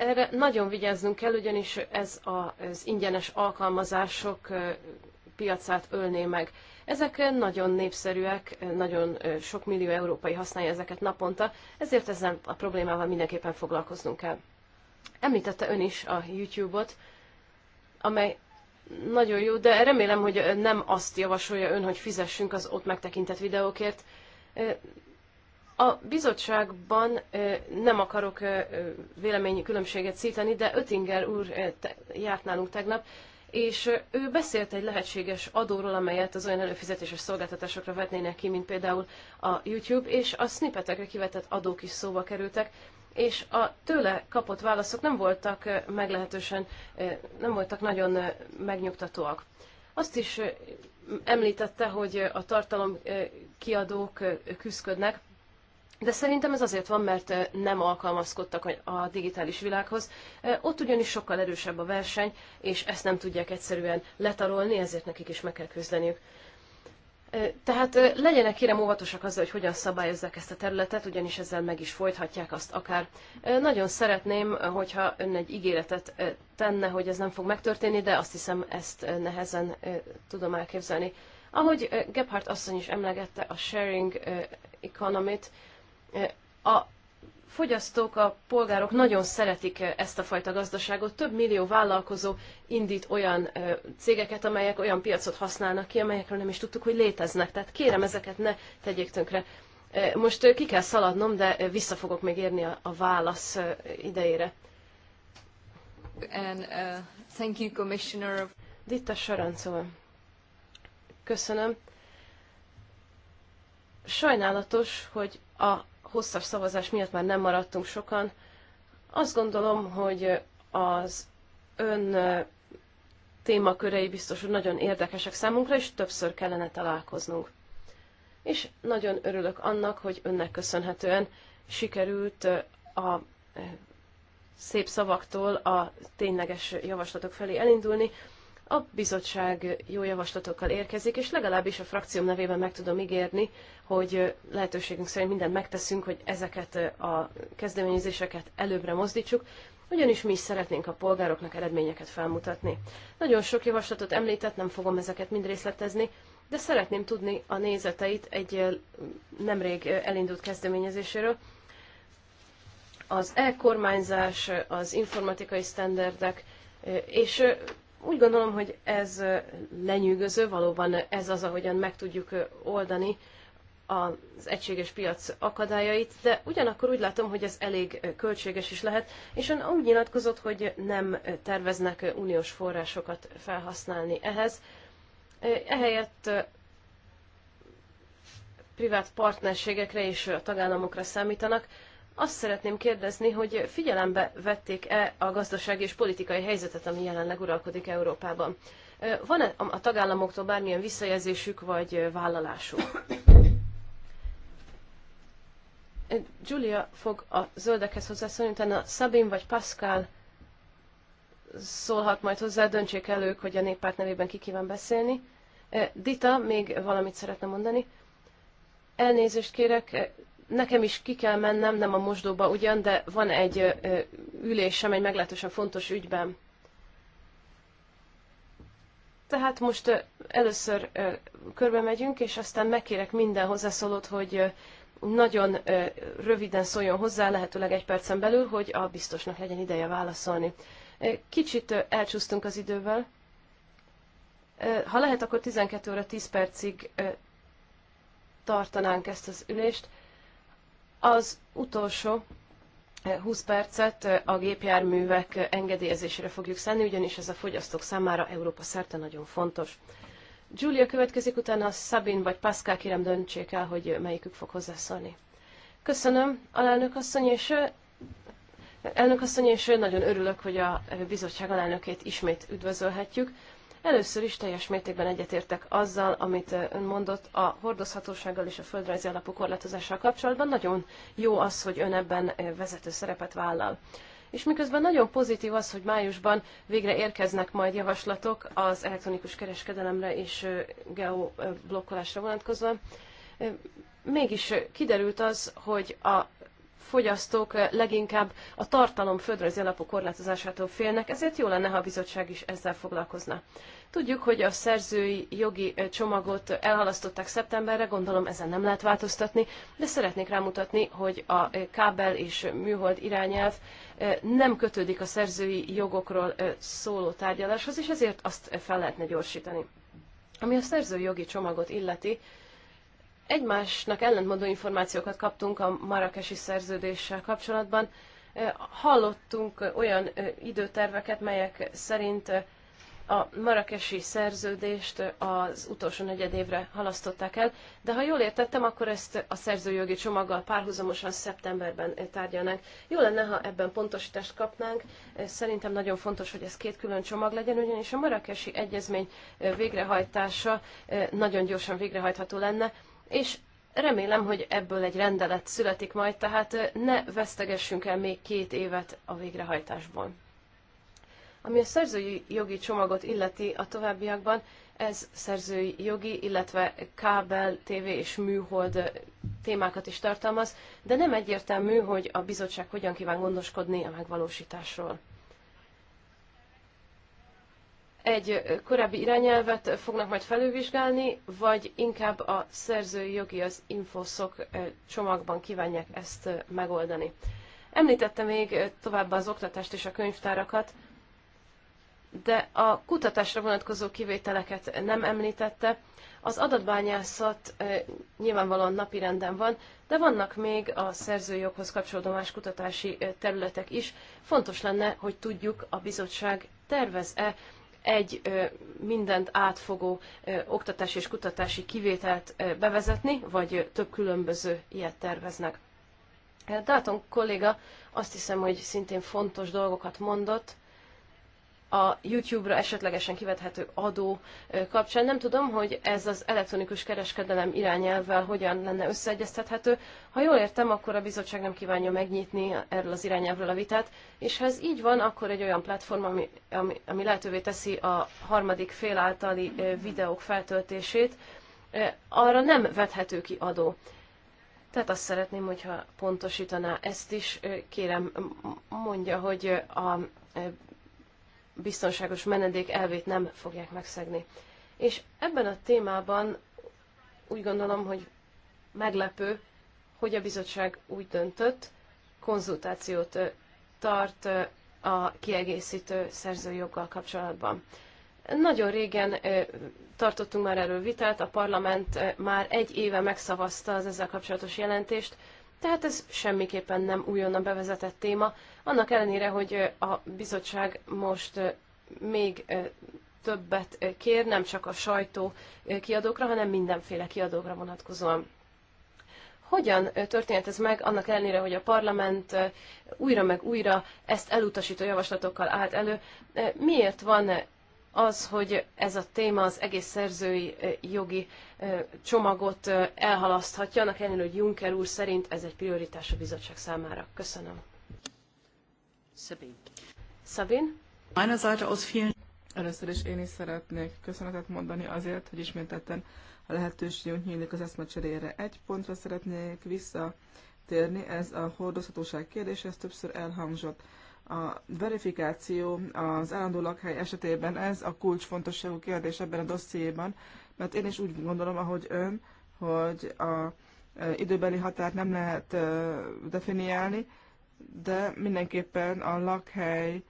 Erre nagyon vigyáznunk kell, ugyanis ez az ingyenes alkalmazások piacát ölné meg. Ezek nagyon népszerűek, nagyon sok millió európai használja ezeket naponta, ezért ezzel a problémával mindenképpen foglalkoznunk kell. Említette ön is a YouTube-ot, amely nagyon jó, de remélem, hogy nem azt javasolja ön, hogy fizessünk az ott megtekintett videókért. A bizottságban nem akarok véleményi különbséget szíteni, de Ötinger úr járt nálunk tegnap, és ő beszélt egy lehetséges adóról, amelyet az olyan előfizetéses szolgáltatásokra vetnének ki, mint például a YouTube, és a snippetekre kivetett adók is szóba kerültek, és a tőle kapott válaszok nem voltak meglehetősen, nem voltak nagyon megnyugtatóak. Azt is említette, hogy a tartalom kiadók küzdködnek, de szerintem ez azért van, mert nem alkalmazkodtak a digitális világhoz. Ott ugyanis sokkal erősebb a verseny, és ezt nem tudják egyszerűen letarolni, ezért nekik is meg kell küzdeniük. Tehát legyenek kérem óvatosak azzal, hogy hogyan szabályozzák ezt a területet, ugyanis ezzel meg is folythatják azt akár. Nagyon szeretném, hogyha ön egy ígéretet tenne, hogy ez nem fog megtörténni, de azt hiszem ezt nehezen tudom elképzelni. Ahogy Gebhardt asszony is emlegette a sharing economy-t, a fogyasztók, a polgárok nagyon szeretik eh, ezt a fajta gazdaságot. Több millió vállalkozó indít olyan eh, cégeket, amelyek olyan piacot használnak ki, amelyekről nem is tudtuk, hogy léteznek. Tehát kérem, ezeket ne tegyék tönkre. Eh, most ki kell szaladnom, de vissza fogok még érni a, válasz idejére. And, uh, thank you, Commissioner. Ditta Sarancova. Köszönöm. Sajnálatos, hogy a hosszas szavazás miatt már nem maradtunk sokan. Azt gondolom, hogy az ön témakörei biztos, hogy nagyon érdekesek számunkra, és többször kellene találkoznunk. És nagyon örülök annak, hogy önnek köszönhetően sikerült a szép szavaktól a tényleges javaslatok felé elindulni, a bizottság jó javaslatokkal érkezik, és legalábbis a frakcióm nevében meg tudom ígérni, hogy lehetőségünk szerint mindent megteszünk, hogy ezeket a kezdeményezéseket előbbre mozdítsuk, ugyanis mi is szeretnénk a polgároknak eredményeket felmutatni. Nagyon sok javaslatot említett, nem fogom ezeket mind részletezni, de szeretném tudni a nézeteit egy nemrég elindult kezdeményezéséről. Az e-kormányzás, az informatikai sztenderdek, és úgy gondolom, hogy ez lenyűgöző, valóban ez az, ahogyan meg tudjuk oldani az egységes piac akadályait, de ugyanakkor úgy látom, hogy ez elég költséges is lehet, és ön úgy nyilatkozott, hogy nem terveznek uniós forrásokat felhasználni ehhez. Ehelyett privát partnerségekre és a tagállamokra számítanak. Azt szeretném kérdezni, hogy figyelembe vették-e a gazdasági és politikai helyzetet, ami jelenleg uralkodik Európában? Van-e a tagállamoktól bármilyen visszajelzésük vagy vállalásuk? Julia fog a zöldekhez hozzászólni, utána Sabin vagy Pascal szólhat majd hozzá, döntsék el ők, hogy a néppárt nevében ki kíván beszélni. Dita még valamit szeretne mondani. Elnézést kérek, Nekem is ki kell mennem, nem a mosdóba ugyan, de van egy ülésem egy meglehetősen fontos ügyben. Tehát most először körbe megyünk, és aztán megkérek minden hozzászólót, hogy nagyon röviden szóljon hozzá, lehetőleg egy percen belül, hogy a biztosnak legyen ideje válaszolni. Kicsit elcsúsztunk az idővel. Ha lehet, akkor 12 óra 10 percig tartanánk ezt az ülést. Az utolsó 20 eh, percet eh, a gépjárművek engedélyezésére fogjuk szenni, ugyanis ez a fogyasztók számára Európa szerte nagyon fontos. Julia következik, utána Szabin vagy Pascal kérem döntsék el, hogy melyikük fog hozzászólni. Köszönöm, alelnök asszony, és eh, elnök asszony, és nagyon örülök, hogy a bizottság alelnökét ismét üdvözölhetjük. Először is teljes mértékben egyetértek azzal, amit ön mondott a hordozhatósággal és a földrajzi alapú korlátozással kapcsolatban. Nagyon jó az, hogy ön ebben vezető szerepet vállal. És miközben nagyon pozitív az, hogy májusban végre érkeznek majd javaslatok az elektronikus kereskedelemre és geoblokkolásra vonatkozóan, mégis kiderült az, hogy a fogyasztók eh, leginkább a tartalom földrajzi alapú korlátozásától félnek, ezért jó lenne, ha a bizottság is ezzel foglalkozna. Tudjuk, hogy a szerzői jogi eh, csomagot elhalasztották szeptemberre, gondolom ezen nem lehet változtatni, de szeretnék rámutatni, hogy a eh, kábel és műhold irányelv nem kötődik a szerzői jogokról szóló tárgyaláshoz, és ezért azt fel lehetne gyorsítani. Ami a szerzői jogi csomagot illeti, egymásnak ellentmondó információkat kaptunk a marakesi szerződéssel kapcsolatban. Hallottunk olyan időterveket, melyek szerint a marakesi szerződést az utolsó negyed évre halasztották el, de ha jól értettem, akkor ezt a szerzőjogi csomaggal párhuzamosan szeptemberben tárgyalnánk. Jó lenne, ha ebben pontosítást kapnánk. Szerintem nagyon fontos, hogy ez két külön csomag legyen, ugyanis a marakesi egyezmény végrehajtása nagyon gyorsan végrehajtható lenne, és remélem, hogy ebből egy rendelet születik majd, tehát ne vesztegessünk el még két évet a végrehajtásból. Ami a szerzői jogi csomagot illeti a továbbiakban, ez szerzői jogi, illetve kábel, tévé és műhold témákat is tartalmaz, de nem egyértelmű, hogy a bizottság hogyan kíván gondoskodni a megvalósításról egy korábbi irányelvet fognak majd felülvizsgálni, vagy inkább a szerzői jogi, az infoszok csomagban kívánják ezt megoldani. Említette még továbbá az oktatást és a könyvtárakat, de a kutatásra vonatkozó kivételeket nem említette. Az adatbányászat nyilvánvalóan napirenden van, de vannak még a joghoz kapcsolódó más kutatási területek is. Fontos lenne, hogy tudjuk, a bizottság tervez-e egy mindent átfogó oktatási és kutatási kivételt bevezetni, vagy több különböző ilyet terveznek. Dalton kolléga azt hiszem, hogy szintén fontos dolgokat mondott, a YouTube-ra esetlegesen kivethető adó kapcsán. Nem tudom, hogy ez az elektronikus kereskedelem irányelvvel hogyan lenne összeegyeztethető. Ha jól értem, akkor a bizottság nem kívánja megnyitni erről az irányelvről a vitát, és ha ez így van, akkor egy olyan platform, ami, ami, ami lehetővé teszi a harmadik fél általi videók feltöltését, arra nem vethető ki adó. Tehát azt szeretném, hogyha pontosítaná ezt is. Kérem, mondja, hogy a biztonságos menedék elvét nem fogják megszegni. És ebben a témában úgy gondolom, hogy meglepő, hogy a bizottság úgy döntött, konzultációt tart a kiegészítő szerzőjoggal kapcsolatban. Nagyon régen tartottunk már erről vitát, a parlament már egy éve megszavazta az ezzel kapcsolatos jelentést, tehát ez semmiképpen nem újonnan bevezetett téma, annak ellenére, hogy a bizottság most még többet kér, nem csak a sajtó kiadókra, hanem mindenféle kiadókra vonatkozóan. Hogyan történt ez meg, annak ellenére, hogy a parlament újra meg újra ezt elutasító javaslatokkal állt elő? Miért van az, hogy ez a téma az egész szerzői jogi csomagot elhalaszthatja, annak ellenére, hogy Juncker úr szerint ez egy prioritás a bizottság számára. Köszönöm. Meiner Seite aus vielen... Először is én is szeretnék köszönetet mondani azért, hogy ismételten a lehetőségünk nyílik az eszmecserére. Egy pontra szeretnék visszatérni, ez a hordozhatóság kérdése, ez többször elhangzott. A verifikáció az állandó lakhely esetében ez a kulcsfontosságú kérdés ebben a dossziéban, mert én is úgy gondolom, ahogy ön, hogy a e, időbeli határt nem lehet e, definiálni, de mindenképpen a lakhely,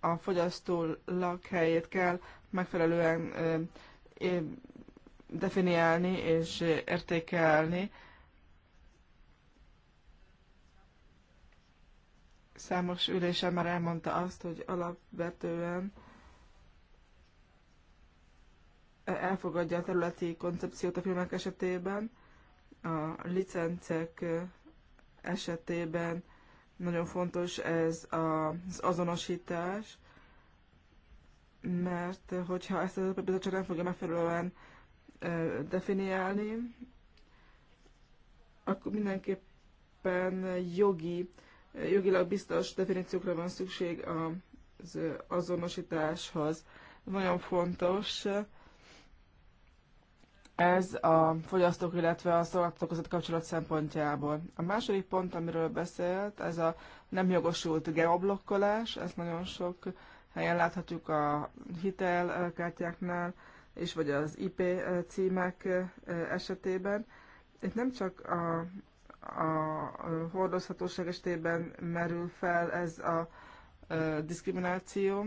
a fogyasztó lakhelyét kell megfelelően definiálni és értékelni. Számos ülésen már elmondta azt, hogy alapvetően elfogadja a területi koncepciót a filmek esetében, a licencek esetében nagyon fontos ez az azonosítás, mert hogyha ezt az bizottság nem fogja megfelelően definiálni, akkor mindenképpen jogi, jogilag biztos definíciókra van szükség az azonosításhoz. Nagyon fontos ez a fogyasztók, illetve a szolgáltatók között kapcsolat szempontjából. A második pont, amiről beszélt, ez a nem jogosult geoblokkolás, ezt nagyon sok helyen láthatjuk a hitelkártyáknál, és vagy az IP címek eh, esetében. Itt nem csak a, a hordozhatóság esetében merül fel ez a eh, diszkrimináció,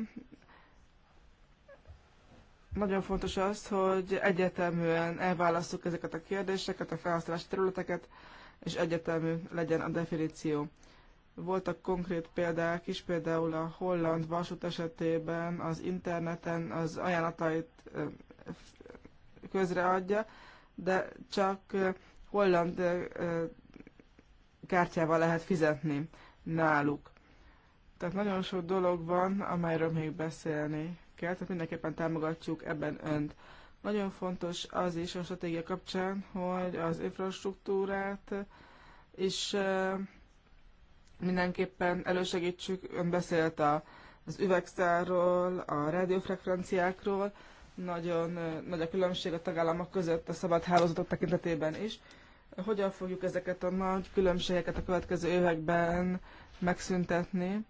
nagyon fontos az, hogy egyeteműen elválasztjuk ezeket a kérdéseket, a felhasználási területeket, és egyetemű legyen a definíció. Voltak konkrét példák is, például a holland vasút esetében az interneten az ajánlatait közreadja, de csak holland kártyával lehet fizetni náluk. Tehát nagyon sok dolog van, amelyről még beszélni kell, tehát mindenképpen támogatjuk ebben önt. Nagyon fontos az is a stratégia kapcsán, hogy az infrastruktúrát is mindenképpen elősegítsük. Ön beszélt a, az üvegszáról, a rádiófrekvenciákról, nagyon nagy a különbség a tagállamok között a szabad hálózatok tekintetében is. Hogyan fogjuk ezeket a nagy különbségeket a következő években megszüntetni?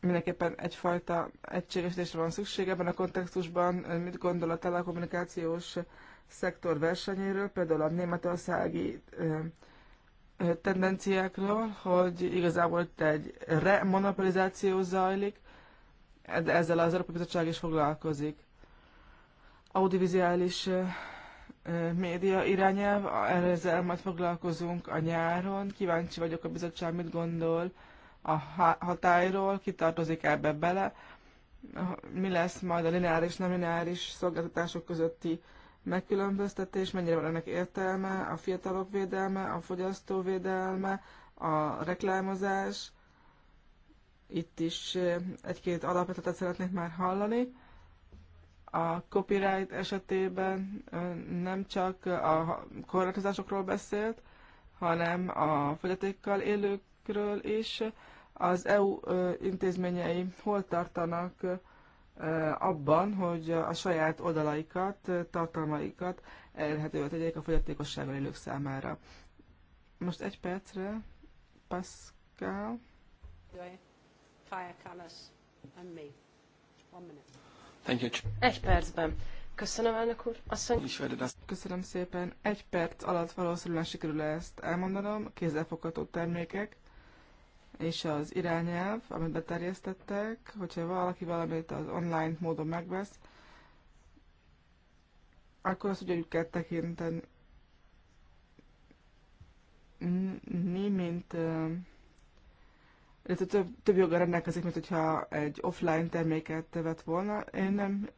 mindenképpen egyfajta egységesítésre van szükség ebben a kontextusban. Mit gondol a telekommunikációs szektor versenyéről, például a németországi tendenciákról, hogy igazából egy remonopolizáció zajlik, de ezzel az Európai Bizottság is foglalkozik. Audiovizuális média irányelv, ezzel majd foglalkozunk a nyáron. Kíváncsi vagyok a bizottság mit gondol, a hatályról, ki tartozik ebbe bele, mi lesz majd a lineáris, nem lineáris szolgáltatások közötti megkülönböztetés, mennyire van ennek értelme, a fiatalok védelme, a fogyasztó védelme, a reklámozás. Itt is egy-két alapvetetet szeretnék már hallani. A copyright esetében nem csak a korlátozásokról beszélt, hanem a fogyatékkal élőkről is, az EU intézményei hol tartanak abban, hogy a saját oldalaikat, tartalmaikat elérhetővé tegyék a fogyatékossággal élők számára. Most egy percre, Pascal. Thank you. Egy percben. Köszönöm, elnök úr. Asszony... Köszönöm szépen. Egy perc alatt valószínűleg sikerül ezt elmondanom. Kézzelfogható termékek és az irányelv, amit beterjesztettek, hogyha valaki valamit az online módon megvesz, akkor azt ugyanúgy kell tekinteni, mint illetve több, több joga rendelkezik, mint hogyha egy offline terméket vett volna. Én nem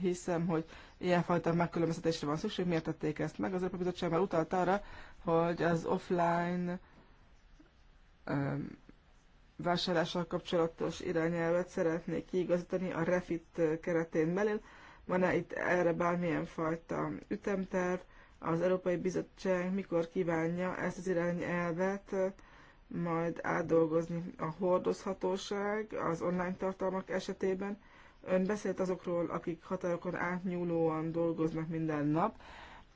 hiszem, hogy ilyenfajta megkülönböztetésre van szükség. Miért tették ezt meg? Az Európai Bizottság már utalta arra, hogy az offline vásárlással kapcsolatos irányelvet szeretnék kiigazítani a refit keretén belül. Van-e itt erre bármilyen fajta ütemterv? Az Európai Bizottság mikor kívánja ezt az irányelvet majd átdolgozni a hordozhatóság az online tartalmak esetében? Ön beszélt azokról, akik határokon átnyúlóan dolgoznak minden nap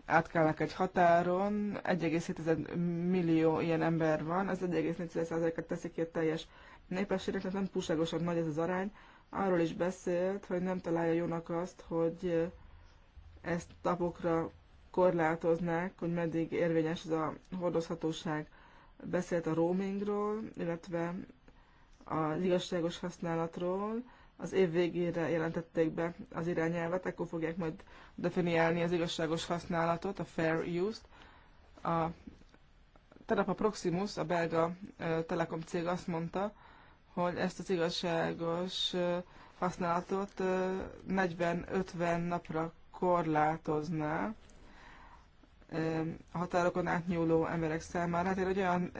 átkelnek egy határon, 1,7 millió ilyen ember van, az 1,4%-et teszik ki a teljes népességnek, tehát nem túlságosan nagy ez az arány. Arról is beszélt, hogy nem találja jónak azt, hogy ezt tapokra korlátoznák, hogy meddig érvényes ez a hordozhatóság. Beszélt a roamingról, illetve az igazságos használatról, az év végére jelentették be az irányelvet, akkor fogják majd definiálni az igazságos használatot, a fair use-t. A Telepa Proximus, a belga telekom cég azt mondta, hogy ezt az igazságos használatot 40-50 napra korlátozná a határokon átnyúló emberek számára. Hát én egy olyan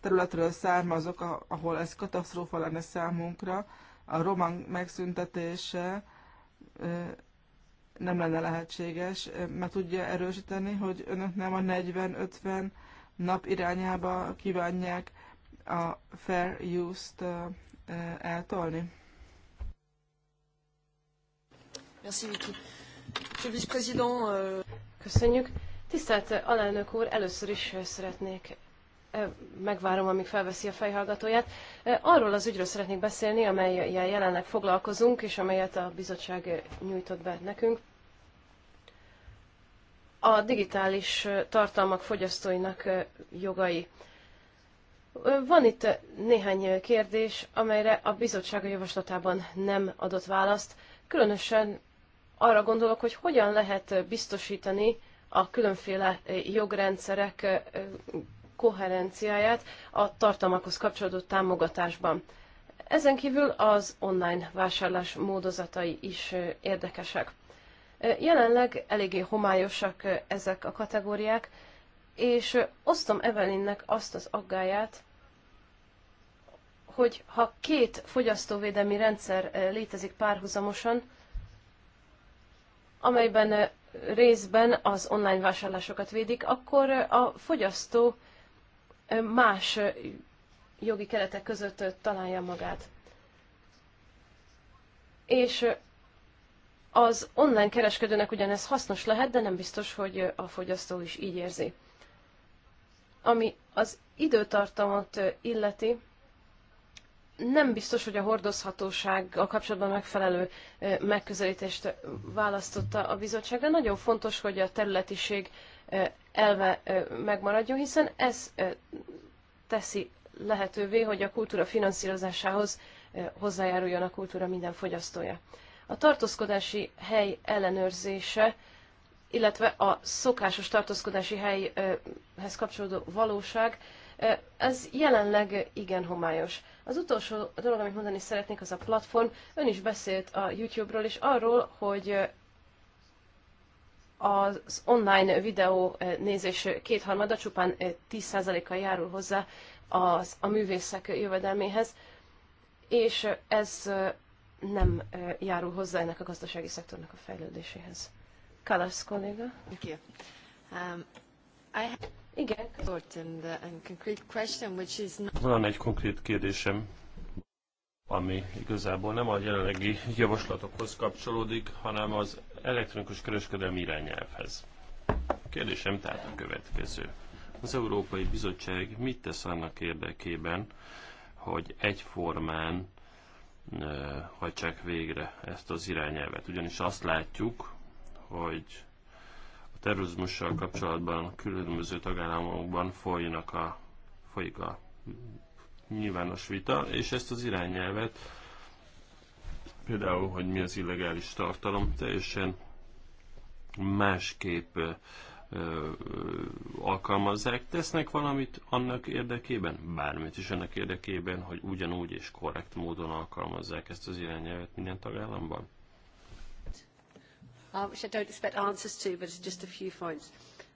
területről származok, ahol ez katasztrófa lenne számunkra, a román megszüntetése nem lenne lehetséges, mert tudja erősíteni, hogy önök nem a 40-50 nap irányába kívánják a fair use-t eltolni. Euh, Köszönjük. Tisztelt alelnök úr, először is szeretnék megvárom, amíg felveszi a fejhallgatóját. Arról az ügyről szeretnék beszélni, amelyel jelenleg foglalkozunk, és amelyet a bizottság nyújtott be nekünk. A digitális tartalmak fogyasztóinak jogai. Van itt néhány kérdés, amelyre a bizottság a javaslatában nem adott választ. Különösen arra gondolok, hogy hogyan lehet biztosítani a különféle jogrendszerek koherenciáját a tartalmakhoz kapcsolódó támogatásban. Ezen kívül az online vásárlás módozatai is érdekesek. Jelenleg eléggé homályosak ezek a kategóriák, és osztom Evelynnek azt az aggáját, hogy ha két fogyasztóvédelmi rendszer létezik párhuzamosan, amelyben részben az online vásárlásokat védik, akkor a fogyasztó más jogi keretek között találja magát. És az online kereskedőnek ugyanez hasznos lehet, de nem biztos, hogy a fogyasztó is így érzi. Ami az időtartamot illeti, nem biztos, hogy a hordozhatóság, a kapcsolatban megfelelő megközelítést választotta a bizottság, de nagyon fontos, hogy a területiség elve megmaradjon, hiszen ez teszi lehetővé, hogy a kultúra finanszírozásához hozzájáruljon a kultúra minden fogyasztója. A tartózkodási hely ellenőrzése, illetve a szokásos tartózkodási helyhez kapcsolódó valóság, ez jelenleg igen homályos. Az utolsó dolog, amit mondani szeretnék, az a platform. Ön is beszélt a YouTube-ról, és arról, hogy az online videó eh, nézés kétharmada csupán 10%-kal eh, járul hozzá az, a művészek jövedelméhez, és eh, ez nem járul hozzá ennek a gazdasági szektornak a fejlődéséhez. Kalasz kolléga. Thank you. Um, I have... Igen. Uh, Van egy konkrét kérdésem, ami igazából nem a jelenlegi javaslatokhoz kapcsolódik, hanem az elektronikus kereskedelmi irányelvhez. A kérdésem tehát a következő. Az Európai Bizottság mit tesz annak érdekében, hogy egyformán hagyják végre ezt az irányelvet? Ugyanis azt látjuk, hogy a terrorizmussal kapcsolatban a különböző tagállamokban folynak a, folyik a nyilvános vita, és ezt az irányelvet, például, hogy mi az illegális tartalom, teljesen másképp ö, ö, alkalmazzák, tesznek valamit annak érdekében, bármit is annak érdekében, hogy ugyanúgy és korrekt módon alkalmazzák ezt az irányelvet minden tagállamban? Uh, which I don't expect answers to, but just a few points.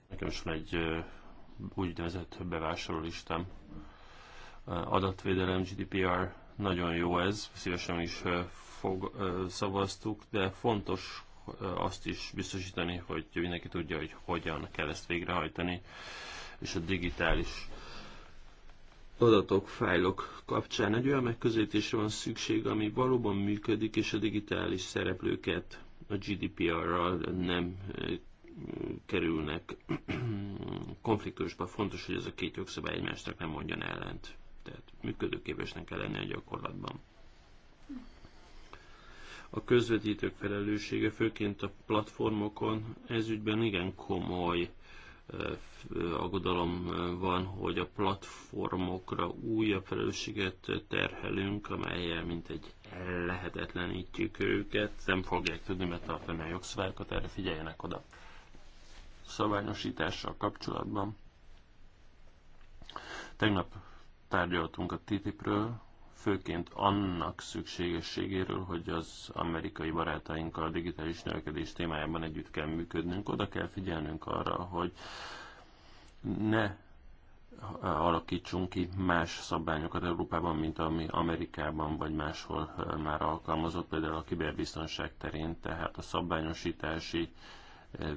Nekem is van egy úgynevezett bevásárló listám adatvédelem, GDPR, nagyon jó ez, szívesen is fog, szavaztuk, de fontos azt is biztosítani, hogy mindenki tudja, hogy hogyan kell ezt végrehajtani, és a digitális adatok, fájlok kapcsán egy olyan megközelítésre van szükség, ami valóban működik, és a digitális szereplőket a GDPR-ral nem kerülnek konfliktusba. Fontos, hogy ez a két jogszabály egymásnak nem mondjon ellent tehát működőképesnek kell lenni a gyakorlatban. A közvetítők felelőssége főként a platformokon ezügyben igen komoly eh, aggodalom eh, van, hogy a platformokra újabb felelősséget terhelünk, amelyel mint egy lehetetlenítjük őket, nem fogják tudni betartani a jogszabályokat, erre figyeljenek oda. Szabályosítással kapcsolatban. Tegnap tárgyaltunk a TTIP-ről, főként annak szükségességéről, hogy az amerikai barátainkkal a digitális növekedés témájában együtt kell működnünk, oda kell figyelnünk arra, hogy ne alakítsunk ki más szabványokat Európában, mint ami Amerikában vagy máshol eh, már alkalmazott, például a kiberbiztonság terén, tehát a szabványosítási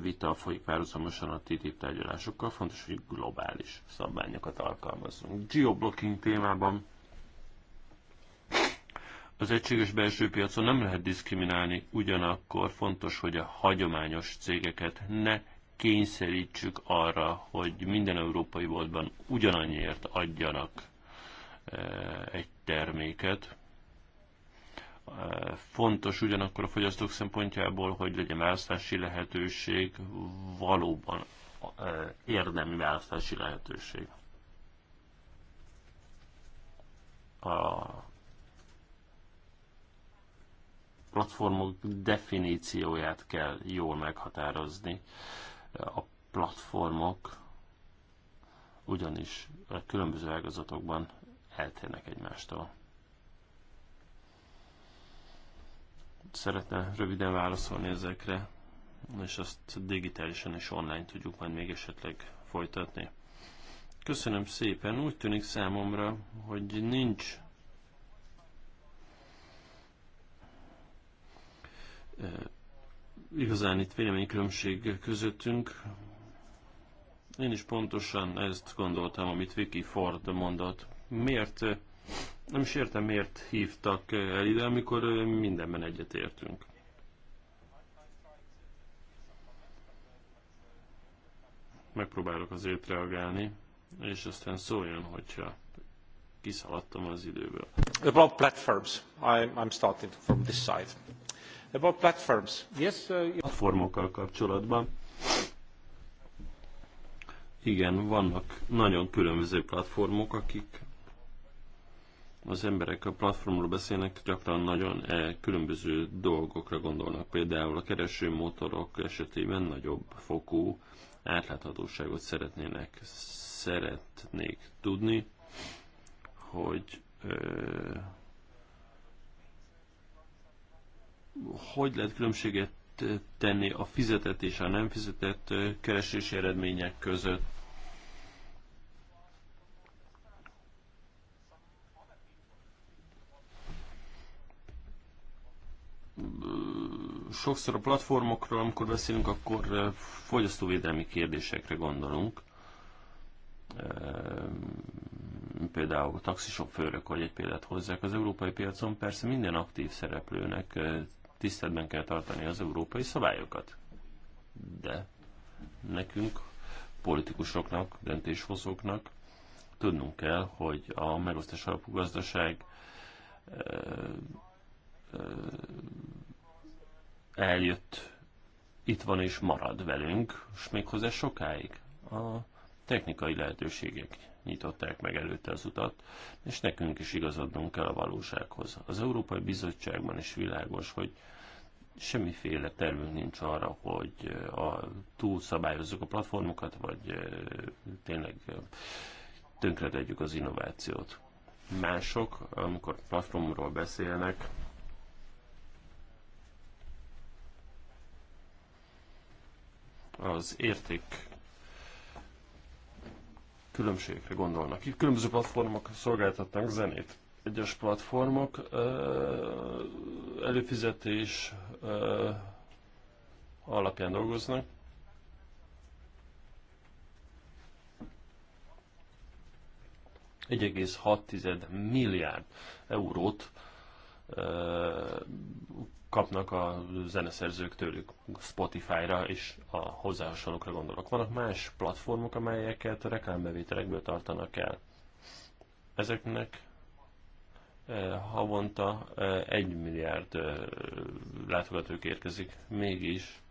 vita folyik párhuzamosan a TTIP tárgyalásokkal, fontos, hogy globális szabványokat alkalmazzunk. Geoblocking témában az egységes belső piacon nem lehet diszkriminálni, ugyanakkor fontos, hogy a hagyományos cégeket ne kényszerítsük arra, hogy minden európai boltban ugyanannyiért adjanak eh, egy terméket, Fontos ugyanakkor a fogyasztók szempontjából, hogy legyen választási lehetőség, valóban érdemi választási lehetőség. A platformok definícióját kell jól meghatározni. A platformok ugyanis a különböző ágazatokban eltérnek egymástól. szeretne röviden válaszolni ezekre, és azt digitálisan és online tudjuk majd még esetleg folytatni. Köszönöm szépen. Úgy tűnik számomra, hogy nincs e, igazán itt véleménykülönbség közöttünk. Én is pontosan ezt gondoltam, amit Vicky Ford mondott. Miért nem is értem, miért hívtak el ide, amikor mindenben egyetértünk. Megpróbálok azért reagálni, és aztán szóljon, hogyha kiszaladtam az időből. About platforms, I'm, I'm starting from this side. About platforms, yes. Uh, a formokkal kapcsolatban. Igen, vannak nagyon különböző platformok, akik az emberek a platformról beszélnek, gyakran nagyon e, különböző dolgokra gondolnak. Például a keresőmotorok esetében nagyobb fokú átláthatóságot szeretnének, szeretnék tudni, hogy ö, e, hogy lehet különbséget e, tenni a fizetett és a nem fizetett keresési eredmények között, sokszor a platformokról, amikor beszélünk, akkor fogyasztóvédelmi kérdésekre gondolunk. Például a taxisofőrök, hogy egy példát hozzák az európai piacon, persze minden aktív szereplőnek tiszteletben kell tartani az európai szabályokat. De nekünk, politikusoknak, döntéshozóknak tudnunk kell, hogy a megosztás alapú gazdaság eljött, itt van és marad velünk, és méghozzá sokáig. A technikai lehetőségek nyitották meg előtte az utat, és nekünk is igazodnunk kell a valósághoz. Az Európai Bizottságban is világos, hogy semmiféle tervünk nincs arra, hogy a, túlszabályozzuk a platformokat, vagy tényleg tönkretegyük az innovációt. Mások, amikor platformról beszélnek, az érték különbségekre gondolnak. Itt különböző platformok szolgáltatnak zenét. Egyes platformok előfizetés alapján dolgoznak, ...1,6 milliárd eurót kapnak a zeneszerzők tőlük Spotify-ra és a hozzáhasonlókra gondolok. Vannak más platformok, amelyeket reklámbevételekből tartanak el. Ezeknek eh, havonta eh, egy milliárd eh, látogatók érkezik, mégis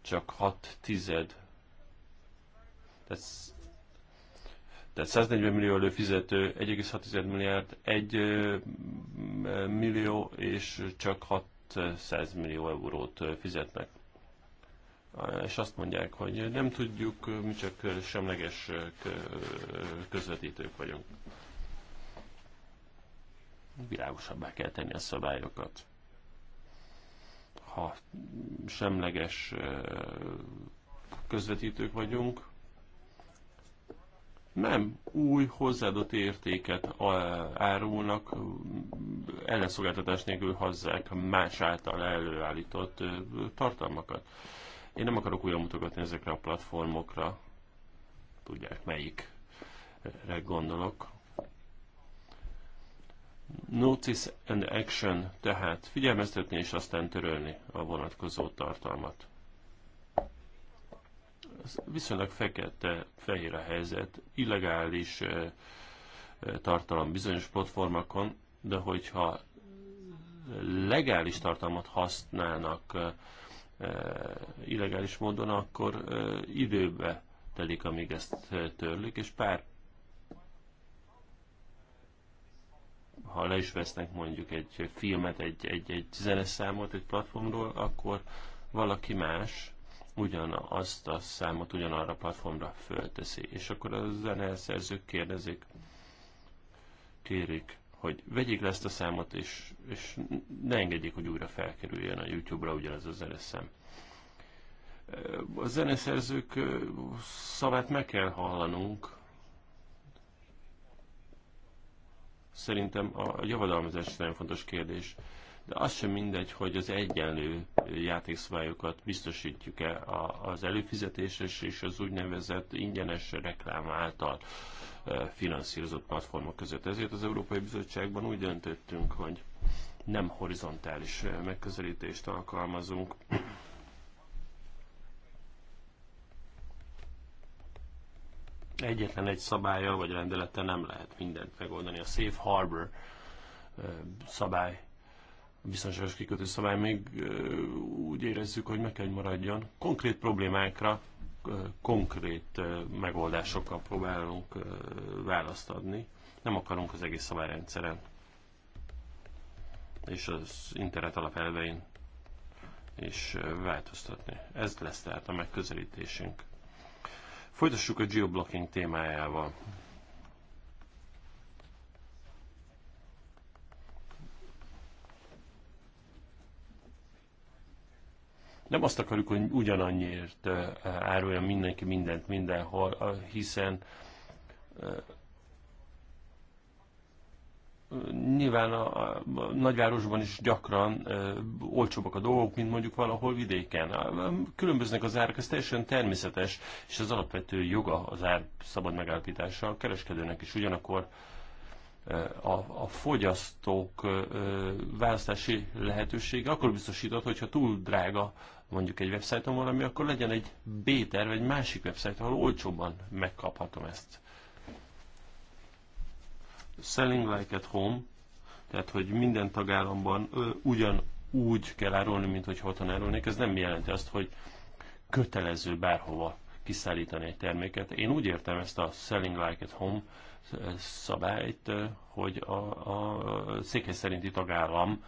csak 6 tized. Tehát tehát 140 millió előfizető, 1,6 milliárd, 1 millió és csak 600 millió eurót fizetnek. És azt mondják, hogy nem tudjuk, mi csak semleges közvetítők vagyunk. Világosabbá kell tenni a szabályokat. Ha semleges közvetítők vagyunk, nem új hozzáadott értéket árulnak, ellenszolgáltatás nélkül hozzák más által előállított tartalmakat. Én nem akarok újra mutogatni ezekre a platformokra, tudják melyikre gondolok. Notice and action, tehát figyelmeztetni és aztán törölni a vonatkozó tartalmat viszonylag fekete-fehér a helyzet, illegális tartalom bizonyos platformokon, de hogyha legális tartalmat használnak illegális módon, akkor időbe telik, amíg ezt törlik, és pár ha le is vesznek mondjuk egy filmet, egy, egy, egy zeneszámot egy platformról, akkor valaki más ugyanazt a számot ugyanarra a platformra fölteszi. És akkor a zeneszerzők kérdezik, kérik, hogy vegyék le ezt a számot, és, és ne engedjék, hogy újra felkerüljön a YouTube-ra ugyanaz a zeneszem. A zeneszerzők szavát meg kell hallanunk. Szerintem a javadalmazás nagyon fontos kérdés de az sem mindegy, hogy az egyenlő játékszabályokat biztosítjuk-e az előfizetéses és az úgynevezett ingyenes reklám által e, finanszírozott platformok között. Ezért az Európai Bizottságban úgy döntöttünk, hogy nem horizontális e, megközelítést alkalmazunk, egyetlen egy szabálya vagy rendelete nem lehet mindent megoldani. A Safe Harbor e, szabály biztonságos szabály még úgy érezzük, hogy meg kell, hogy maradjon. Konkrét problémákra konkrét megoldásokkal próbálunk választ adni. Nem akarunk az egész szabályrendszeren és az internet alapelvein és változtatni. Ez lesz tehát a megközelítésünk. Folytassuk a geoblocking témájával. Nem azt akarjuk, hogy ugyanannyiért árulja mindenki mindent mindenhol, hiszen nyilván a, a nagyvárosban is gyakran ö, olcsóbbak a dolgok, mint mondjuk valahol vidéken. Különböznek az árak, ez teljesen természetes, és az alapvető joga az ár szabad megállapítása a kereskedőnek is. Ugyanakkor a, a fogyasztók ö, választási lehetősége akkor biztosított, hogyha túl drága mondjuk egy websájton valami, akkor legyen egy B-terv, egy másik website, ahol olcsóban megkaphatom ezt. Selling like at home, tehát hogy minden tagállamban ö, ugyanúgy kell árulni, mint hogy otthon árulnék, ez nem jelenti azt, hogy kötelező bárhova kiszállítani egy terméket. Én úgy értem ezt a selling like at home szabályt, hogy a, a székely szerinti tagállam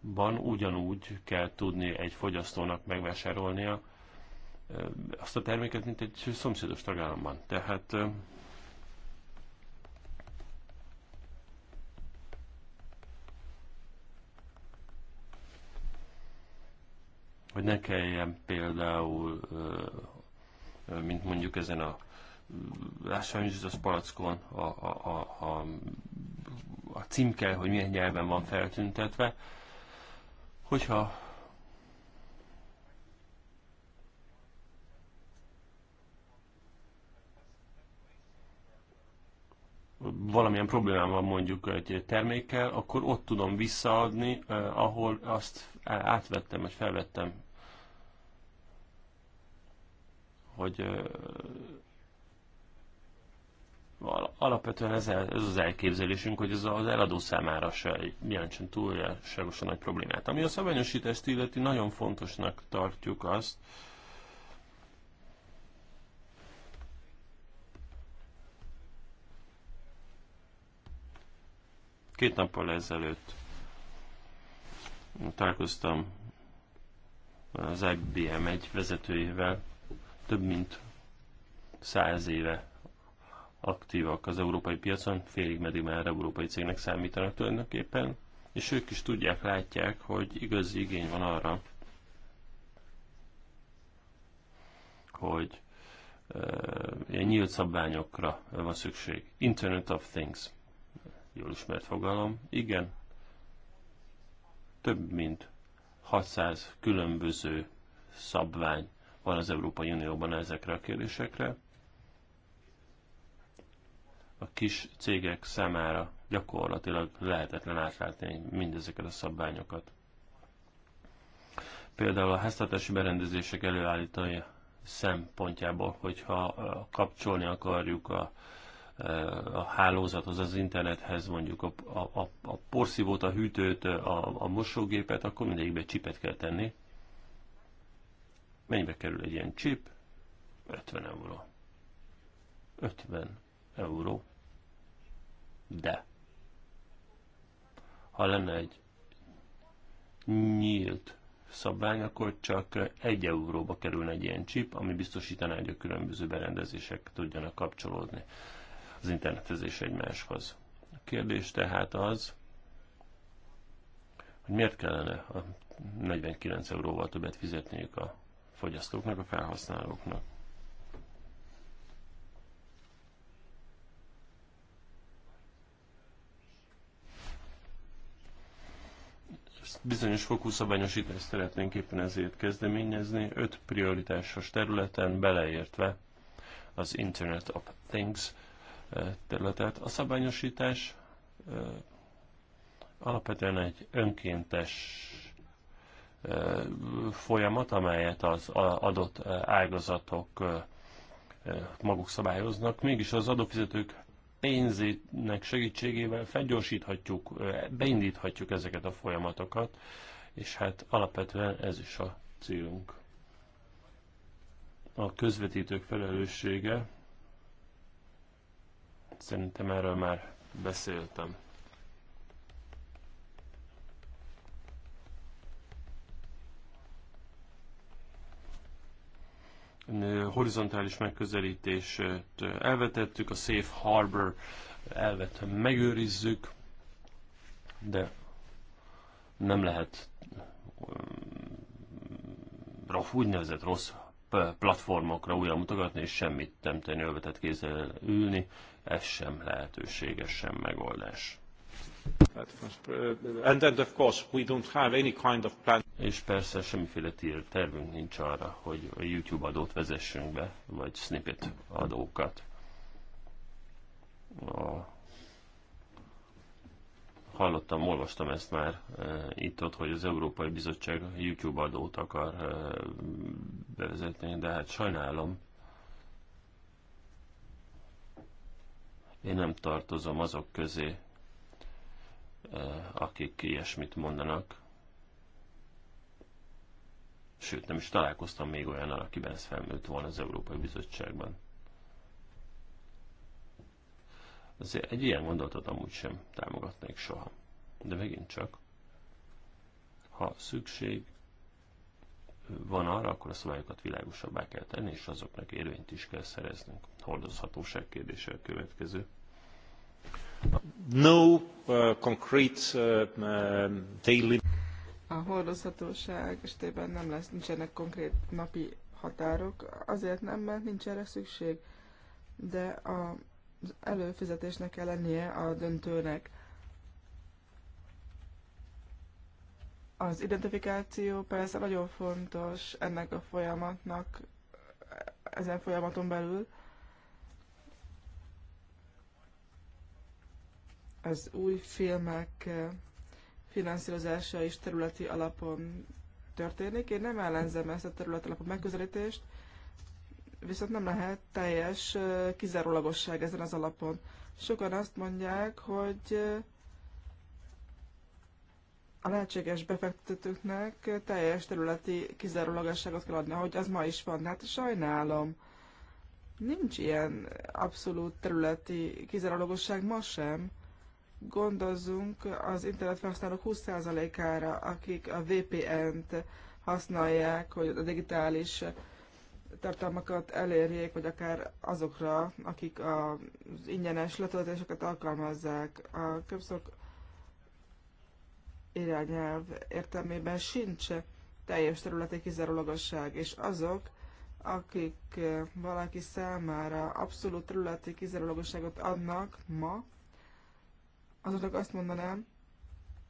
ban ugyanúgy kell tudni egy fogyasztónak megvásárolnia azt a terméket, mint egy szomszédos tagállamban. Tehát hogy ne kelljen például, mint mondjuk ezen a lássányos az palackon a, a, a, a a címke, hogy milyen nyelven van feltüntetve, hogyha valamilyen problémám van mondjuk egy termékkel, akkor ott tudom visszaadni, eh, ahol azt átvettem, vagy felvettem, hogy eh, alapvetően ez, ez az elképzelésünk, hogy ez az eladó számára se jelentsen túlságosan nagy problémát. Ami a szabványosítást illeti, nagyon fontosnak tartjuk azt, két nappal ezelőtt találkoztam az IBM egy vezetőjével, több mint száz éve aktívak az európai piacon, félig meddig már európai cégnek számítanak tulajdonképpen, és ők is tudják, látják, hogy igazi igény van arra, hogy ilyen nyílt szabványokra van szükség. Internet of Things. Jól ismert fogalom. Igen. Több mint 600 különböző szabvány van az Európai Unióban ezekre a kérdésekre a kis cégek számára gyakorlatilag lehetetlen átlátni mindezeket a szabványokat. Például a háztartási berendezések előállítói szempontjából, hogyha kapcsolni akarjuk a, a hálózathoz, az internethez, mondjuk a, a, a porszívót, a hűtőt, a, a mosógépet, akkor mindegyikbe csipet kell tenni. Mennyibe kerül egy ilyen csip? 50 euró. 50 euró de ha lenne egy nyílt szabvány, akkor csak egy euróba kerülne egy ilyen chip, ami biztosítaná, hogy a különböző berendezések tudjanak kapcsolódni az internetezés egymáshoz. A kérdés tehát az, hogy miért kellene a 49 euróval többet fizetniük a fogyasztóknak, a felhasználóknak. bizonyos fokú szabályosítást szeretnénk éppen ezért kezdeményezni, öt prioritásos területen beleértve az Internet of Things eh, területet. A szabályosítás eh, alapvetően egy önkéntes eh, folyamat, amelyet az adott ágazatok maguk szabályoznak, mégis az adófizetők pénzének segítségével felgyorsíthatjuk, beindíthatjuk ezeket a folyamatokat, és hát alapvetően ez is a célunk. A közvetítők felelőssége, szerintem erről már beszéltem. horizontális megközelítést elvetettük, a Safe Harbor elvet megőrizzük, de nem lehet um, úgynevezett rossz platformokra újra mutogatni, és semmit nem tenni, övetett kézzel ülni, ez sem lehetőséges, sem megoldás. És persze semmiféle tervünk nincs arra, hogy a YouTube adót vezessünk be, vagy snippet adókat. A... Hallottam, olvastam ezt már e, itt ott, hogy az Európai Bizottság YouTube adót akar e, bevezetni, de hát sajnálom, én nem tartozom azok közé, Eh, akik ilyesmit mondanak. Sőt, nem is találkoztam még olyannal, akiben ez felmült volna az Európai Bizottságban. Azért egy ilyen gondolatot amúgy sem támogatnék soha. De megint csak, ha szükség van arra, akkor a szabályokat világosabbá kell tenni, és azoknak érvényt is kell szereznünk. Hordozhatóság kérdése a következő. No uh, concrete uh, um, daily... A hordozhatóság esetében nem lesz, nincsenek konkrét napi határok, azért nem, mert nincs erre szükség, de a, az előfizetésnek kell lennie a döntőnek. Az identifikáció persze nagyon fontos ennek a folyamatnak, ezen folyamaton belül, az új filmek eh, finanszírozása is területi alapon történik. Én nem ellenzem ezt a területi alapú megközelítést, viszont nem lehet teljes eh, kizárólagosság ezen az alapon. Sokan azt mondják, hogy eh, a lehetséges befektetőknek teljes területi kizárólagosságot kell adni, ahogy az ma is van. Hát sajnálom, nincs ilyen abszolút területi kizárólagosság ma sem gondozzunk az internetfelhasználók 20%-ára, akik a VPN-t használják, hogy a digitális tartalmakat elérjék, vagy akár azokra, akik az ingyenes letöltéseket alkalmazzák. A köbszok irányelv értelmében sincs teljes területi kizárólagosság, és azok, akik valaki számára abszolút területi kizárólagosságot adnak ma, azoknak azt mondanám,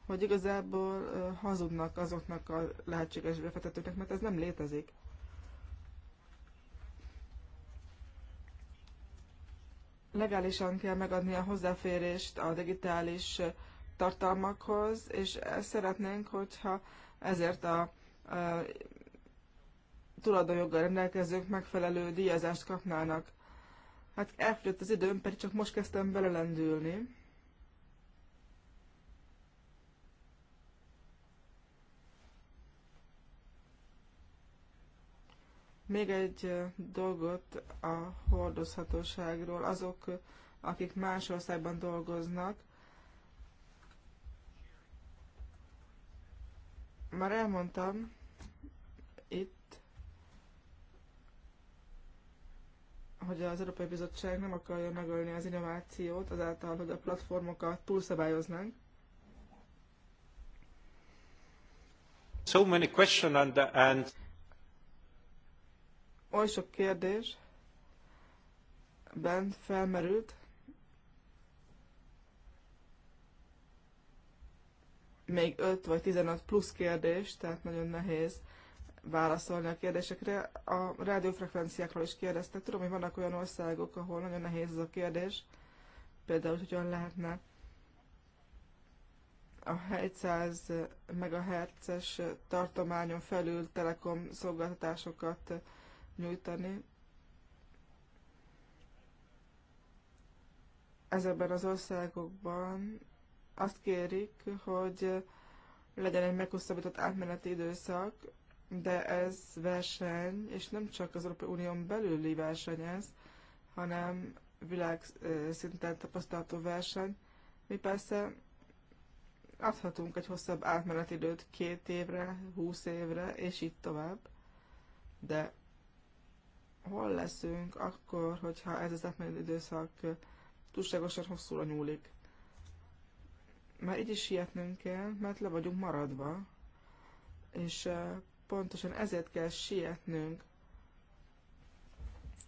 hogy igazából hazudnak azoknak a lehetséges befektetőknek, mert ez nem létezik. Legálisan kell megadni a hozzáférést a digitális tartalmakhoz, és ezt szeretnénk, hogyha ezért a, a tulajdonjoggal rendelkezők megfelelő díjazást kapnának. Hát elfogyott az időm, pedig csak most kezdtem belelendülni. Még egy dolgot a hordozhatóságról. Azok, akik más országban dolgoznak, már elmondtam itt, hogy az Európai Bizottság nem akarja megölni az innovációt azáltal, hogy a platformokat túlszabályoznánk. So many questions and, and oly sok kérdés bent felmerült, még 5 vagy 15 plusz kérdés, tehát nagyon nehéz válaszolni a kérdésekre. A rádiófrekvenciákról is kérdeztek. Tudom, hogy vannak olyan országok, ahol nagyon nehéz ez a kérdés. Például, hogy hogyan lehetne a 700 MHz-es tartományon felül telekom szolgáltatásokat nyújtani ezekben az országokban azt kérik, hogy legyen egy meghosszabbított átmeneti időszak, de ez verseny, és nem csak az Európai Unión belüli verseny ez, hanem világszinten tapasztalható verseny. Mi persze adhatunk egy hosszabb átmeneti időt két évre, húsz évre, és így tovább, de hol leszünk akkor, hogyha ez az átmenő időszak túlságosan hosszúra nyúlik? Már így is sietnünk kell, mert le vagyunk maradva, és eh, pontosan ezért kell sietnünk.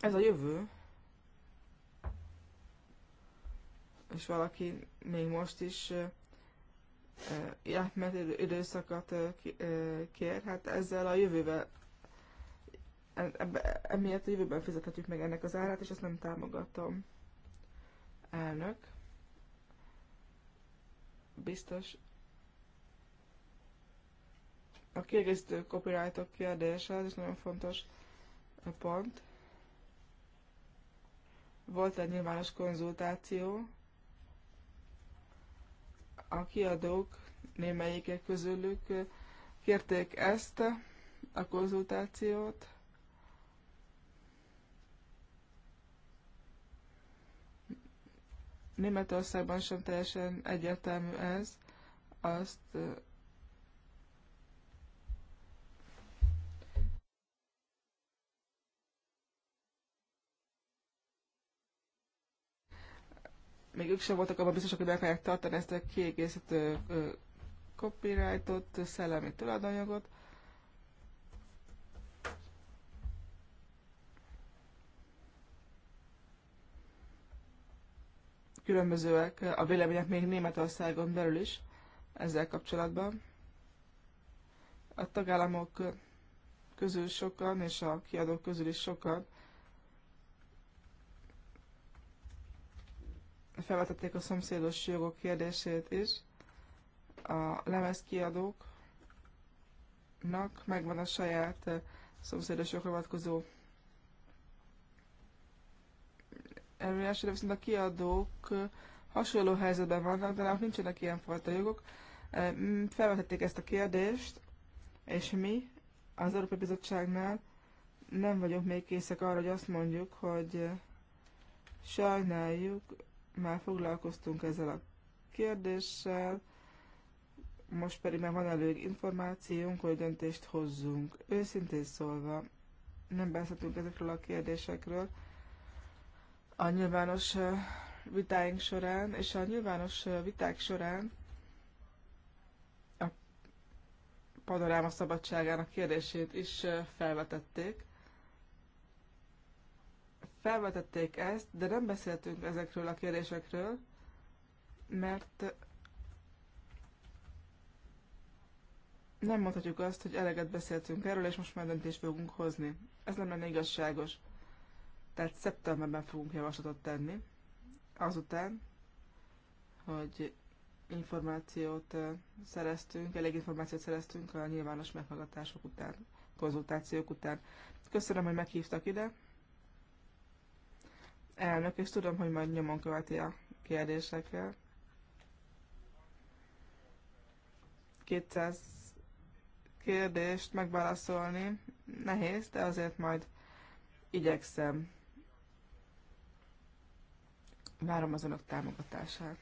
Ez a jövő. És valaki még most is eh, átmenő időszakat eh, kér, hát ezzel a jövővel emiatt a jövőben fizethetjük meg ennek az árát, és ezt nem támogatom. Elnök. Biztos. A kiegészítő copyrightok kérdése, ez is nagyon fontos pont. Volt egy nyilvános konzultáció. A kiadók némelyike közülük kérték ezt a konzultációt. Németországban sem teljesen egyértelmű ez. Azt még ők sem voltak abban biztosak, hogy be akarják tartani ezt a kiegészítő copyrightot, szellemi tulajdonjogot. különbözőek a vélemények még Németországon belül is ezzel kapcsolatban. A tagállamok közül sokan, és a kiadók közül is sokan felvetették a szomszédos jogok kérdését is. A lemezkiadóknak megvan a saját szomszédos jogra vonatkozó érvényesülő, viszont a kiadók hasonló helyzetben vannak, de nálunk nincsenek fajta jogok. Felvetették ezt a kérdést, és mi az Európai Bizottságnál nem vagyunk még készek arra, hogy azt mondjuk, hogy sajnáljuk, már foglalkoztunk ezzel a kérdéssel, most pedig már van elég információnk, hogy döntést hozzunk. Őszintén szólva, nem beszéltünk ezekről a kérdésekről, a nyilvános vitáink során, és a nyilvános viták során a panoráma szabadságának kérdését is felvetették. Felvetették ezt, de nem beszéltünk ezekről a kérdésekről, mert nem mondhatjuk azt, hogy eleget beszéltünk erről, és most már döntést fogunk hozni. Ez nem lenne igazságos. Tehát szeptemberben fogunk javaslatot tenni, azután, hogy információt szereztünk, elég információt szereztünk a nyilvános meghallgatások után, konzultációk után. Köszönöm, hogy meghívtak ide. Elnök, és tudom, hogy majd nyomon követi a kérdésekkel. 200 kérdést megválaszolni nehéz, de azért majd igyekszem várom az önök támogatását.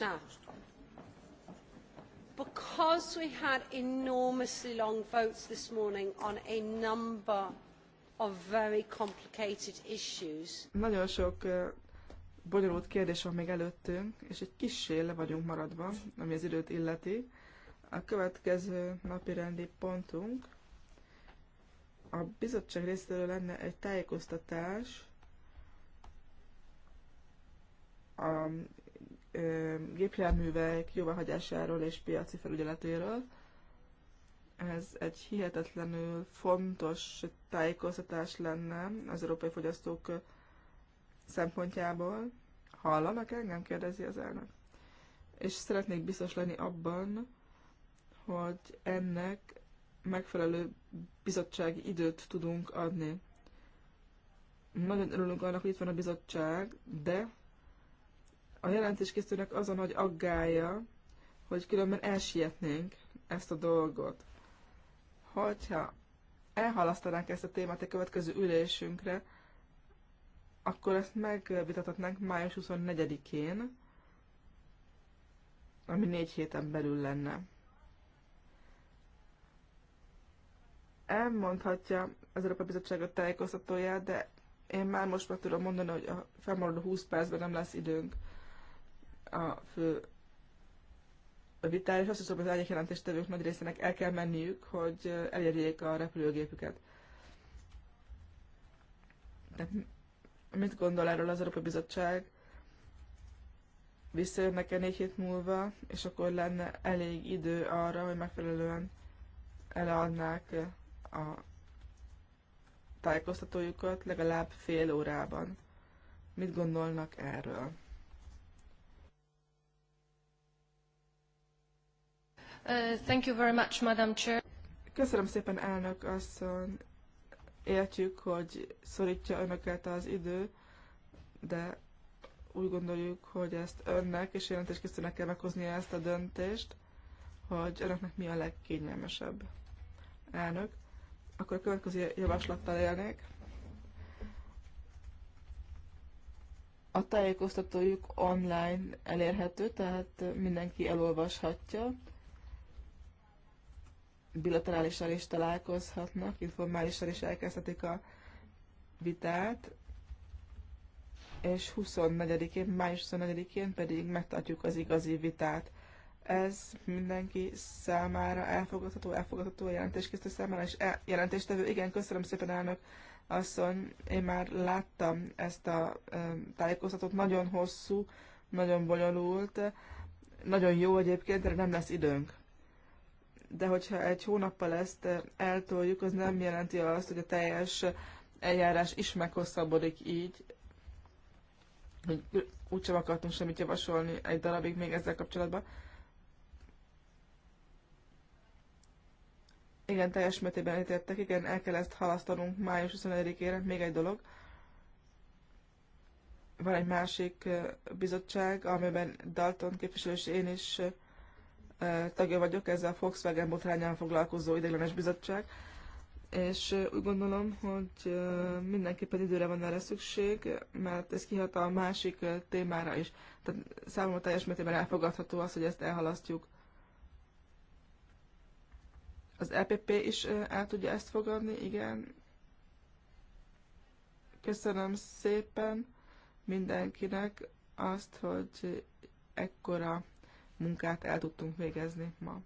Now, because we had enormously long votes this morning on a number of very complicated issues. Nagyon sok uh, bonyolult kérdés van még előttünk, és egy kissé le vagyunk maradva, ami az időt illeti. A következő napi rendi pontunk a bizottság részéről lenne egy tájékoztatás a gépjárművek jóváhagyásáról és piaci felügyeletéről. Ez egy hihetetlenül fontos tájékoztatás lenne az európai fogyasztók szempontjából. Hallanak engem? kérdezi az elnök. És szeretnék biztos lenni abban, hogy ennek megfelelő bizottsági időt tudunk adni. Nagyon örülünk annak, hogy itt van a bizottság, de a jelentéskészülnek az a nagy aggája, hogy különben elsietnénk ezt a dolgot. Hogyha elhalasztanánk ezt a témát a következő ülésünkre, akkor ezt megvitathatnánk május 24-én, ami négy héten belül lenne. Elmondhatja az Európai Bizottság a tájékoztatóját, de én már most meg tudom mondani, hogy a felmaradó 20 percben nem lesz időnk a fő vitára, és azt hiszem, hogy az árnyék jelentéstevők nagy részének el kell menniük, hogy elérjék a repülőgépüket. Tehát mit gondol erről az Európai Bizottság? Visszajönnek-e négy hét múlva, és akkor lenne elég idő arra, hogy megfelelően eladnák a tájékoztatójukat legalább fél órában. Mit gondolnak erről? Uh, thank you very much, Madam Chair. Köszönöm szépen, elnök asszony. Értjük, hogy szorítja önöket az idő, de úgy gondoljuk, hogy ezt önnek és jelentéskészülnek kell meghoznia ezt a döntést, hogy önöknek mi a legkényelmesebb elnök. Akkor a következő javaslattal élnék. A tájékoztatójuk online elérhető, tehát mindenki elolvashatja bilaterálisan is találkozhatnak, informálisan is elkezdhetik a vitát, és 24-én, május 24-én pedig megtartjuk az igazi vitát. Ez mindenki számára elfogadható, elfogadható a jelentéskészítő számára, és e- jelentéstevő, igen, köszönöm szépen elnök asszony, én már láttam ezt a e, tájékoztatót, nagyon hosszú, nagyon bonyolult, nagyon jó egyébként, de nem lesz időnk de hogyha egy hónappal ezt eh, eltoljuk, az nem jelenti azt, hogy a teljes eh, eljárás is meghosszabbodik így, hogy úgysem akartunk semmit javasolni egy darabig még ezzel kapcsolatban. Igen, teljes mértékben értettek, igen, el kell ezt halasztanunk május 21-ére, még egy dolog. Van egy másik eh, bizottság, amiben Dalton képviselő és én is tagja vagyok, ez a Volkswagen botrányán foglalkozó ideiglenes bizottság, és úgy gondolom, hogy mindenképpen időre van erre szükség, mert ez kihat a másik témára is. Tehát számomra teljes mértében elfogadható az, hogy ezt elhalasztjuk. Az EPP is el tudja ezt fogadni, igen. Köszönöm szépen mindenkinek azt, hogy ekkora munkát el tudtunk végezni ma.